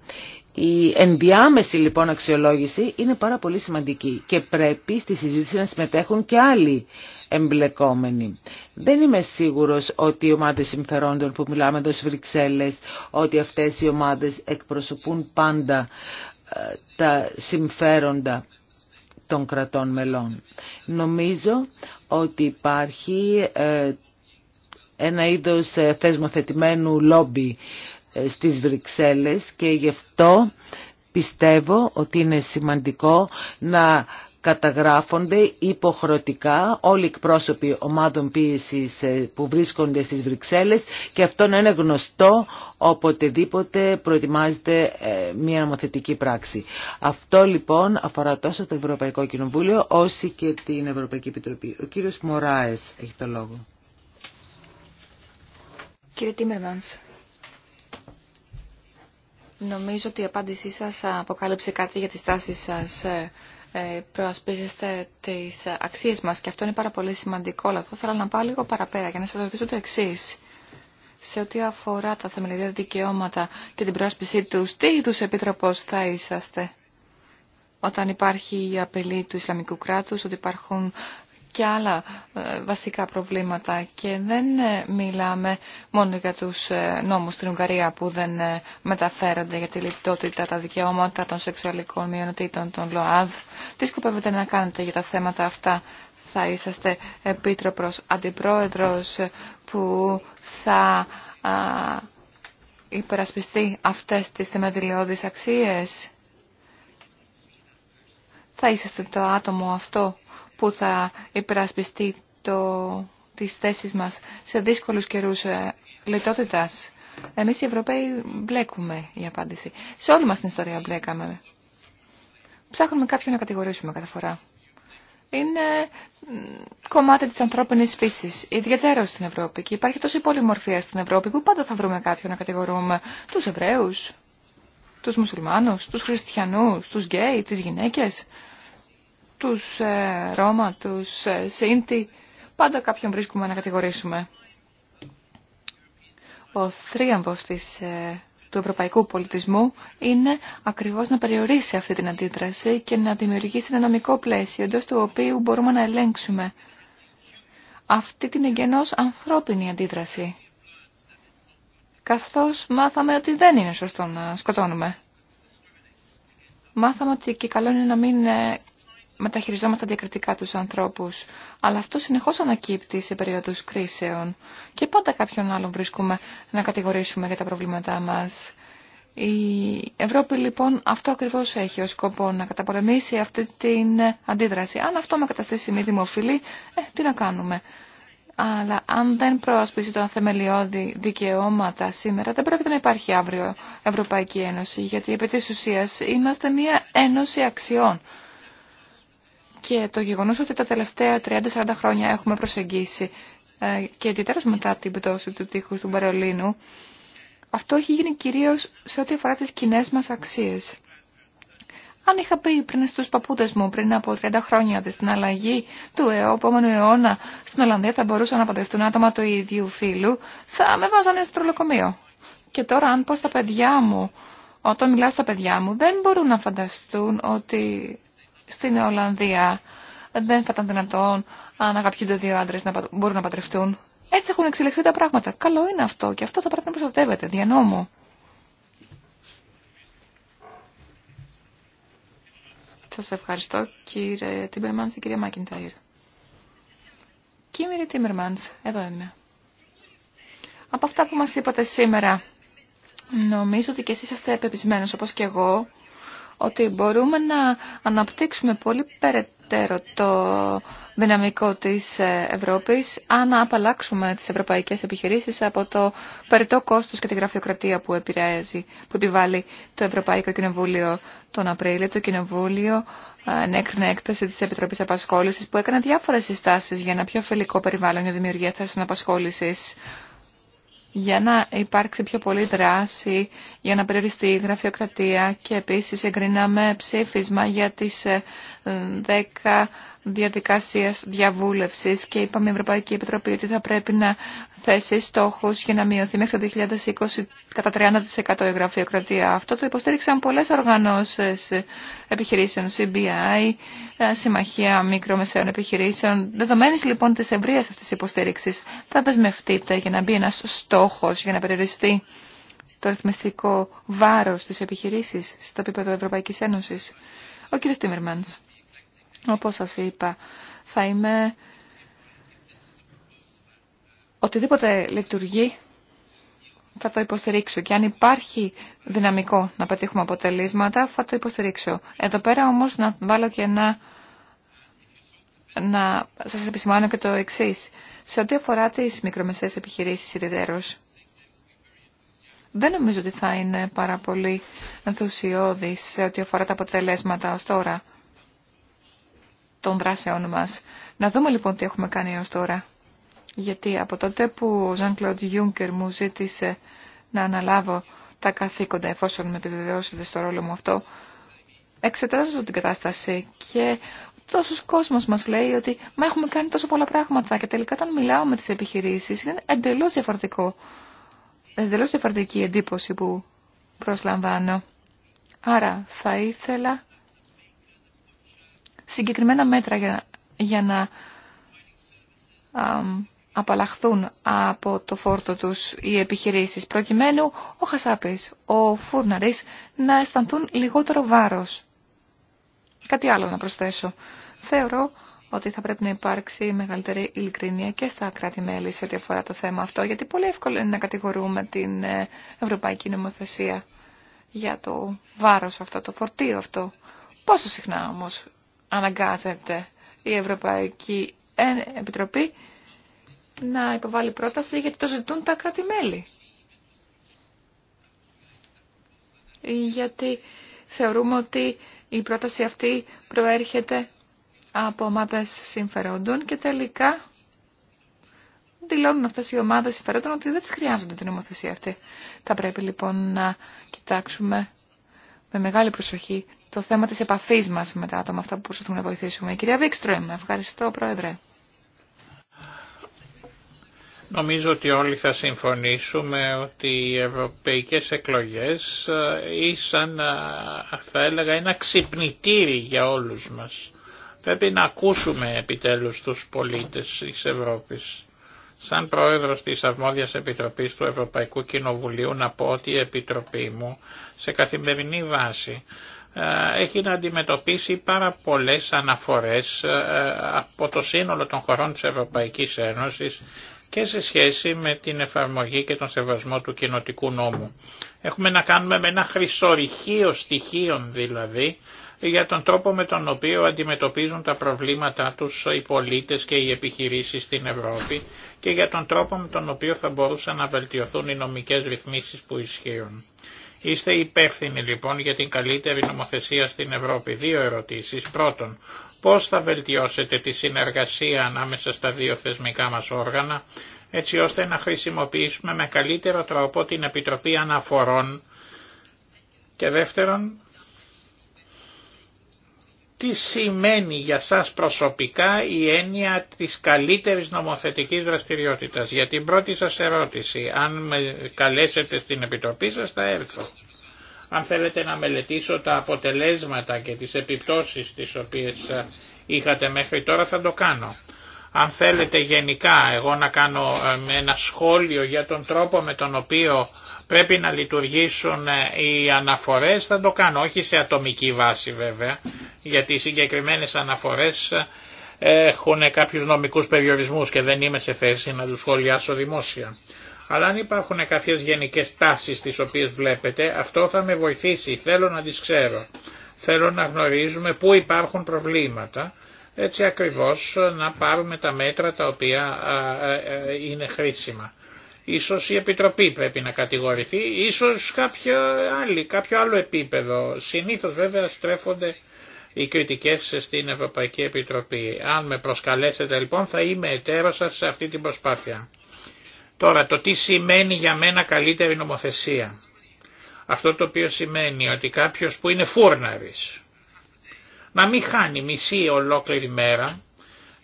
Η ενδιάμεση λοιπόν αξιολόγηση είναι πάρα πολύ σημαντική και πρέπει στη συζήτηση να συμμετέχουν και άλλοι εμπλεκόμενοι. Δεν είμαι σίγουρος ότι οι ομάδες συμφερόντων που μιλάμε εδώ στις Βρυξέλλες, ότι αυτές οι ομάδες εκπροσωπούν πάντα ε, τα συμφέροντα των κρατών μελών. Νομίζω ότι υπάρχει ε, ένα είδος ε, θεσμοθετημένου λόμπι ε, στις Βρυξέλλες και γι' αυτό πιστεύω ότι είναι σημαντικό να καταγράφονται υποχρεωτικά όλοι οι εκπρόσωποι ομάδων πίεσης ε, που βρίσκονται στις Βρυξέλλες και αυτό να είναι γνωστό οποτεδήποτε προετοιμάζεται ε, μια νομοθετική πράξη. Αυτό λοιπόν αφορά τόσο το Ευρωπαϊκό Κοινοβούλιο όσοι και την Ευρωπαϊκή Επιτροπή. Ο κύριος Μωράες έχει το λόγο. Κύριε Νομίζω ότι η απάντησή σας αποκάλυψε κάτι για τις στάση σας. Ε, ε, προασπίζεστε τις αξίες μας και αυτό είναι πάρα πολύ σημαντικό. Αλλά θα ήθελα να πάω λίγο παραπέρα για να σας ρωτήσω το εξή. Σε ό,τι αφορά τα θεμελιδία δικαιώματα και την προάσπιση τους, τι είδου επίτροπος θα είσαστε όταν υπάρχει η απειλή του Ισλαμικού κράτους, ότι υπάρχουν και άλλα ε, βασικά προβλήματα και δεν ε, μιλάμε μόνο για τους ε, νόμους στην Ουγγαρία που δεν μεταφέρονται για τη λιτότητα, τα δικαιώματα των σεξουαλικών μειονοτήτων, των ΛΟΑΔ. Τι σκοπεύετε να κάνετε για τα θέματα αυτά. Θα είσαστε επίτροπος, αντιπρόεδρος που θα υπερασπιστεί αυτές τις θεμεδηλειώδεις αξίες. Θα είσαστε το άτομο αυτό που θα υπερασπιστεί το, τις θέσεις μας σε δύσκολους καιρούς ε, λιτότητας. Εμείς οι Ευρωπαίοι μπλέκουμε η απάντηση. Σε όλη μας την ιστορία μπλέκαμε. Ψάχνουμε κάποιον να κατηγορήσουμε κάθε φορά. Είναι κομμάτι της ανθρώπινης φύσης, ιδιαίτερο στην Ευρώπη. Και υπάρχει τόση πολυμορφία στην Ευρώπη που πάντα θα βρούμε κάποιον να κατηγορούμε τους Εβραίους, τους Μουσουλμάνους, τους Χριστιανούς, τους Γκέι, τις γυναίκες τους ε, Ρώμα, τους ε, Σίντι, πάντα κάποιον βρίσκουμε να κατηγορήσουμε. Ο θρίαμβος της, ε, του ευρωπαϊκού πολιτισμού είναι ακριβώς να περιορίσει αυτή την αντίδραση και να δημιουργήσει ένα νομικό πλαίσιο εντός του οποίου μπορούμε να ελέγξουμε αυτή την εγγενώς ανθρώπινη αντίδραση. Καθώς μάθαμε ότι δεν είναι σωστό να σκοτώνουμε. Μάθαμε ότι και καλό είναι να μην μεταχειριζόμαστε διακριτικά τους ανθρώπους. Αλλά αυτό συνεχώς ανακύπτει σε περίοδους κρίσεων. Και πάντα κάποιον άλλον βρίσκουμε να κατηγορήσουμε για τα προβλήματά μας. Η Ευρώπη λοιπόν αυτό ακριβώς έχει ως σκοπό να καταπολεμήσει αυτή την αντίδραση. Αν αυτό με καταστήσει μη δημοφιλή, ε, τι να κάνουμε. Αλλά αν δεν προασπίσει τα θεμελιώδη δικαιώματα σήμερα, δεν πρόκειται να υπάρχει αύριο Ευρωπαϊκή Ένωση, γιατί επί της ουσίας είμαστε μια ένωση αξιών και το γεγονός ότι τα τελευταία 30-40 χρόνια έχουμε προσεγγίσει ε, και ιδιαίτερα μετά την πτώση του τείχου του Μπαρολίνου, αυτό έχει γίνει κυρίω σε ό,τι αφορά τι κοινέ μα αξίε. Αν είχα πει πριν στου παππούδε μου πριν από 30 χρόνια ότι στην αλλαγή του ε, επόμενου αιώνα στην Ολλανδία θα μπορούσαν να παντρευτούν άτομα του ίδιου φίλου, θα με βάζανε στο τρολοκομείο. Και τώρα αν πω στα παιδιά μου, όταν μιλάω στα παιδιά μου, δεν μπορούν να φανταστούν ότι στην Ολλανδία δεν θα ήταν δυνατόν αν αγαπιούνται δύο άντρε να μπορούν να παντρευτούν. Έτσι έχουν εξελιχθεί τα πράγματα. Καλό είναι αυτό και αυτό θα πρέπει να προστατεύεται δια νόμου. Σα ευχαριστώ κύριε Τιμπερμαντ και κυρία Μάκιντάιρ. Κύριε Τιμπερμαντ, εδώ είμαι. Από αυτά που μα είπατε σήμερα, νομίζω ότι και εσεί είστε επεπισμένος όπω και εγώ ότι μπορούμε να αναπτύξουμε πολύ περαιτέρω το δυναμικό της ε, Ευρώπης αν απαλλάξουμε τις ευρωπαϊκές επιχειρήσεις από το περιττό κόστος και τη γραφειοκρατία που επηρεάζει, που επιβάλλει το Ευρωπαϊκό Κοινοβούλιο τον Απρίλιο. Το Κοινοβούλιο ε, ενέκρινε έκταση της Επιτροπής Απασχόλησης που έκανε διάφορες συστάσεις για ένα πιο φιλικό περιβάλλον για δημιουργία θέσεων απασχόλησης για να υπάρξει πιο πολύ δράση, για να περιοριστεί η γραφειοκρατία και επίσης εγκρίναμε ψήφισμα για τις ε, δέκα διαδικασίας διαβούλευσης και είπαμε η Ευρωπαϊκή Επιτροπή ότι θα πρέπει να θέσει στόχους για να μειωθεί μέχρι το 2020 κατά 30% η γραφειοκρατία. Αυτό το υποστήριξαν πολλές οργανώσεις επιχειρήσεων, CBI, Συμμαχία Μικρομεσαίων Επιχειρήσεων. Δεδομένης λοιπόν της ευρείας αυτής της υποστήριξης θα δεσμευτείτε για να μπει ένας στόχος για να περιοριστεί το ρυθμιστικό βάρος της επιχειρήσης στο επίπεδο Ευρωπαϊκής Ένωσης. Ο κ. Τίμερμαντς. Όπως σας είπα, θα είμαι οτιδήποτε λειτουργεί θα το υποστηρίξω και αν υπάρχει δυναμικό να πετύχουμε αποτελέσματα θα το υποστηρίξω. Εδώ πέρα όμως να βάλω και να σας επισημάνω και το εξή. Σε ό,τι αφορά τις μικρομεσαίες επιχειρήσεις ιδιαίτερως, δεν νομίζω ότι θα είναι πάρα πολύ ενθουσιώδης σε ό,τι αφορά τα αποτελέσματα ως τώρα των δράσεών μας. Να δούμε λοιπόν τι έχουμε κάνει έως τώρα. Γιατί από τότε που ο Ζαν Κλοντ Γιούγκερ μου ζήτησε να αναλάβω τα καθήκοντα εφόσον με επιβεβαιώσετε στο ρόλο μου αυτό, εξετάζω την κατάσταση και τόσο κόσμος μας λέει ότι μα έχουμε κάνει τόσο πολλά πράγματα και τελικά όταν μιλάω με τις επιχειρήσεις είναι εντελώς διαφορετικό. Εντελώς διαφορετική εντύπωση που προσλαμβάνω. Άρα θα ήθελα συγκεκριμένα μέτρα για, να α, απαλλαχθούν από το φόρτο τους οι επιχειρήσεις, προκειμένου ο Χασάπης, ο Φούρναρης να αισθανθούν λιγότερο βάρος. Κάτι άλλο να προσθέσω. Θεωρώ ότι θα πρέπει να υπάρξει μεγαλύτερη ειλικρίνεια και στα κράτη-μέλη σε ό,τι αφορά το θέμα αυτό, γιατί πολύ εύκολο είναι να κατηγορούμε την ε, Ευρωπαϊκή Νομοθεσία για το βάρος αυτό, το φορτίο αυτό. Πόσο συχνά όμως αναγκάζεται η Ευρωπαϊκή Επιτροπή να υποβάλει πρόταση γιατί το ζητούν τα κράτη-μέλη. Γιατί θεωρούμε ότι η πρόταση αυτή προέρχεται από ομάδες συμφερόντων και τελικά δηλώνουν αυτές οι ομάδες συμφερόντων ότι δεν τις χρειάζονται την νομοθεσία αυτή. Θα πρέπει λοιπόν να κοιτάξουμε με μεγάλη προσοχή το θέμα της επαφής μας με τα άτομα αυτά που προσπαθούμε να βοηθήσουμε. κυρία Βίξτρομ, ευχαριστώ Πρόεδρε. Νομίζω ότι όλοι θα συμφωνήσουμε ότι οι ευρωπαϊκές εκλογές ήσαν, θα έλεγα, ένα ξυπνητήρι για όλους μας. Πρέπει να ακούσουμε επιτέλους τους πολίτες της Ευρώπης. Σαν πρόεδρος της Αρμόδιας Επιτροπής του Ευρωπαϊκού Κοινοβουλίου να πω ότι η Επιτροπή μου σε καθημερινή βάση ε, έχει να αντιμετωπίσει πάρα πολλές αναφορές ε, από το σύνολο των χωρών της Ευρωπαϊκής Ένωσης και σε σχέση με την εφαρμογή και τον σεβασμό του κοινοτικού νόμου. Έχουμε να κάνουμε με ένα χρυσορυχείο στοιχείων δηλαδή για τον τρόπο με τον οποίο αντιμετωπίζουν τα προβλήματά τους οι πολίτες και οι επιχειρήσεις στην Ευρώπη και για τον τρόπο με τον οποίο θα μπορούσαν να βελτιωθούν οι νομικές ρυθμίσεις που ισχύουν. Είστε υπεύθυνοι λοιπόν για την καλύτερη νομοθεσία στην Ευρώπη. Δύο ερωτήσεις. Πρώτον, πώς θα βελτιώσετε τη συνεργασία ανάμεσα στα δύο θεσμικά μας όργανα, έτσι ώστε να χρησιμοποιήσουμε με καλύτερο τρόπο την Επιτροπή Αναφορών και δεύτερον, τι σημαίνει για σας προσωπικά η έννοια της καλύτερης νομοθετικής δραστηριότητας. Για την πρώτη σας ερώτηση, αν με καλέσετε στην Επιτροπή σας θα έρθω. Αν θέλετε να μελετήσω τα αποτελέσματα και τις επιπτώσεις τις οποίες ε, είχατε μέχρι τώρα θα το κάνω. Αν θέλετε γενικά εγώ να κάνω ε, ένα σχόλιο για τον τρόπο με τον οποίο πρέπει να λειτουργήσουν ε, οι αναφορές θα το κάνω, όχι σε ατομική βάση βέβαια, γιατί οι συγκεκριμένες αναφορές ε, έχουν κάποιους νομικούς περιορισμούς και δεν είμαι σε θέση να τους σχολιάσω δημόσια. Αλλά αν υπάρχουν κάποιες γενικές τάσεις τις οποίες βλέπετε, αυτό θα με βοηθήσει, θέλω να τις ξέρω. Θέλω να γνωρίζουμε πού υπάρχουν προβλήματα έτσι ακριβώς να πάρουμε τα μέτρα τα οποία ε, ε, είναι χρήσιμα. Ίσως η Επιτροπή πρέπει να κατηγορηθεί, ίσως κάποιο, άλλη, κάποιο άλλο επίπεδο. Συνήθως βέβαια στρέφονται οι κριτικές στην Ευρωπαϊκή Επιτροπή. Αν με προσκαλέσετε λοιπόν θα είμαι εταίρος σας σε αυτή την προσπάθεια. Τώρα το τι σημαίνει για μένα καλύτερη νομοθεσία. Αυτό το οποίο σημαίνει ότι κάποιος που είναι φούρναρης, να μην χάνει μισή ολόκληρη μέρα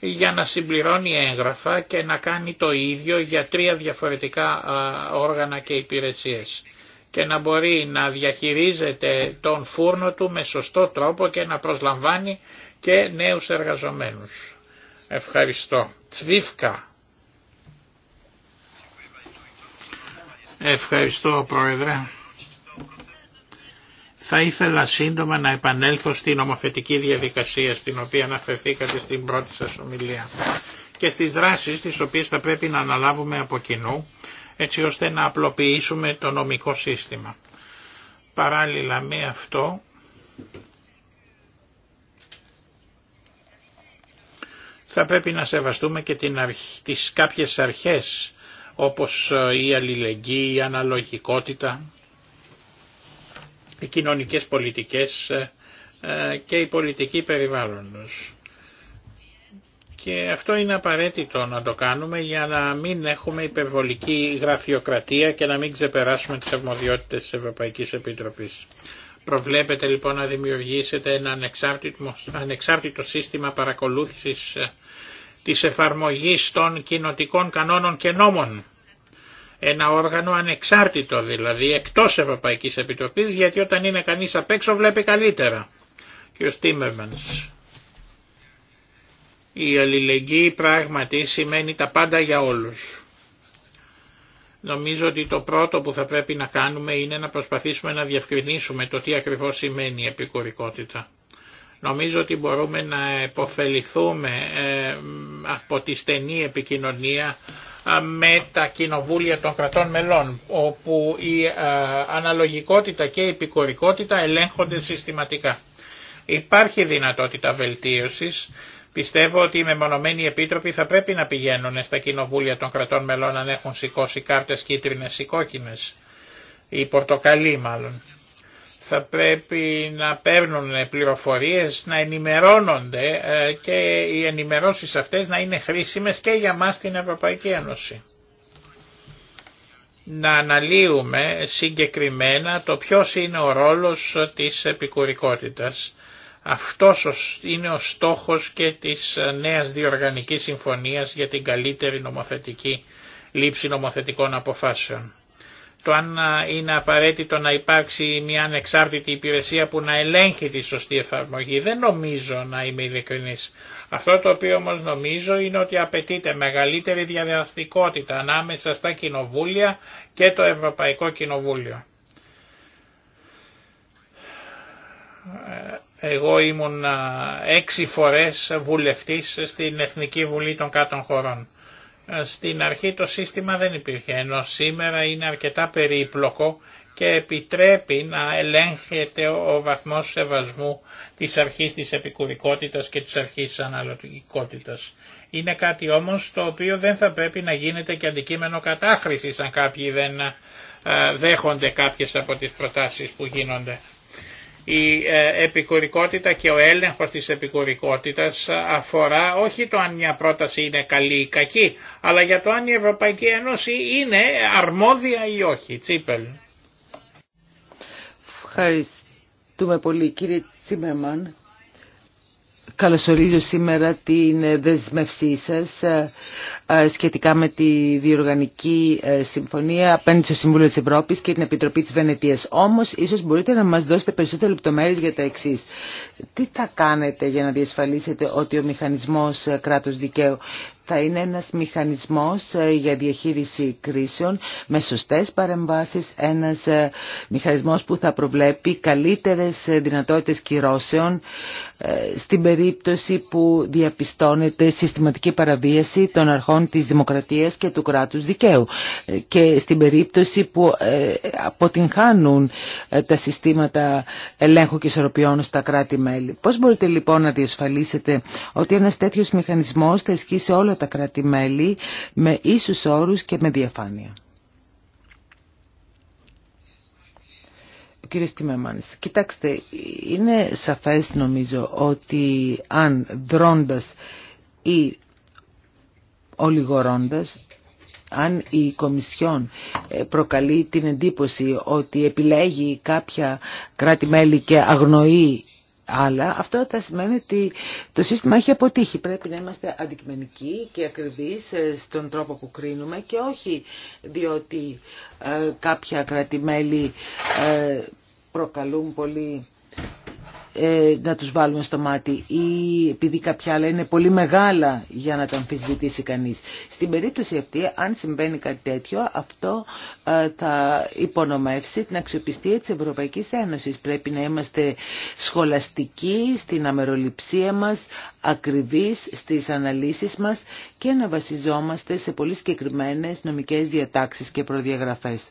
για να συμπληρώνει έγγραφα και να κάνει το ίδιο για τρία διαφορετικά όργανα και υπηρεσίες και να μπορεί να διαχειρίζεται τον φούρνο του με σωστό τρόπο και να προσλαμβάνει και νέους εργαζομένους. Ευχαριστώ. Τσβίφκα. Ευχαριστώ Πρόεδρε. Θα ήθελα σύντομα να επανέλθω στην νομοθετική διαδικασία στην οποία αναφερθήκατε στην πρώτη σας ομιλία και στις δράσεις τις οποίες θα πρέπει να αναλάβουμε από κοινού έτσι ώστε να απλοποιήσουμε το νομικό σύστημα. Παράλληλα με αυτό θα πρέπει να σεβαστούμε και την αρχ... τις κάποιες αρχές όπως η αλληλεγγύη, η αναλογικότητα οι κοινωνικές πολιτικές ε, ε, και η πολιτική περιβάλλοντος. Και αυτό είναι απαραίτητο να το κάνουμε για να μην έχουμε υπερβολική γραφειοκρατία και να μην ξεπεράσουμε τις αρμοδιότητες της Ευρωπαϊκής Επιτροπής. Προβλέπετε λοιπόν να δημιουργήσετε ένα ανεξάρτητο, ανεξάρτητο σύστημα παρακολούθησης ε, της εφαρμογής των κοινοτικών κανόνων και νόμων ένα όργανο ανεξάρτητο δηλαδή, εκτός Ευρωπαϊκής Επιτροπής, γιατί όταν είναι κανείς απ' έξω βλέπει καλύτερα. Κύριο ο Η αλληλεγγύη πράγματι σημαίνει τα πάντα για όλους. Νομίζω ότι το πρώτο που θα πρέπει να κάνουμε είναι να προσπαθήσουμε να διευκρινίσουμε το τι ακριβώς σημαίνει η επικουρικότητα. Νομίζω ότι μπορούμε να επωφεληθούμε ε, από τη στενή επικοινωνία με τα κοινοβούλια των κρατών μελών όπου η ε, αναλογικότητα και η επικορικότητα ελέγχονται συστηματικά. Υπάρχει δυνατότητα βελτίωσης. Πιστεύω ότι οι μεμονωμένοι επίτροποι θα πρέπει να πηγαίνουν στα κοινοβούλια των κρατών μελών αν έχουν σηκώσει κάρτες κίτρινες ή κόκκινες ή πορτοκαλί μάλλον θα πρέπει να παίρνουν πληροφορίες, να ενημερώνονται ε, και οι ενημερώσεις αυτές να είναι χρήσιμες και για μας στην Ευρωπαϊκή Ένωση. Να αναλύουμε συγκεκριμένα το ποιος είναι ο ρόλος της επικουρικότητας. Αυτός είναι ο στόχος και της νέας διοργανικής συμφωνίας για την καλύτερη νομοθετική λήψη νομοθετικών αποφάσεων το αν είναι απαραίτητο να υπάρξει μια ανεξάρτητη υπηρεσία που να ελέγχει τη σωστή εφαρμογή. Δεν νομίζω να είμαι ειλικρινής. Αυτό το οποίο όμως νομίζω είναι ότι απαιτείται μεγαλύτερη διαδραστικότητα ανάμεσα στα κοινοβούλια και το Ευρωπαϊκό Κοινοβούλιο. Ε, εγώ ήμουν έξι φορές βουλευτής στην Εθνική Βουλή των Κάτων Χωρών. Ε, στην αρχή το σύστημα δεν υπήρχε, ενώ σήμερα είναι αρκετά περίπλοκο και επιτρέπει να ελέγχεται ο βαθμός σεβασμού της αρχής της επικουρικότητας και της αρχής της αναλογικότητας. Είναι κάτι όμως το οποίο δεν θα πρέπει να γίνεται και αντικείμενο κατάχρησης αν κάποιοι δεν ε, δέχονται κάποιες από τις προτάσεις που γίνονται. Η ε, επικουρικότητα και ο έλεγχος της επικουρικότητας αφορά όχι το αν μια πρόταση είναι καλή ή κακή, αλλά για το αν η Ευρωπαϊκή Ένωση είναι αρμόδια ή όχι. Τσίπελ. Ευχαριστούμε πολύ κύριε Τσίμερμαν. Καλωσορίζω σήμερα την δεσμευσή σας ε, ε, σχετικά με τη διοργανική ε, συμφωνία απέναντι στο Συμβούλιο της Ευρώπης και την Επιτροπή της Βενετίας. Όμως, ίσως μπορείτε να μας δώσετε περισσότερες λεπτομέρειες για τα εξής. Τι θα κάνετε για να διασφαλίσετε ότι ο μηχανισμός κράτους δικαίου θα είναι ένας μηχανισμός ε, για διαχείριση κρίσεων με σωστές παρεμβάσεις, ένας ε, μηχανισμός που θα προβλέπει καλύτερες ε, δυνατότητες κυρώσεων στην περίπτωση που διαπιστώνεται συστηματική παραβίαση των αρχών της δημοκρατίας και του κράτους δικαίου και στην περίπτωση που αποτυγχάνουν τα συστήματα ελέγχου και ισορροπιών στα κράτη-μέλη. Πώς μπορείτε λοιπόν να διασφαλίσετε ότι ένας τέτοιος μηχανισμός θα ισχύσει τα κράτη-μέλη με ίσους όρους και με διαφάνεια. κύριε Στυμεμάνης, κοιτάξτε, είναι σαφές νομίζω ότι αν δρώντας ή ολιγορώντας, αν η Κομισιόν ε, προκαλεί την εντύπωση ότι επιλέγει κάποια κράτη-μέλη και αγνοεί αλλά αυτό θα σημαίνει ότι το σύστημα έχει αποτύχει. Πρέπει να είμαστε αντικειμενικοί και ακριβείς ε, στον τρόπο που κρίνουμε και όχι διότι ε, κάποια κρατημέλη ε, προκαλούν πολύ ε, να τους βάλουμε στο μάτι ή επειδή κάποια άλλα είναι πολύ μεγάλα για να τα αμφισβητήσει κανείς. Στην περίπτωση αυτή, αν συμβαίνει κάτι τέτοιο, αυτό ε, θα υπονομεύσει την αξιοπιστία της Ευρωπαϊκής Ένωσης. Πρέπει να είμαστε σχολαστικοί στην αμεροληψία μας, ακριβείς στις αναλύσεις μας και να βασιζόμαστε σε πολύ συγκεκριμένε νομικές διατάξεις και προδιαγραφές.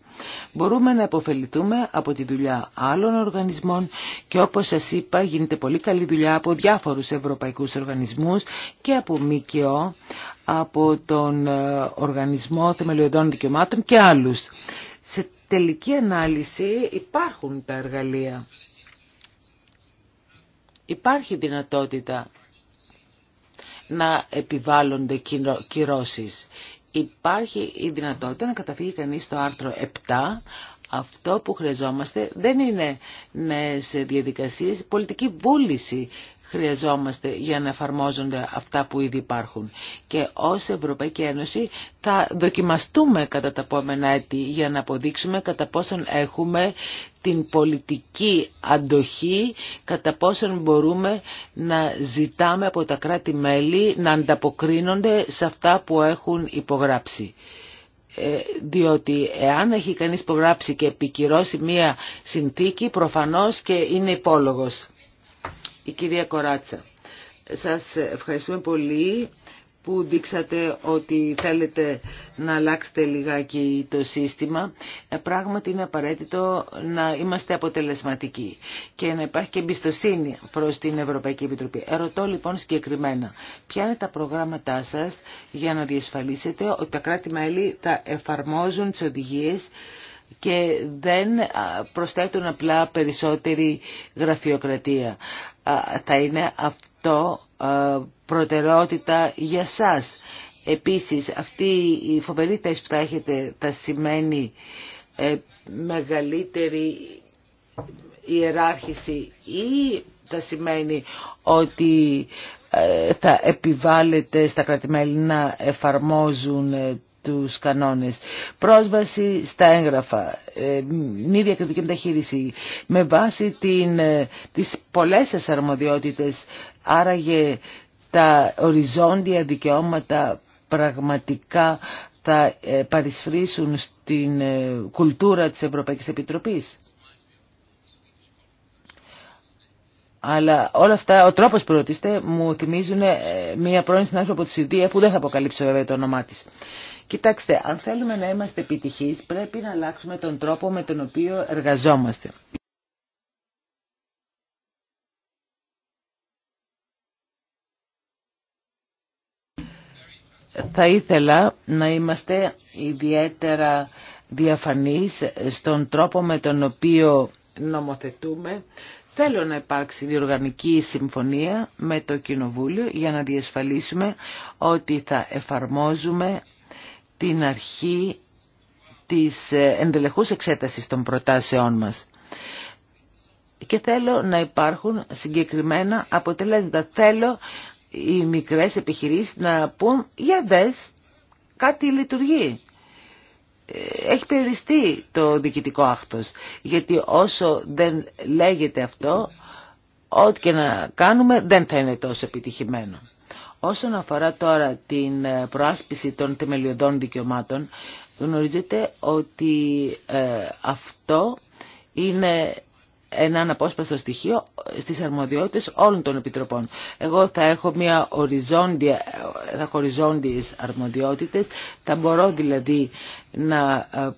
Μπορούμε να αποφεληθούμε από τη δουλειά άλλων οργανισμών και όπως σας είπα, είπα γίνεται πολύ καλή δουλειά από διάφορους ευρωπαϊκούς οργανισμούς και από ΜΚΟ, από τον ε, Οργανισμό Θεμελιωδών Δικαιωμάτων και άλλους. Σε τελική ανάλυση υπάρχουν τα εργαλεία. Υπάρχει δυνατότητα να επιβάλλονται κυρώσεις. Υπάρχει η δυνατότητα να καταφύγει κανείς στο άρθρο 7 αυτό που χρειαζόμαστε δεν είναι νέες διαδικασίες, πολιτική βούληση χρειαζόμαστε για να εφαρμόζονται αυτά που ήδη υπάρχουν. Και ως Ευρωπαϊκή Ένωση θα δοκιμαστούμε κατά τα επόμενα έτη για να αποδείξουμε κατά πόσον έχουμε την πολιτική αντοχή, κατά πόσον μπορούμε να ζητάμε από τα κράτη-μέλη να ανταποκρίνονται σε αυτά που έχουν υπογράψει. Ε, διότι εάν έχει κανείς υπογράψει και επικυρώσει μία συνθήκη προφανώς και είναι υπόλογος. Η κυρία Κοράτσα. Σας ευχαριστούμε πολύ που δείξατε ότι θέλετε να αλλάξετε λιγάκι το σύστημα, ε, πράγματι είναι απαραίτητο να είμαστε αποτελεσματικοί και να υπάρχει και εμπιστοσύνη προς την Ευρωπαϊκή Επιτροπή. Ερωτώ λοιπόν συγκεκριμένα, ποια είναι τα προγράμματά σας για να διασφαλίσετε ότι τα κράτη-μέλη θα εφαρμόζουν τις οδηγίες και δεν προσθέτουν απλά περισσότερη γραφειοκρατία. Θα είναι αυτό ε, προτεραιότητα για σας. Επίσης αυτή η φοβερή θέση που θα έχετε θα σημαίνει ε, μεγαλύτερη ιεράρχηση ή θα σημαίνει ότι ε, θα επιβάλλεται στα κρατημέλη να εφαρμόζουν τους κανόνες, πρόσβαση στα έγγραφα, ε, μη διακριτική μεταχείριση, με βάση την, ε, τις πολλές αρμοδιότητες, άραγε τα οριζόντια δικαιώματα πραγματικά θα ε, παρισφρήσουν στην κουλτούρα της Ευρωπαϊκής Επιτροπής. Αλλά όλα αυτά, ο τρόπο που ρωτήσετε μου θυμίζουν ε, μία πρώην συνάδελφο από τη Σουηδία που δεν θα αποκαλύψω βέβαια το όνομά τη. Κοιτάξτε, αν θέλουμε να είμαστε επιτυχεί πρέπει να αλλάξουμε τον τρόπο με τον οποίο εργαζόμαστε. Θα ήθελα να είμαστε ιδιαίτερα διαφανείς στον τρόπο με τον οποίο νομοθετούμε, Θέλω να υπάρξει διοργανική συμφωνία με το Κοινοβούλιο για να διασφαλίσουμε ότι θα εφαρμόζουμε την αρχή της εντελεχούς εξέτασης των προτάσεών μας. Και θέλω να υπάρχουν συγκεκριμένα αποτελέσματα. Θέλω οι μικρές επιχειρήσεις να πούν για δες κάτι λειτουργεί έχει περιοριστεί το διοικητικό άκτος, Γιατί όσο δεν λέγεται αυτό, ό,τι και να κάνουμε δεν θα είναι τόσο επιτυχημένο. Όσον αφορά τώρα την ε, προάσπιση των θεμελιωδών δικαιωμάτων, γνωρίζετε ότι ε, αυτό είναι ένα απόσπαστο στοιχείο στις αρμοδιότητες όλων των επιτροπών. Εγώ θα έχω μια οριζόντια, θα οριζόντιες αρμοδιότητες, θα μπορώ δηλαδή να ε,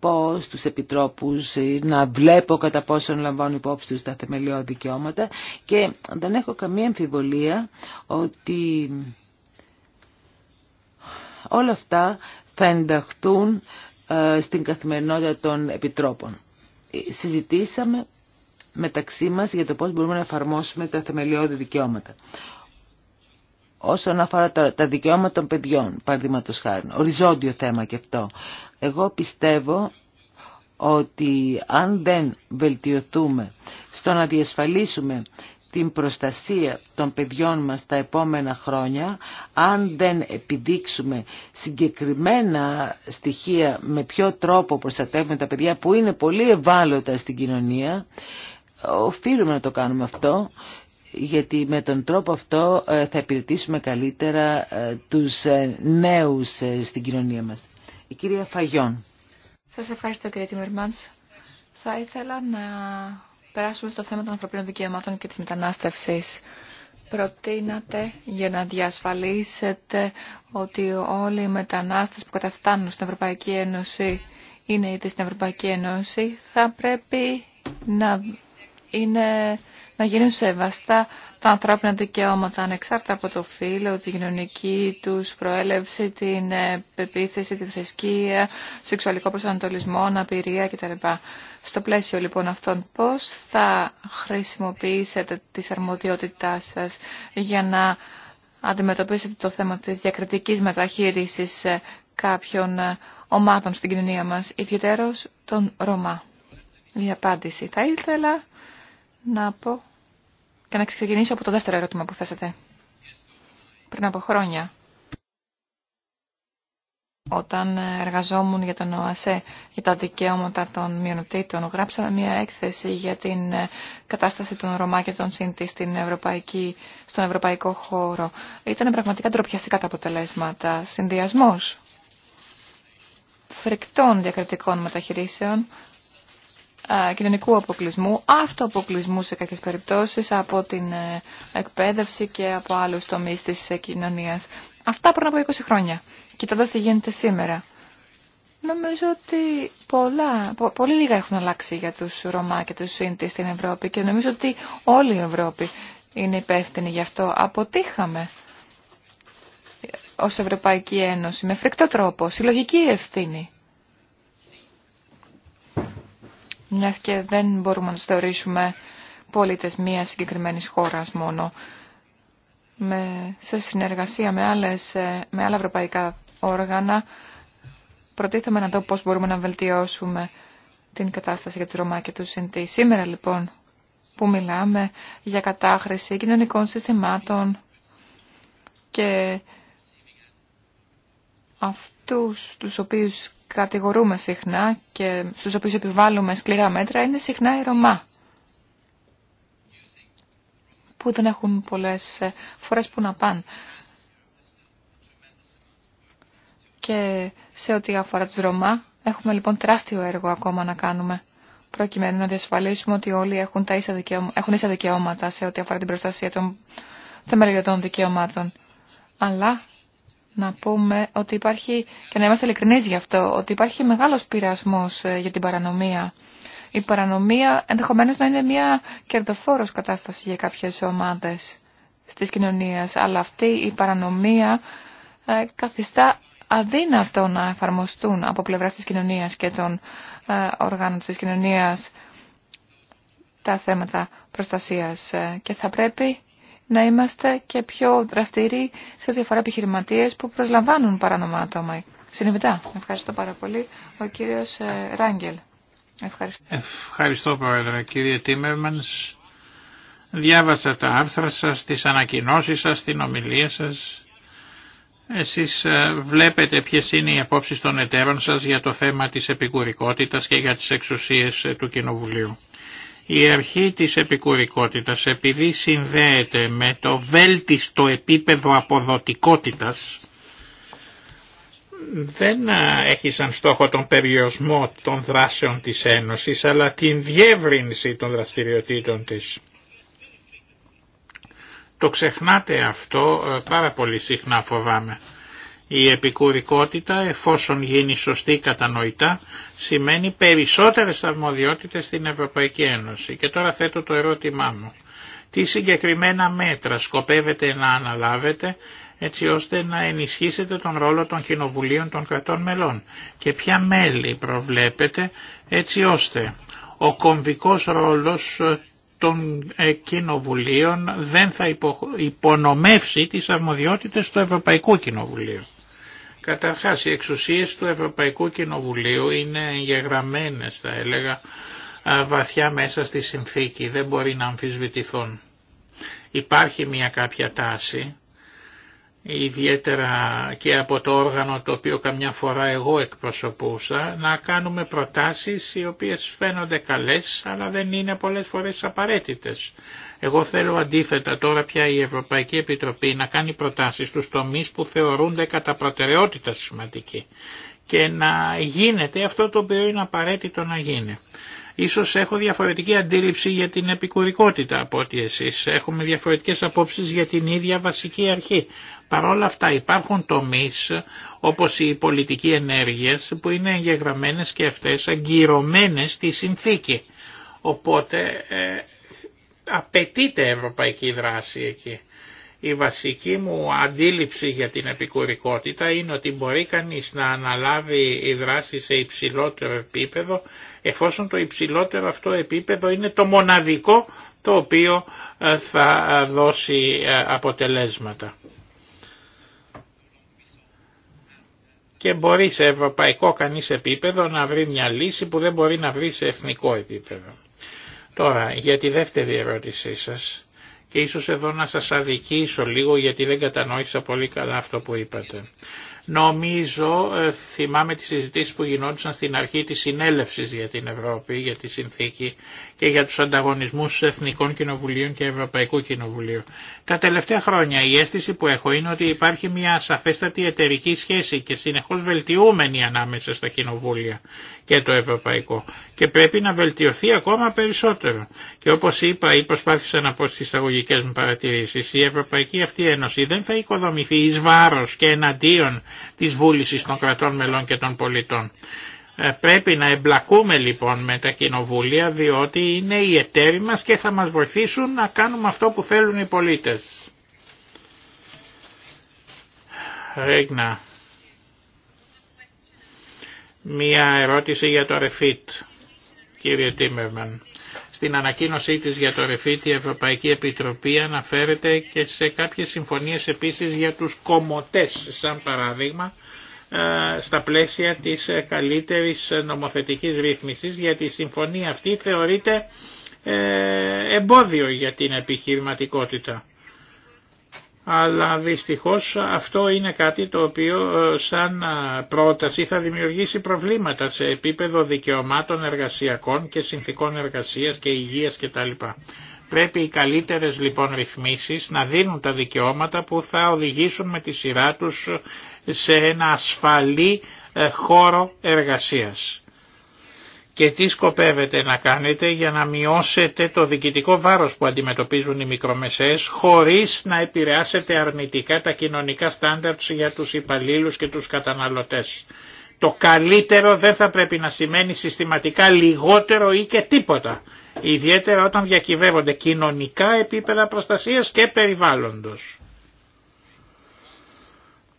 πω στους επιτρόπους ε, να βλέπω κατά πόσον λαμβάνουν υπόψη τους τα θεμελιώδη δικαιώματα και δεν έχω καμία εμφιβολία ότι όλα αυτά θα ενταχθούν ε, στην καθημερινότητα των επιτρόπων συζητήσαμε μεταξύ μας για το πώς μπορούμε να εφαρμόσουμε τα θεμελιώδη δικαιώματα. Όσον αφορά τα δικαιώματα των παιδιών, παραδείγματο χάρη, οριζόντιο θέμα και αυτό. Εγώ πιστεύω ότι αν δεν βελτιωθούμε στο να διασφαλίσουμε την προστασία των παιδιών μας τα επόμενα χρόνια αν δεν επιδείξουμε συγκεκριμένα στοιχεία με ποιο τρόπο προστατεύουμε τα παιδιά που είναι πολύ ευάλωτα στην κοινωνία οφείλουμε να το κάνουμε αυτό γιατί με τον τρόπο αυτό ε, θα υπηρετήσουμε καλύτερα ε, τους ε, νέους στην κοινωνία μας. Η κυρία Φαγιόν. Σας ευχαριστώ κύριε Τιμερμάνς. Θα ήθελα να περάσουμε στο θέμα των ανθρωπίνων δικαιωμάτων και της μετανάστευσης. Προτείνατε για να διασφαλίσετε ότι όλοι οι μετανάστες που καταφτάνουν στην Ευρωπαϊκή Ένωση είναι είτε στην Ευρωπαϊκή Ένωση, θα πρέπει να είναι να γίνουν σεβαστά τα ανθρώπινα δικαιώματα, ανεξάρτητα από το φύλλο, την κοινωνική τους προέλευση, την ε, πεποίθηση, τη θρησκεία, σεξουαλικό προσανατολισμό, αναπηρία κτλ. Στο πλαίσιο λοιπόν αυτών, πώς θα χρησιμοποιήσετε τι αρμοδιότητά σας για να αντιμετωπίσετε το θέμα της διακριτικής μεταχείρισης ε, κάποιων ε, ομάδων στην κοινωνία μας, ιδιαίτερως τον Ρωμά. Η απάντηση θα ήθελα να πω και να ξεκινήσω από το δεύτερο ερώτημα που θέσατε. Πριν από χρόνια, όταν εργαζόμουν για τον ΟΑΣΕ για τα δικαιώματα των μειονοτήτων, γράψαμε μια έκθεση για την ε, κατάσταση των Ρωμά και των Σύντη ευρωπαϊκή, στον ευρωπαϊκό χώρο. Ήταν πραγματικά ντροπιαστικά τα αποτελέσματα. Συνδυασμός φρικτών διακριτικών μεταχειρήσεων ε, κοινωνικού αποκλεισμού, αυτοαποκλεισμού σε κάποιες περιπτώσεις από την ε, εκπαίδευση και από άλλους τομείς της ε, κοινωνίας. Αυτά πριν από 20 χρόνια. Κοιτώντας τι γίνεται σήμερα. Νομίζω ότι πολλά, πο, πολύ λίγα έχουν αλλάξει για τους Ρωμά και τους Σύντη στην Ευρώπη και νομίζω ότι όλη η Ευρώπη είναι υπεύθυνη γι' αυτό. Αποτύχαμε ως Ευρωπαϊκή Ένωση με φρικτό τρόπο, συλλογική ευθύνη. Μια και δεν μπορούμε να τους θεωρήσουμε πολίτες μιας συγκεκριμένης χώρας μόνο. Με, σε συνεργασία με, άλλες, ε, με άλλα ευρωπαϊκά όργανα προτίθεμαι να δω πώς μπορούμε να βελτιώσουμε την κατάσταση για τους Ρωμά και τους Συντη. Σήμερα λοιπόν που μιλάμε για κατάχρηση κοινωνικών συστημάτων και αυτούς τους οποίους κατηγορούμε συχνά και στους οποίους επιβάλλουμε σκληρά μέτρα είναι συχνά οι Ρωμά που δεν έχουν πολλές ε, φορές που να πάνε. Και σε ό,τι αφορά τους Ρωμά έχουμε λοιπόν τεράστιο έργο ακόμα να κάνουμε προκειμένου να διασφαλίσουμε ότι όλοι έχουν, τα ίσα έχουν δικαιώματα σε ό,τι αφορά την προστασία των θεμελιωτών δικαιωμάτων. Αλλά να πούμε ότι υπάρχει, και να είμαστε ειλικρινεί γι' αυτό, ότι υπάρχει μεγάλος πειρασμός ε, για την παρανομία. Η παρανομία ενδεχομένως να είναι μια κερδοφόρος κατάσταση για κάποιες ομάδες στις κοινωνίες, αλλά αυτή η παρανομία ε, καθιστά αδύνατο να εφαρμοστούν από πλευρά της κοινωνίας και των ε, οργάνων της κοινωνίας τα θέματα προστασίας και θα πρέπει να είμαστε και πιο δραστηροί σε ό,τι αφορά επιχειρηματίες που προσλαμβάνουν παράνομα άτομα. Ευχαριστώ πάρα πολύ. Ο κύριος ε, Ράγκελ. Ευχαριστώ. Ευχαριστώ Πρόεδρε. Κύριε Τίμερμανς, διάβασα τα άρθρα σας, τις ανακοινώσεις σας, την ομιλία σας. Εσείς ε, βλέπετε ποιες είναι οι απόψεις των εταίρων σας για το θέμα της επικουρικότητα και για τις εξουσίες ε, του Κοινοβουλίου. Η αρχή της επικουρικότητας επειδή συνδέεται με το βέλτιστο επίπεδο αποδοτικότητας δεν έχει σαν στόχο τον περιορισμό των δράσεων της Ένωσης αλλά την διεύρυνση των δραστηριοτήτων της. Το ξεχνάτε αυτό ε, πάρα πολύ συχνά φοβάμαι. Η επικουρικότητα, εφόσον γίνει σωστή κατανοητά, σημαίνει περισσότερες αρμοδιότητες στην Ευρωπαϊκή Ένωση. Και τώρα θέτω το ερώτημά μου. Τι συγκεκριμένα μέτρα σκοπεύετε να αναλάβετε έτσι ώστε να ενισχύσετε τον ρόλο των κοινοβουλίων των κρατών μελών και ποια μέλη προβλέπετε έτσι ώστε ο κομβικός ρόλος των ε, κοινοβουλίων δεν θα υπονομεύσει τις αρμοδιότητες του Ευρωπαϊκού Κοινοβουλίου. Καταρχάς οι εξουσίες του Ευρωπαϊκού Κοινοβουλίου είναι εγγεγραμμένες θα έλεγα βαθιά μέσα στη συνθήκη, δεν μπορεί να αμφισβητηθούν. Υπάρχει μια κάποια τάση, ιδιαίτερα και από το όργανο το οποίο καμιά φορά εγώ εκπροσωπούσα, να κάνουμε προτάσεις οι οποίες φαίνονται καλές αλλά δεν είναι πολλές φορές απαραίτητες. Εγώ θέλω αντίθετα τώρα πια η Ευρωπαϊκή Επιτροπή να κάνει προτάσεις στους τομείς που θεωρούνται κατά προτεραιότητα σημαντικοί και να γίνεται αυτό το οποίο είναι απαραίτητο να γίνει. Ίσως έχω διαφορετική αντίληψη για την επικουρικότητα από ότι εσείς. Έχουμε διαφορετικές απόψεις για την ίδια βασική αρχή. Παρ' όλα αυτά υπάρχουν τομείς όπως οι πολιτικοί ενέργειες που είναι εγγεγραμμένες και αυτές αγκυρωμένες στη συνθήκη. Οπότε ε, απαιτείται ευρωπαϊκή δράση εκεί. Η βασική μου αντίληψη για την επικουρικότητα είναι ότι μπορεί κανείς να αναλάβει η δράση σε υψηλότερο επίπεδο εφόσον το υψηλότερο αυτό επίπεδο είναι το μοναδικό το οποίο ε, θα ε, δώσει ε, αποτελέσματα. Και μπορεί σε ευρωπαϊκό κανείς επίπεδο να βρει μια λύση που δεν μπορεί να βρει σε εθνικό επίπεδο. Τώρα, για τη δεύτερη ερώτησή σας, και ίσως εδώ να σας αδικήσω λίγο γιατί δεν κατανόησα πολύ καλά αυτό που είπατε. Νομίζω, ε, θυμάμαι τις συζητήσεις που γινόντουσαν στην αρχή της συνέλευσης για την Ευρώπη, για τη συνθήκη και για τους ανταγωνισμούς Εθνικών Κοινοβουλίων και Ευρωπαϊκού Κοινοβουλίου. Τα τελευταία χρόνια η αίσθηση που έχω είναι ότι υπάρχει μια σαφέστατη εταιρική σχέση και συνεχώς βελτιούμενη ανάμεσα στα Κοινοβούλια και το Ευρωπαϊκό και πρέπει να βελτιωθεί ακόμα περισσότερο. Και όπως είπα ή προσπάθησα να πω στις εισαγωγικές μου παρατηρήσεις, η Ευρωπαϊκή αυτή Ένωση δεν θα οικοδομηθεί εις βάρος και εναντίον της βούλησης των κρατών μελών και των πολιτών. Ε, πρέπει να εμπλακούμε λοιπόν με τα κοινοβούλια διότι είναι οι εταίροι μας και θα μας βοηθήσουν να κάνουμε αυτό που θέλουν οι πολίτες. Ρίγνα. Μία ερώτηση για το Refit, κύριε Τίμερμαν. Στην ανακοίνωσή της για το Ρεφίτη η Ευρωπαϊκή Επιτροπή αναφέρεται και σε κάποιες συμφωνίες επίσης για τους κομμωτές, σαν παράδειγμα, ε, στα πλαίσια της καλύτερης νομοθετικής ρύθμισης, γιατί η συμφωνία αυτή θεωρείται ε, εμπόδιο για την επιχειρηματικότητα αλλά δυστυχώς αυτό είναι κάτι το οποίο ε, σαν ε, πρόταση θα δημιουργήσει προβλήματα σε επίπεδο δικαιωμάτων εργασιακών και συνθήκων εργασίας και υγείας κτλ. Πρέπει οι καλύτερες λοιπόν ρυθμίσεις να δίνουν τα δικαιώματα που θα οδηγήσουν με τη σειρά τους σε ένα ασφαλή ε, χώρο εργασίας και τι σκοπεύετε να κάνετε για να μειώσετε το διοικητικό βάρος που αντιμετωπίζουν οι μικρομεσαίες χωρίς να επηρεάσετε αρνητικά τα κοινωνικά στάνταρτς για τους υπαλλήλους και τους καταναλωτές. Το καλύτερο δεν θα πρέπει να σημαίνει συστηματικά λιγότερο ή και τίποτα, ιδιαίτερα όταν διακυβεύονται κοινωνικά επίπεδα προστασίας και περιβάλλοντος.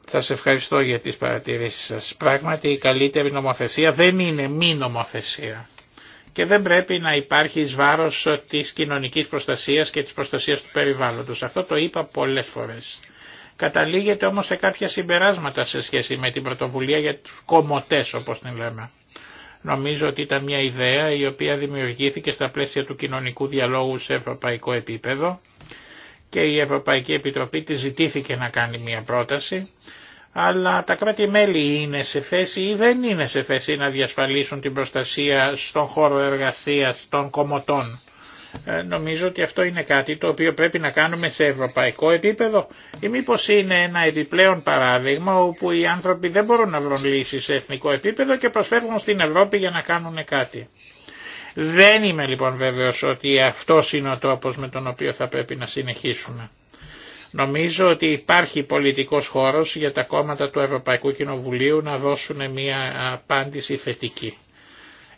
Σας ευχαριστώ για τις παρατηρήσεις σας. Πράγματι η καλύτερη νομοθεσία δεν είναι μη νομοθεσία και δεν πρέπει να υπάρχει εις βάρος της κοινωνικής προστασίας και της προστασίας του περιβάλλοντος. Αυτό το είπα πολλές φορές. Καταλήγεται όμως σε κάποια συμπεράσματα σε σχέση με την πρωτοβουλία για τους κομωτές όπως την λέμε. Νομίζω ότι ήταν μια ιδέα η οποία δημιουργήθηκε στα πλαίσια του κοινωνικού διαλόγου σε ευρωπαϊκό επίπεδο και η Ευρωπαϊκή Επιτροπή τη ζητήθηκε να κάνει μια πρόταση, αλλά τα κράτη-μέλη είναι σε θέση ή δεν είναι σε θέση να διασφαλίσουν την προστασία στον χώρο εργασίας των κομωτών. Ε, νομίζω ότι αυτό είναι κάτι το οποίο πρέπει να κάνουμε σε ευρωπαϊκό επίπεδο ή μήπω είναι ένα επιπλέον παράδειγμα όπου οι άνθρωποι δεν μπορούν να βρουν λύσεις σε εθνικό επίπεδο και προσφεύγουν στην Ευρώπη για να κάνουν κάτι. Δεν είμαι λοιπόν βέβαιος ότι αυτό είναι ο τρόπος με τον οποίο θα πρέπει να συνεχίσουμε. Νομίζω ότι υπάρχει πολιτικός χώρος για τα κόμματα του Ευρωπαϊκού Κοινοβουλίου να δώσουν μια απάντηση θετική.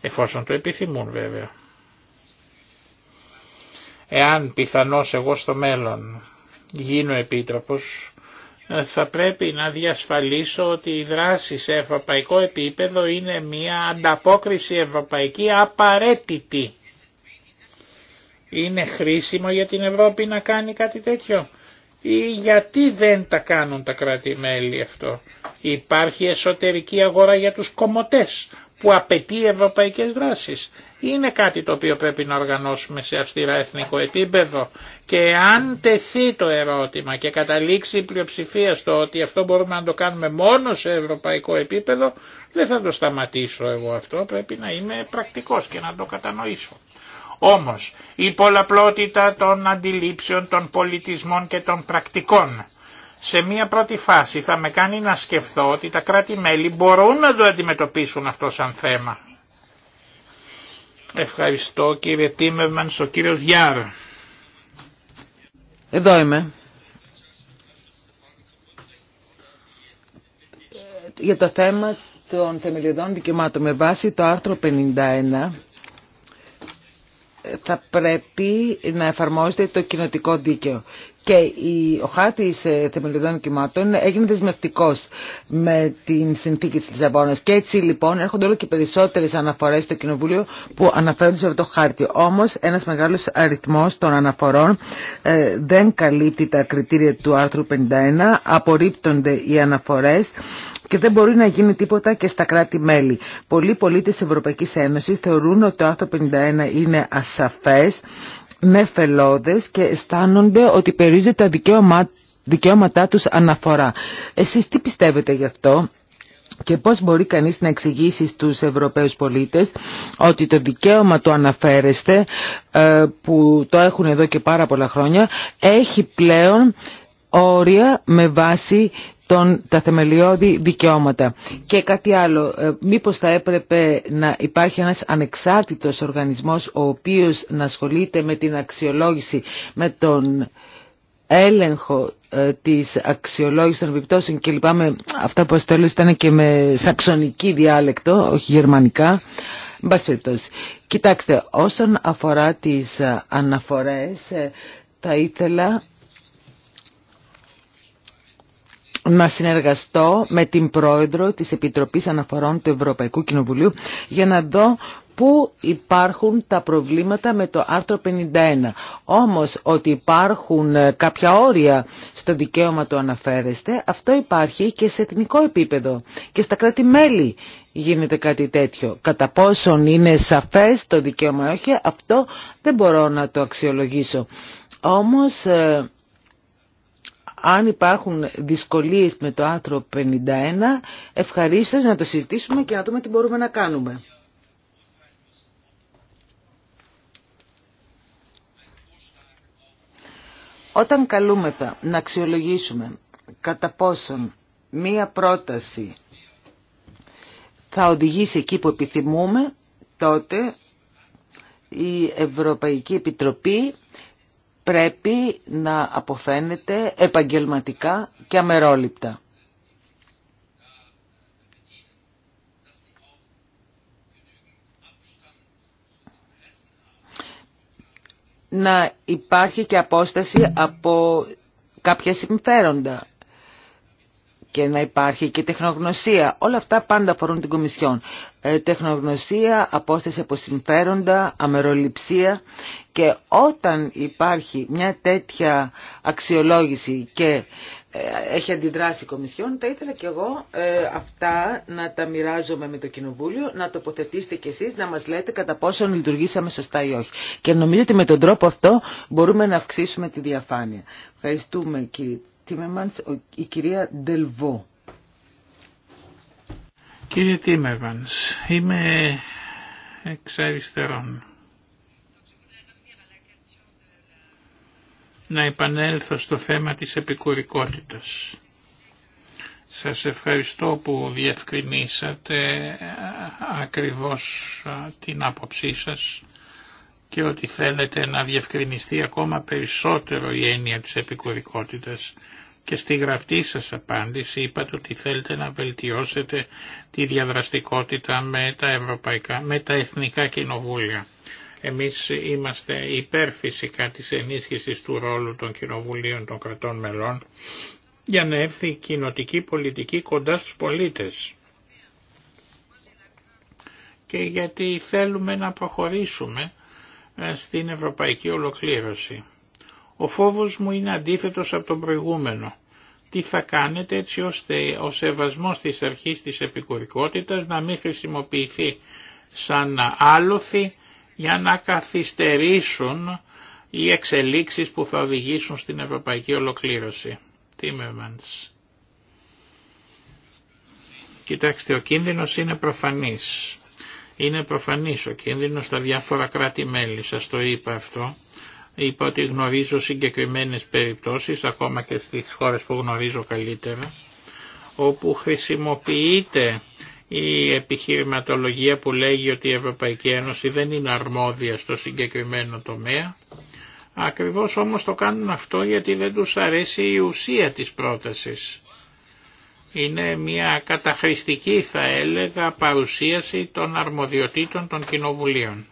Εφόσον το επιθυμούν βέβαια. Εάν πιθανώς εγώ στο μέλλον γίνω επίτροπος, θα πρέπει να διασφαλίσω ότι η δράση σε ευρωπαϊκό επίπεδο είναι μια ανταπόκριση ευρωπαϊκή απαραίτητη. Είναι χρήσιμο για την Ευρώπη να κάνει κάτι τέτοιο ή γιατί δεν τα κάνουν τα κράτη-μέλη αυτό. Υπάρχει εσωτερική αγορά για τους κομμωτές που απαιτεί ευρωπαϊκές δράσεις. Είναι κάτι το οποίο πρέπει να οργανώσουμε σε αυστηρά εθνικό επίπεδο και αν τεθεί το ερώτημα και καταλήξει η πλειοψηφία στο ότι αυτό μπορούμε να το κάνουμε μόνο σε ευρωπαϊκό επίπεδο δεν θα το σταματήσω εγώ αυτό, πρέπει να είμαι πρακτικός και να το κατανοήσω. Όμως η πολλαπλότητα των αντιλήψεων, των πολιτισμών και των πρακτικών σε μία πρώτη φάση θα με κάνει να σκεφτώ ότι τα κράτη-μέλη μπορούν να το αντιμετωπίσουν αυτό σαν θέμα. Ευχαριστώ κύριε Τίμερμαν, ο κύριο Γιάρ. Εδώ είμαι. Για το θέμα των θεμελιωδών δικαιωμάτων με βάση το άρθρο 51 θα πρέπει να εφαρμόζεται το κοινοτικό δίκαιο και ο χάρτης ε, θεμελιωδών κυμάτων έγινε δεσμευτικός με την συνθήκη της Λισαβόνας. Και έτσι λοιπόν έρχονται όλο και περισσότερες αναφορές στο Κοινοβούλιο που αναφέρονται σε αυτό το χάρτη. Όμως ένας μεγάλος αριθμός των αναφορών ε, δεν καλύπτει τα κριτήρια του άρθρου 51, απορρίπτονται οι αναφορές και δεν μπορεί να γίνει τίποτα και στα κράτη-μέλη. Πολλοί πολίτες Ευρωπαϊκής Ένωσης θεωρούν ότι το άρθρο 51 είναι ασαφές νεφελώδες και αισθάνονται ότι περιορίζεται τα δικαιώμα, δικαιώματά τους αναφορά. Εσείς τι πιστεύετε γι' αυτό και πώς μπορεί κανείς να εξηγήσει στους Ευρωπαίους πολίτες ότι το δικαίωμα του αναφέρεστε ε, που το έχουν εδώ και πάρα πολλά χρόνια έχει πλέον όρια με βάση τον, τα θεμελιώδη δικαιώματα. Και κάτι άλλο, ε, μήπως θα έπρεπε να υπάρχει ένας ανεξάρτητος οργανισμός ο οποίος να ασχολείται με την αξιολόγηση, με τον έλεγχο ε, της αξιολόγησης των επιπτώσεων και λοιπά αυτά που αστέλωσε ήταν και με σαξονική διάλεκτο, όχι γερμανικά. Μπας Κοιτάξτε, όσον αφορά τις ε, αναφορές, θα ήθελα να συνεργαστώ με την πρόεδρο της Επιτροπής Αναφορών του Ευρωπαϊκού Κοινοβουλίου για να δω πού υπάρχουν τα προβλήματα με το άρθρο 51. Όμως ότι υπάρχουν ε, κάποια όρια στο δικαίωμα του αναφέρεστε, αυτό υπάρχει και σε εθνικό επίπεδο και στα κράτη-μέλη γίνεται κάτι τέτοιο. Κατά πόσον είναι σαφές το δικαίωμα όχι, αυτό δεν μπορώ να το αξιολογήσω. Όμως ε, αν υπάρχουν δυσκολίες με το άρθρο 51, ευχαρίστως να το συζητήσουμε και να δούμε τι μπορούμε να κάνουμε. Όταν καλούμεθα να αξιολογήσουμε κατά πόσον μία πρόταση θα οδηγήσει εκεί που επιθυμούμε, τότε η Ευρωπαϊκή Επιτροπή πρέπει να αποφαίνεται επαγγελματικά και αμερόληπτα. Να υπάρχει και απόσταση από κάποια συμφέροντα και να υπάρχει και τεχνογνωσία. Όλα αυτά πάντα αφορούν την Κομισιόν. Ε, τεχνογνωσία, απόσταση από συμφέροντα, αμεροληψία και όταν υπάρχει μια τέτοια αξιολόγηση και ε, έχει αντιδράσει η Κομισιόν, θα ήθελα και εγώ ε, αυτά να τα μοιράζομαι με το Κοινοβούλιο, να τοποθετήσετε κι εσείς, να μας λέτε κατά πόσο λειτουργήσαμε σωστά ή όχι. Και νομίζω ότι με τον τρόπο αυτό μπορούμε να αυξήσουμε τη διαφάνεια. Ευχαριστούμε κύριε η κυρία Κύριε Τίμερμαντς, είμαι εξ αριστερών. Να επανέλθω στο θέμα της επικουρικότητας. Σας ευχαριστώ που διευκρινίσατε ε, ακριβώς ε, την άποψή σας και ότι θέλετε να διευκρινιστεί ακόμα περισσότερο η έννοια της επικουρικότητας και στη γραπτή σας απάντηση είπατε ότι θέλετε να βελτιώσετε τη διαδραστικότητα με τα, ευρωπαϊκά, με τα εθνικά κοινοβούλια. Εμείς είμαστε υπέρ φυσικά της ενίσχυσης του ρόλου των κοινοβουλίων των κρατών μελών για να έρθει η κοινοτική πολιτική κοντά στους πολίτες. Και γιατί θέλουμε να προχωρήσουμε στην ευρωπαϊκή ολοκλήρωση. Ο φόβος μου είναι αντίθετος από τον προηγούμενο. Τι θα κάνετε έτσι ώστε ο σεβασμός της αρχής της επικουρικότητας να μην χρησιμοποιηθεί σαν άλοθη για να καθυστερήσουν οι εξελίξεις που θα οδηγήσουν στην ευρωπαϊκή ολοκλήρωση. Τίμερμαντς. Κοιτάξτε, ο κίνδυνος είναι προφανής. Είναι προφανής ο κίνδυνος στα διάφορα κράτη-μέλη, σας το είπα αυτό. Είπα ότι γνωρίζω συγκεκριμένες περιπτώσεις, ακόμα και στις χώρες που γνωρίζω καλύτερα, όπου χρησιμοποιείται η επιχειρηματολογία που λέγει ότι η Ευρωπαϊκή Ένωση δεν είναι αρμόδια στο συγκεκριμένο τομέα. Ακριβώς όμως το κάνουν αυτό γιατί δεν τους αρέσει η ουσία της πρότασης είναι μια καταχρηστική θα έλεγα παρουσίαση των αρμοδιοτήτων των κοινοβουλίων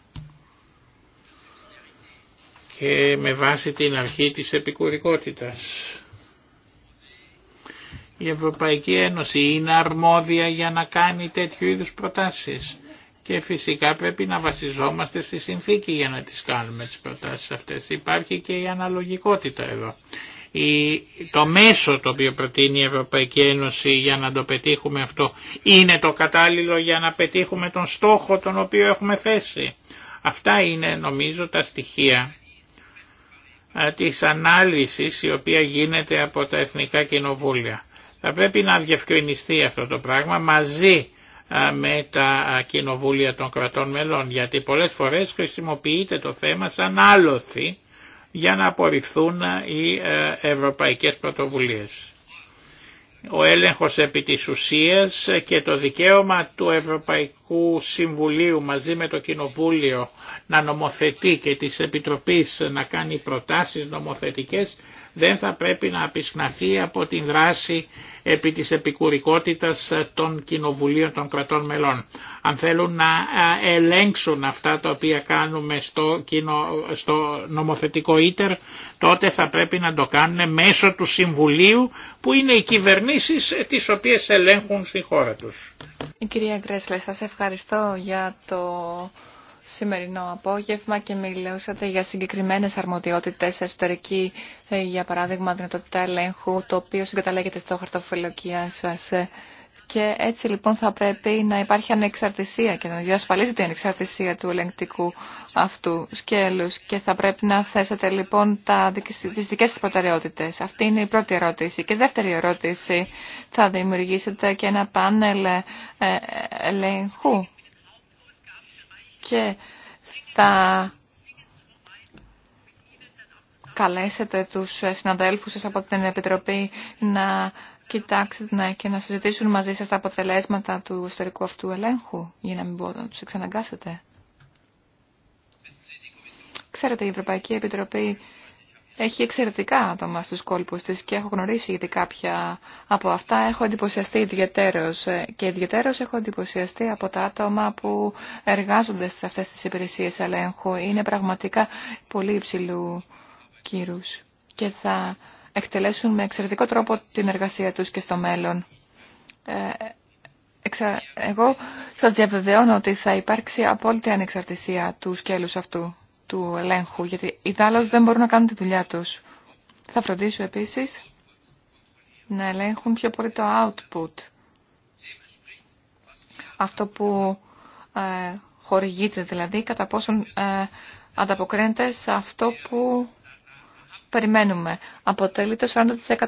και με βάση την αρχή της επικουρικότητας. Η Ευρωπαϊκή Ένωση είναι αρμόδια για να κάνει τέτοιου είδους προτάσεις και φυσικά πρέπει να βασιζόμαστε στη συνθήκη για να τις κάνουμε τις προτάσεις αυτές. Υπάρχει και η αναλογικότητα εδώ το μέσο το οποίο προτείνει η Ευρωπαϊκή Ένωση για να το πετύχουμε αυτό είναι το κατάλληλο για να πετύχουμε τον στόχο τον οποίο έχουμε θέσει. Αυτά είναι νομίζω τα στοιχεία ε, της ανάλυσης η οποία γίνεται από τα Εθνικά Κοινοβούλια. Θα πρέπει να διευκρινιστεί αυτό το πράγμα μαζί ε, με τα ε, κοινοβούλια των κρατών μελών γιατί πολλές φορές χρησιμοποιείται το θέμα σαν άλοθη για να απορριφθούν ε, οι ε, ευρωπαϊκές πρωτοβουλίες. Ο έλεγχος επί της ουσίας και το δικαίωμα του Ευρωπαϊκού Συμβουλίου μαζί με το Κοινοβούλιο να νομοθετεί και τις Επιτροπής να κάνει προτάσεις νομοθετικές δεν θα πρέπει να απεισχναθεί από την δράση επί της επικουρικότητας των κοινοβουλίων των κρατών μελών. Αν θέλουν να ελέγξουν αυτά τα οποία κάνουμε στο, στο νομοθετικό ίτερ, τότε θα πρέπει να το κάνουν μέσω του Συμβουλίου που είναι οι κυβερνήσεις τις οποίες ελέγχουν στη χώρα τους. κυρία Γκρέσλε, σας ευχαριστώ για το σημερινό απόγευμα και μιλούσατε για συγκεκριμένες αρμοδιότητες εσωτερική, ε, για παράδειγμα δυνατότητα ελέγχου, το οποίο συγκαταλέγεται στο χαρτοφυλλοκία σας. Και έτσι λοιπόν θα πρέπει να υπάρχει ανεξαρτησία και να διασφαλίζεται η ανεξαρτησία του ελεγκτικού αυτού σκέλους και θα πρέπει να θέσετε λοιπόν τα, τις δικές σας προτεραιότητες. Αυτή είναι η πρώτη ερώτηση. Και η δεύτερη ερώτηση, θα δημιουργήσετε και ένα πάνελ ε, ε, ελεγχού και θα καλέσετε τους συναδέλφους σας από την Επιτροπή να κοιτάξετε και να συζητήσουν μαζί σας τα αποτελέσματα του ιστορικού αυτού ελέγχου για να μην μπορείτε να τους εξαναγκάσετε. Ξέρετε, η Ευρωπαϊκή Επιτροπή έχει εξαιρετικά άτομα στους κόλπους της και έχω γνωρίσει γιατί κάποια από αυτά έχω εντυπωσιαστεί ιδιαιτέρως ε, και ιδιαιτέρως έχω εντυπωσιαστεί από τα άτομα που εργάζονται σε αυτές τις υπηρεσίες ελέγχου. Είναι πραγματικά πολύ υψηλού κύρους και θα εκτελέσουν με εξαιρετικό τρόπο την εργασία τους και στο μέλλον. Ε, εγώ σας διαβεβαιώνω ότι θα υπάρξει απόλυτη ανεξαρτησία του σκέλους αυτού του ελέγχου, γιατί οι δάλος δεν μπορούν να κάνουν τη δουλειά τους. Θα φροντίσω επίσης να ελέγχουν πιο πολύ το output. Αυτό που ε, χορηγείται δηλαδή, κατά πόσον ε, ανταποκρίνεται σε αυτό που περιμένουμε. Αποτελεί το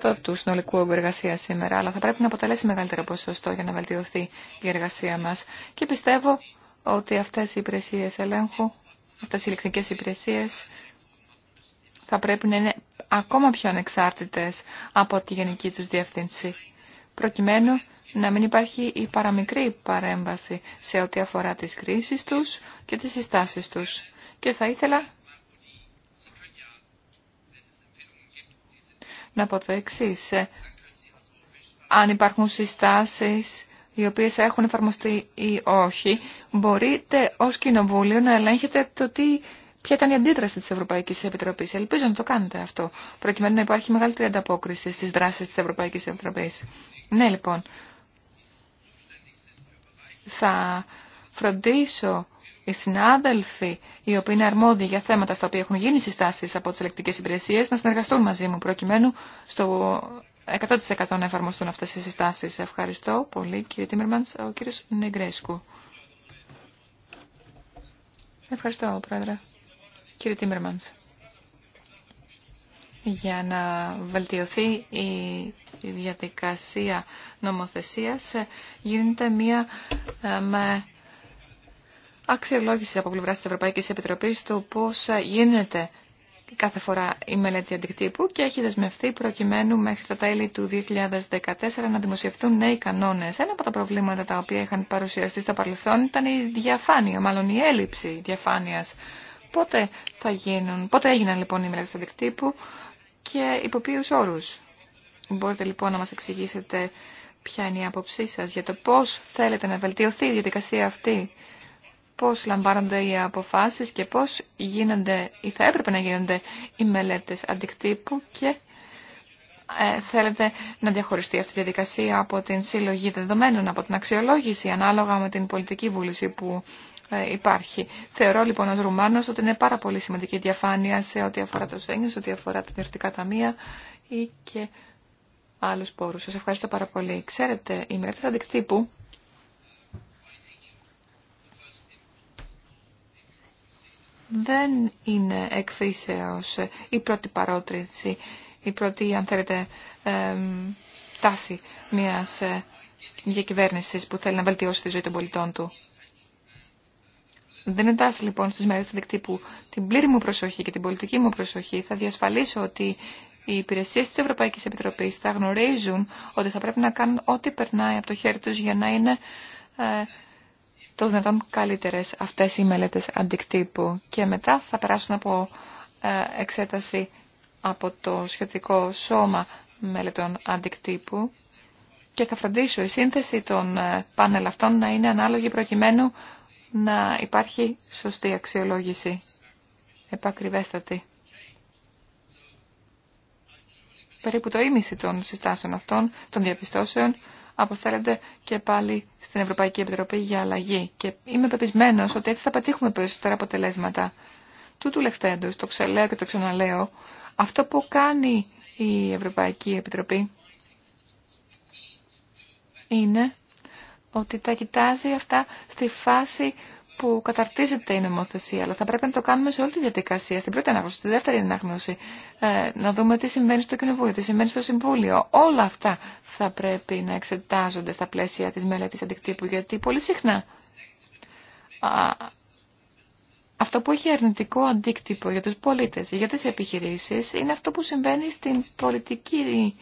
40% του συνολικού εργασία σήμερα, αλλά θα πρέπει να αποτελέσει μεγαλύτερο ποσοστό για να βελτιωθεί η εργασία μας. Και πιστεύω ότι αυτές οι υπηρεσίε ελέγχου αυτές οι ηλεκτρικές υπηρεσίες θα πρέπει να είναι ακόμα πιο ανεξάρτητες από τη γενική τους διεύθυνση, προκειμένου να μην υπάρχει η παραμικρή παρέμβαση σε ό,τι αφορά τις κρίσεις τους και τις συστάσεις τους. Και θα ήθελα να πω το εξής. Αν υπάρχουν συστάσεις οι οποίες έχουν εφαρμοστεί ή όχι, μπορείτε ως Κοινοβούλιο να ελέγχετε το τι, ποια ήταν η αντίδραση της Ευρωπαϊκής Επιτροπής. Ελπίζω να το κάνετε αυτό, προκειμένου να υπάρχει μεγαλύτερη ανταπόκριση στις δράσεις της Ευρωπαϊκής Επιτροπής. Ναι, λοιπόν, θα φροντίσω οι συνάδελφοι οι οποίοι είναι αρμόδιοι για θέματα στα οποία έχουν γίνει συστάσεις από τις ελεκτικές υπηρεσίες να συνεργαστούν μαζί μου προκειμένου στο 100% να εφαρμοστούν αυτές οι συστάσεις. Ευχαριστώ πολύ κύριε Τίμερμαντς, ο κύριος Νεγκρέσκου. Ευχαριστώ πρόεδρε. Κύριε Τίμερμαντς, για να βελτιωθεί η διαδικασία νομοθεσίας γίνεται μία ε, με αξιολόγηση από πλευρά της Ευρωπαϊκής Επιτροπής του πώς ε, γίνεται κάθε φορά η μελέτη αντικτύπου και έχει δεσμευθεί προκειμένου μέχρι τα τέλη του 2014 να δημοσιευτούν νέοι κανόνε. Ένα από τα προβλήματα τα οποία είχαν παρουσιαστεί στα παρελθόν ήταν η διαφάνεια, μάλλον η έλλειψη διαφάνεια. Πότε, θα γίνουν, πότε έγιναν λοιπόν οι μελέτε αντικτύπου και υπό ποιου όρους. Μπορείτε λοιπόν να μα εξηγήσετε ποια είναι η άποψή σα για το πώ θέλετε να βελτιωθεί η διαδικασία αυτή πώς λαμβάνονται οι αποφάσεις και πώς γίνονται ή θα έπρεπε να γίνονται οι μελέτες αντικτύπου και ε, θέλετε να διαχωριστεί αυτή η διαδικασία από την συλλογή δεδομένων, από την αξιολόγηση ανάλογα με την πολιτική βούληση που ε, υπάρχει. Θεωρώ λοιπόν ως Ρουμάνος ότι είναι πάρα πολύ σημαντική διαφάνεια σε ό,τι αφορά το Σέγγεν, σε ό,τι αφορά τα διευθυντικά ταμεία ή και άλλους πόρους. Σας ευχαριστώ πάρα πολύ. Ξέρετε, οι μελέτες αντικτύπου δεν είναι εκφύσεως η πρώτη παρότριση, η πρώτη, αν θέλετε, τάση μιας ε, διακυβέρνησης που θέλει να βελτιώσει τη ζωή των πολιτών του. Δεν είναι εντάσσει λοιπόν στις μέρες του δικτύπου την πλήρη μου προσοχή και την πολιτική μου προσοχή. Θα διασφαλίσω ότι οι υπηρεσίες της Ευρωπαϊκής Επιτροπής θα γνωρίζουν ότι θα πρέπει να κάνουν ό,τι περνάει από το χέρι τους για να είναι ε, το δυνατόν καλύτερες αυτές οι μελέτες αντικτύπου και μετά θα περάσουν από ε, εξέταση από το σχετικό σώμα μελετών αντικτύπου και θα φροντίσω η σύνθεση των ε, πάνελ αυτών να είναι ανάλογη προκειμένου να υπάρχει σωστή αξιολόγηση, επακριβέστατη. Περίπου το ίμιση των συστάσεων αυτών, των διαπιστώσεων, Αποστέλλεται και πάλι στην Ευρωπαϊκή Επιτροπή για αλλαγή. Και είμαι πεπισμένο ότι έτσι θα πετύχουμε περισσότερα αποτελέσματα. Τούτου λεχθέντο, το ξελέω και το ξαναλέω, αυτό που κάνει η Ευρωπαϊκή Επιτροπή είναι ότι τα κοιτάζει αυτά στη φάση που καταρτίζεται η νομοθεσία, αλλά θα πρέπει να το κάνουμε σε όλη τη διαδικασία, στην πρώτη ανάγνωση, στη δεύτερη ανάγνωση, ε, να δούμε τι συμβαίνει στο Κοινοβούλιο, τι συμβαίνει στο Συμβούλιο. Όλα αυτά θα πρέπει να εξετάζονται στα πλαίσια της μελέτης αντικτύπου, γιατί πολύ συχνά αυτό που έχει αρνητικό αντίκτυπο για τους πολίτες, για τις επιχειρήσεις, είναι αυτό που συμβαίνει στην πολιτική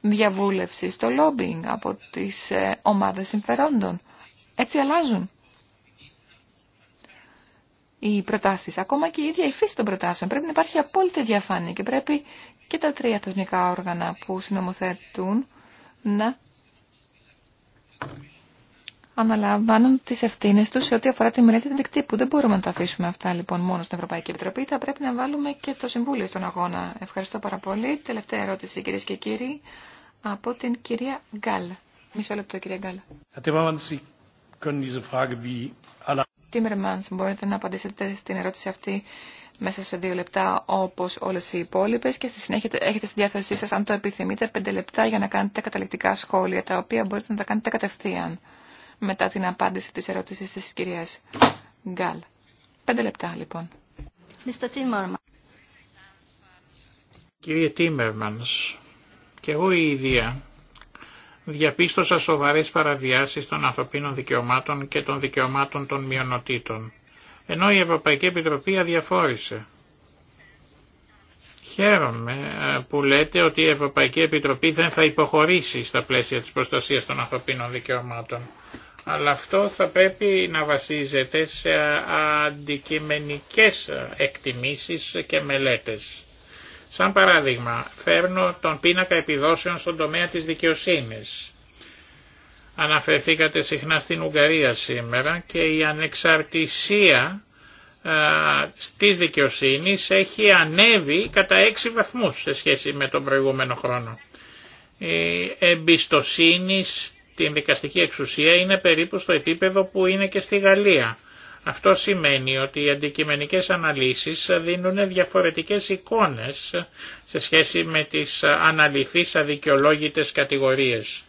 διαβούλευση, στο lobbying από τις ε, ομάδες συμφερόντων. Έτσι αλλάζουν οι προτάσει. Ακόμα και η ίδια η φύση των προτάσεων. Πρέπει να υπάρχει απόλυτη διαφάνεια και πρέπει και τα τρία θεσμικά όργανα που συνομοθετούν να αναλαμβάνουν τι ευθύνε του σε ό,τι αφορά τη μελέτη αντικτύπου. Δεν μπορούμε να τα αφήσουμε αυτά λοιπόν μόνο στην Ευρωπαϊκή Επιτροπή. Θα πρέπει να βάλουμε και το Συμβούλιο στον αγώνα. Ευχαριστώ πάρα πολύ. Τελευταία ερώτηση κυρίε και κύριοι από την κυρία Γκάλ. Μισό λεπτό κυρία Γκάλ. Τίμερμανς, μπορείτε να απαντήσετε στην ερώτηση αυτή μέσα σε δύο λεπτά όπως όλες οι υπόλοιπε και στη συνέχεια έχετε στη διάθεσή σας, αν το επιθυμείτε, πέντε λεπτά για να κάνετε καταληκτικά σχόλια, τα οποία μπορείτε να τα κάνετε κατευθείαν μετά την απάντηση της ερώτησης της κυρίας Γκάλ. Πέντε λεπτά λοιπόν. Κύριε Τίμερμανς, και εγώ η ίδια διαπίστωσα σοβαρές παραβιάσεις των ανθρωπίνων δικαιωμάτων και των δικαιωμάτων των μειονοτήτων, ενώ η Ευρωπαϊκή Επιτροπή αδιαφόρησε. Χαίρομαι ε, που λέτε ότι η Ευρωπαϊκή Επιτροπή δεν θα υποχωρήσει στα πλαίσια της προστασίας των ανθρωπίνων δικαιωμάτων. Αλλά αυτό θα πρέπει να βασίζεται σε αντικειμενικές εκτιμήσεις και μελέτες. Σαν παράδειγμα, φέρνω τον πίνακα επιδόσεων στον τομέα της δικαιοσύνης. Αναφερθήκατε συχνά στην Ουγγαρία σήμερα και η ανεξαρτησία της δικαιοσύνης έχει ανέβει κατά 6 βαθμούς σε σχέση με τον προηγούμενο χρόνο. Η εμπιστοσύνη στην δικαστική εξουσία είναι περίπου στο επίπεδο που είναι και στη Γαλλία. Αυτό σημαίνει ότι οι αντικειμενικές αναλύσεις δίνουν διαφορετικές εικόνες σε σχέση με τις αναλυθείς αδικαιολόγητες κατηγορίες.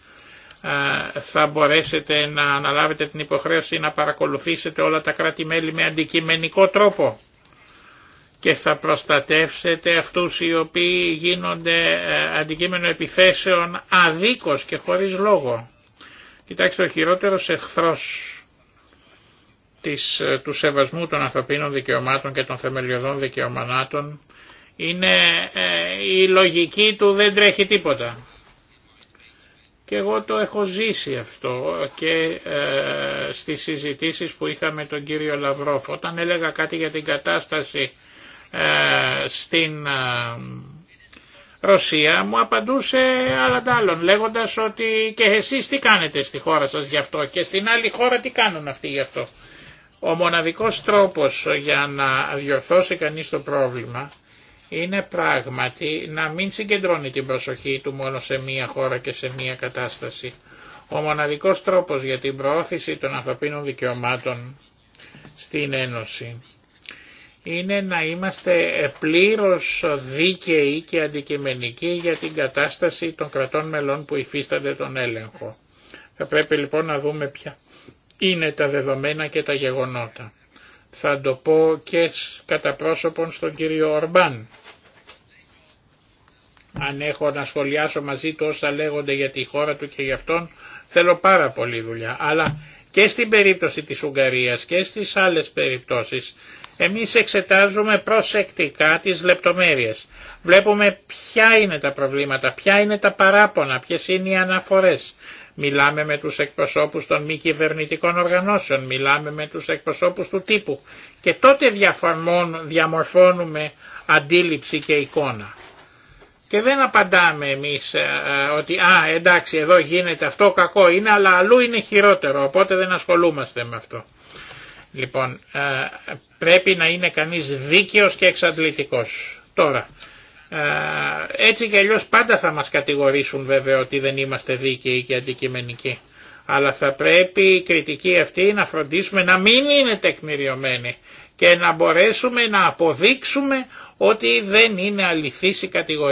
Θα μπορέσετε να αναλάβετε την υποχρέωση να παρακολουθήσετε όλα τα κράτη-μέλη με αντικειμενικό τρόπο και θα προστατεύσετε αυτούς οι οποίοι γίνονται ε, αντικείμενο επιθέσεων αδίκως και χωρίς λόγο. Κοιτάξτε, ο χειρότερος εχθρός της, ε, του σεβασμού των ανθρωπίνων δικαιωμάτων και των θεμελιωδών δικαιωμανάτων είναι ε, η λογική του δεν τρέχει τίποτα. Και εγώ το έχω ζήσει αυτό και ε, στις συζητήσεις που είχαμε τον κύριο Λαυρόφ. Όταν έλεγα κάτι για την κατάσταση ε, στην Ρωσία μου απαντούσε άλλα άλλον λέγοντας ότι και εσείς τι κάνετε στη χώρα σας γι' αυτό και στην άλλη χώρα τι κάνουν αυτοί γι' αυτό. Ο μοναδικός τρόπος για να διορθώσει κανείς το πρόβλημα είναι πράγματι να μην συγκεντρώνει την προσοχή του μόνο σε μία χώρα και σε μία κατάσταση. Ο μοναδικός τρόπος για την προώθηση των ανθρωπίνων δικαιωμάτων στην Ένωση είναι να είμαστε πλήρως δίκαιοι και αντικειμενικοί για την κατάσταση των κρατών μελών που υφίστανται τον έλεγχο. Θα πρέπει λοιπόν να δούμε ποια είναι τα δεδομένα και τα γεγονότα. Θα το πω και κατά πρόσωπον στον κύριο Ορμπάν. Αν έχω να σχολιάσω μαζί του όσα λέγονται για τη χώρα του και για αυτόν, θέλω πάρα πολύ δουλειά. Αλλά και στην περίπτωση της Ουγγαρίας και στις άλλες περιπτώσεις εμείς εξετάζουμε προσεκτικά τις λεπτομέρειες. Βλέπουμε ποια είναι τα προβλήματα, ποια είναι τα παράπονα, ποιες είναι οι αναφορές. Μιλάμε με τους εκπροσώπους των μη κυβερνητικών οργανώσεων, μιλάμε με τους εκπροσώπους του τύπου και τότε διαμορφώνουμε αντίληψη και εικόνα. Και δεν απαντάμε εμείς ε, ε, ότι «Α, εντάξει, εδώ γίνεται αυτό κακό είναι, αλλά αλλού είναι χειρότερο, οπότε δεν ασχολούμαστε με αυτό». Λοιπόν, ε, πρέπει να είναι κανείς δίκαιος και εξαντλητικός. Τώρα, ε, έτσι και αλλιώς πάντα θα μας κατηγορήσουν βέβαια ότι δεν είμαστε δίκαιοι και αντικειμενικοί. Αλλά θα πρέπει η κριτική αυτή να φροντίσουμε να μην είναι τεκμηριωμένη και να μπορέσουμε να αποδείξουμε ότι δεν είναι αληθής η κατηγορία.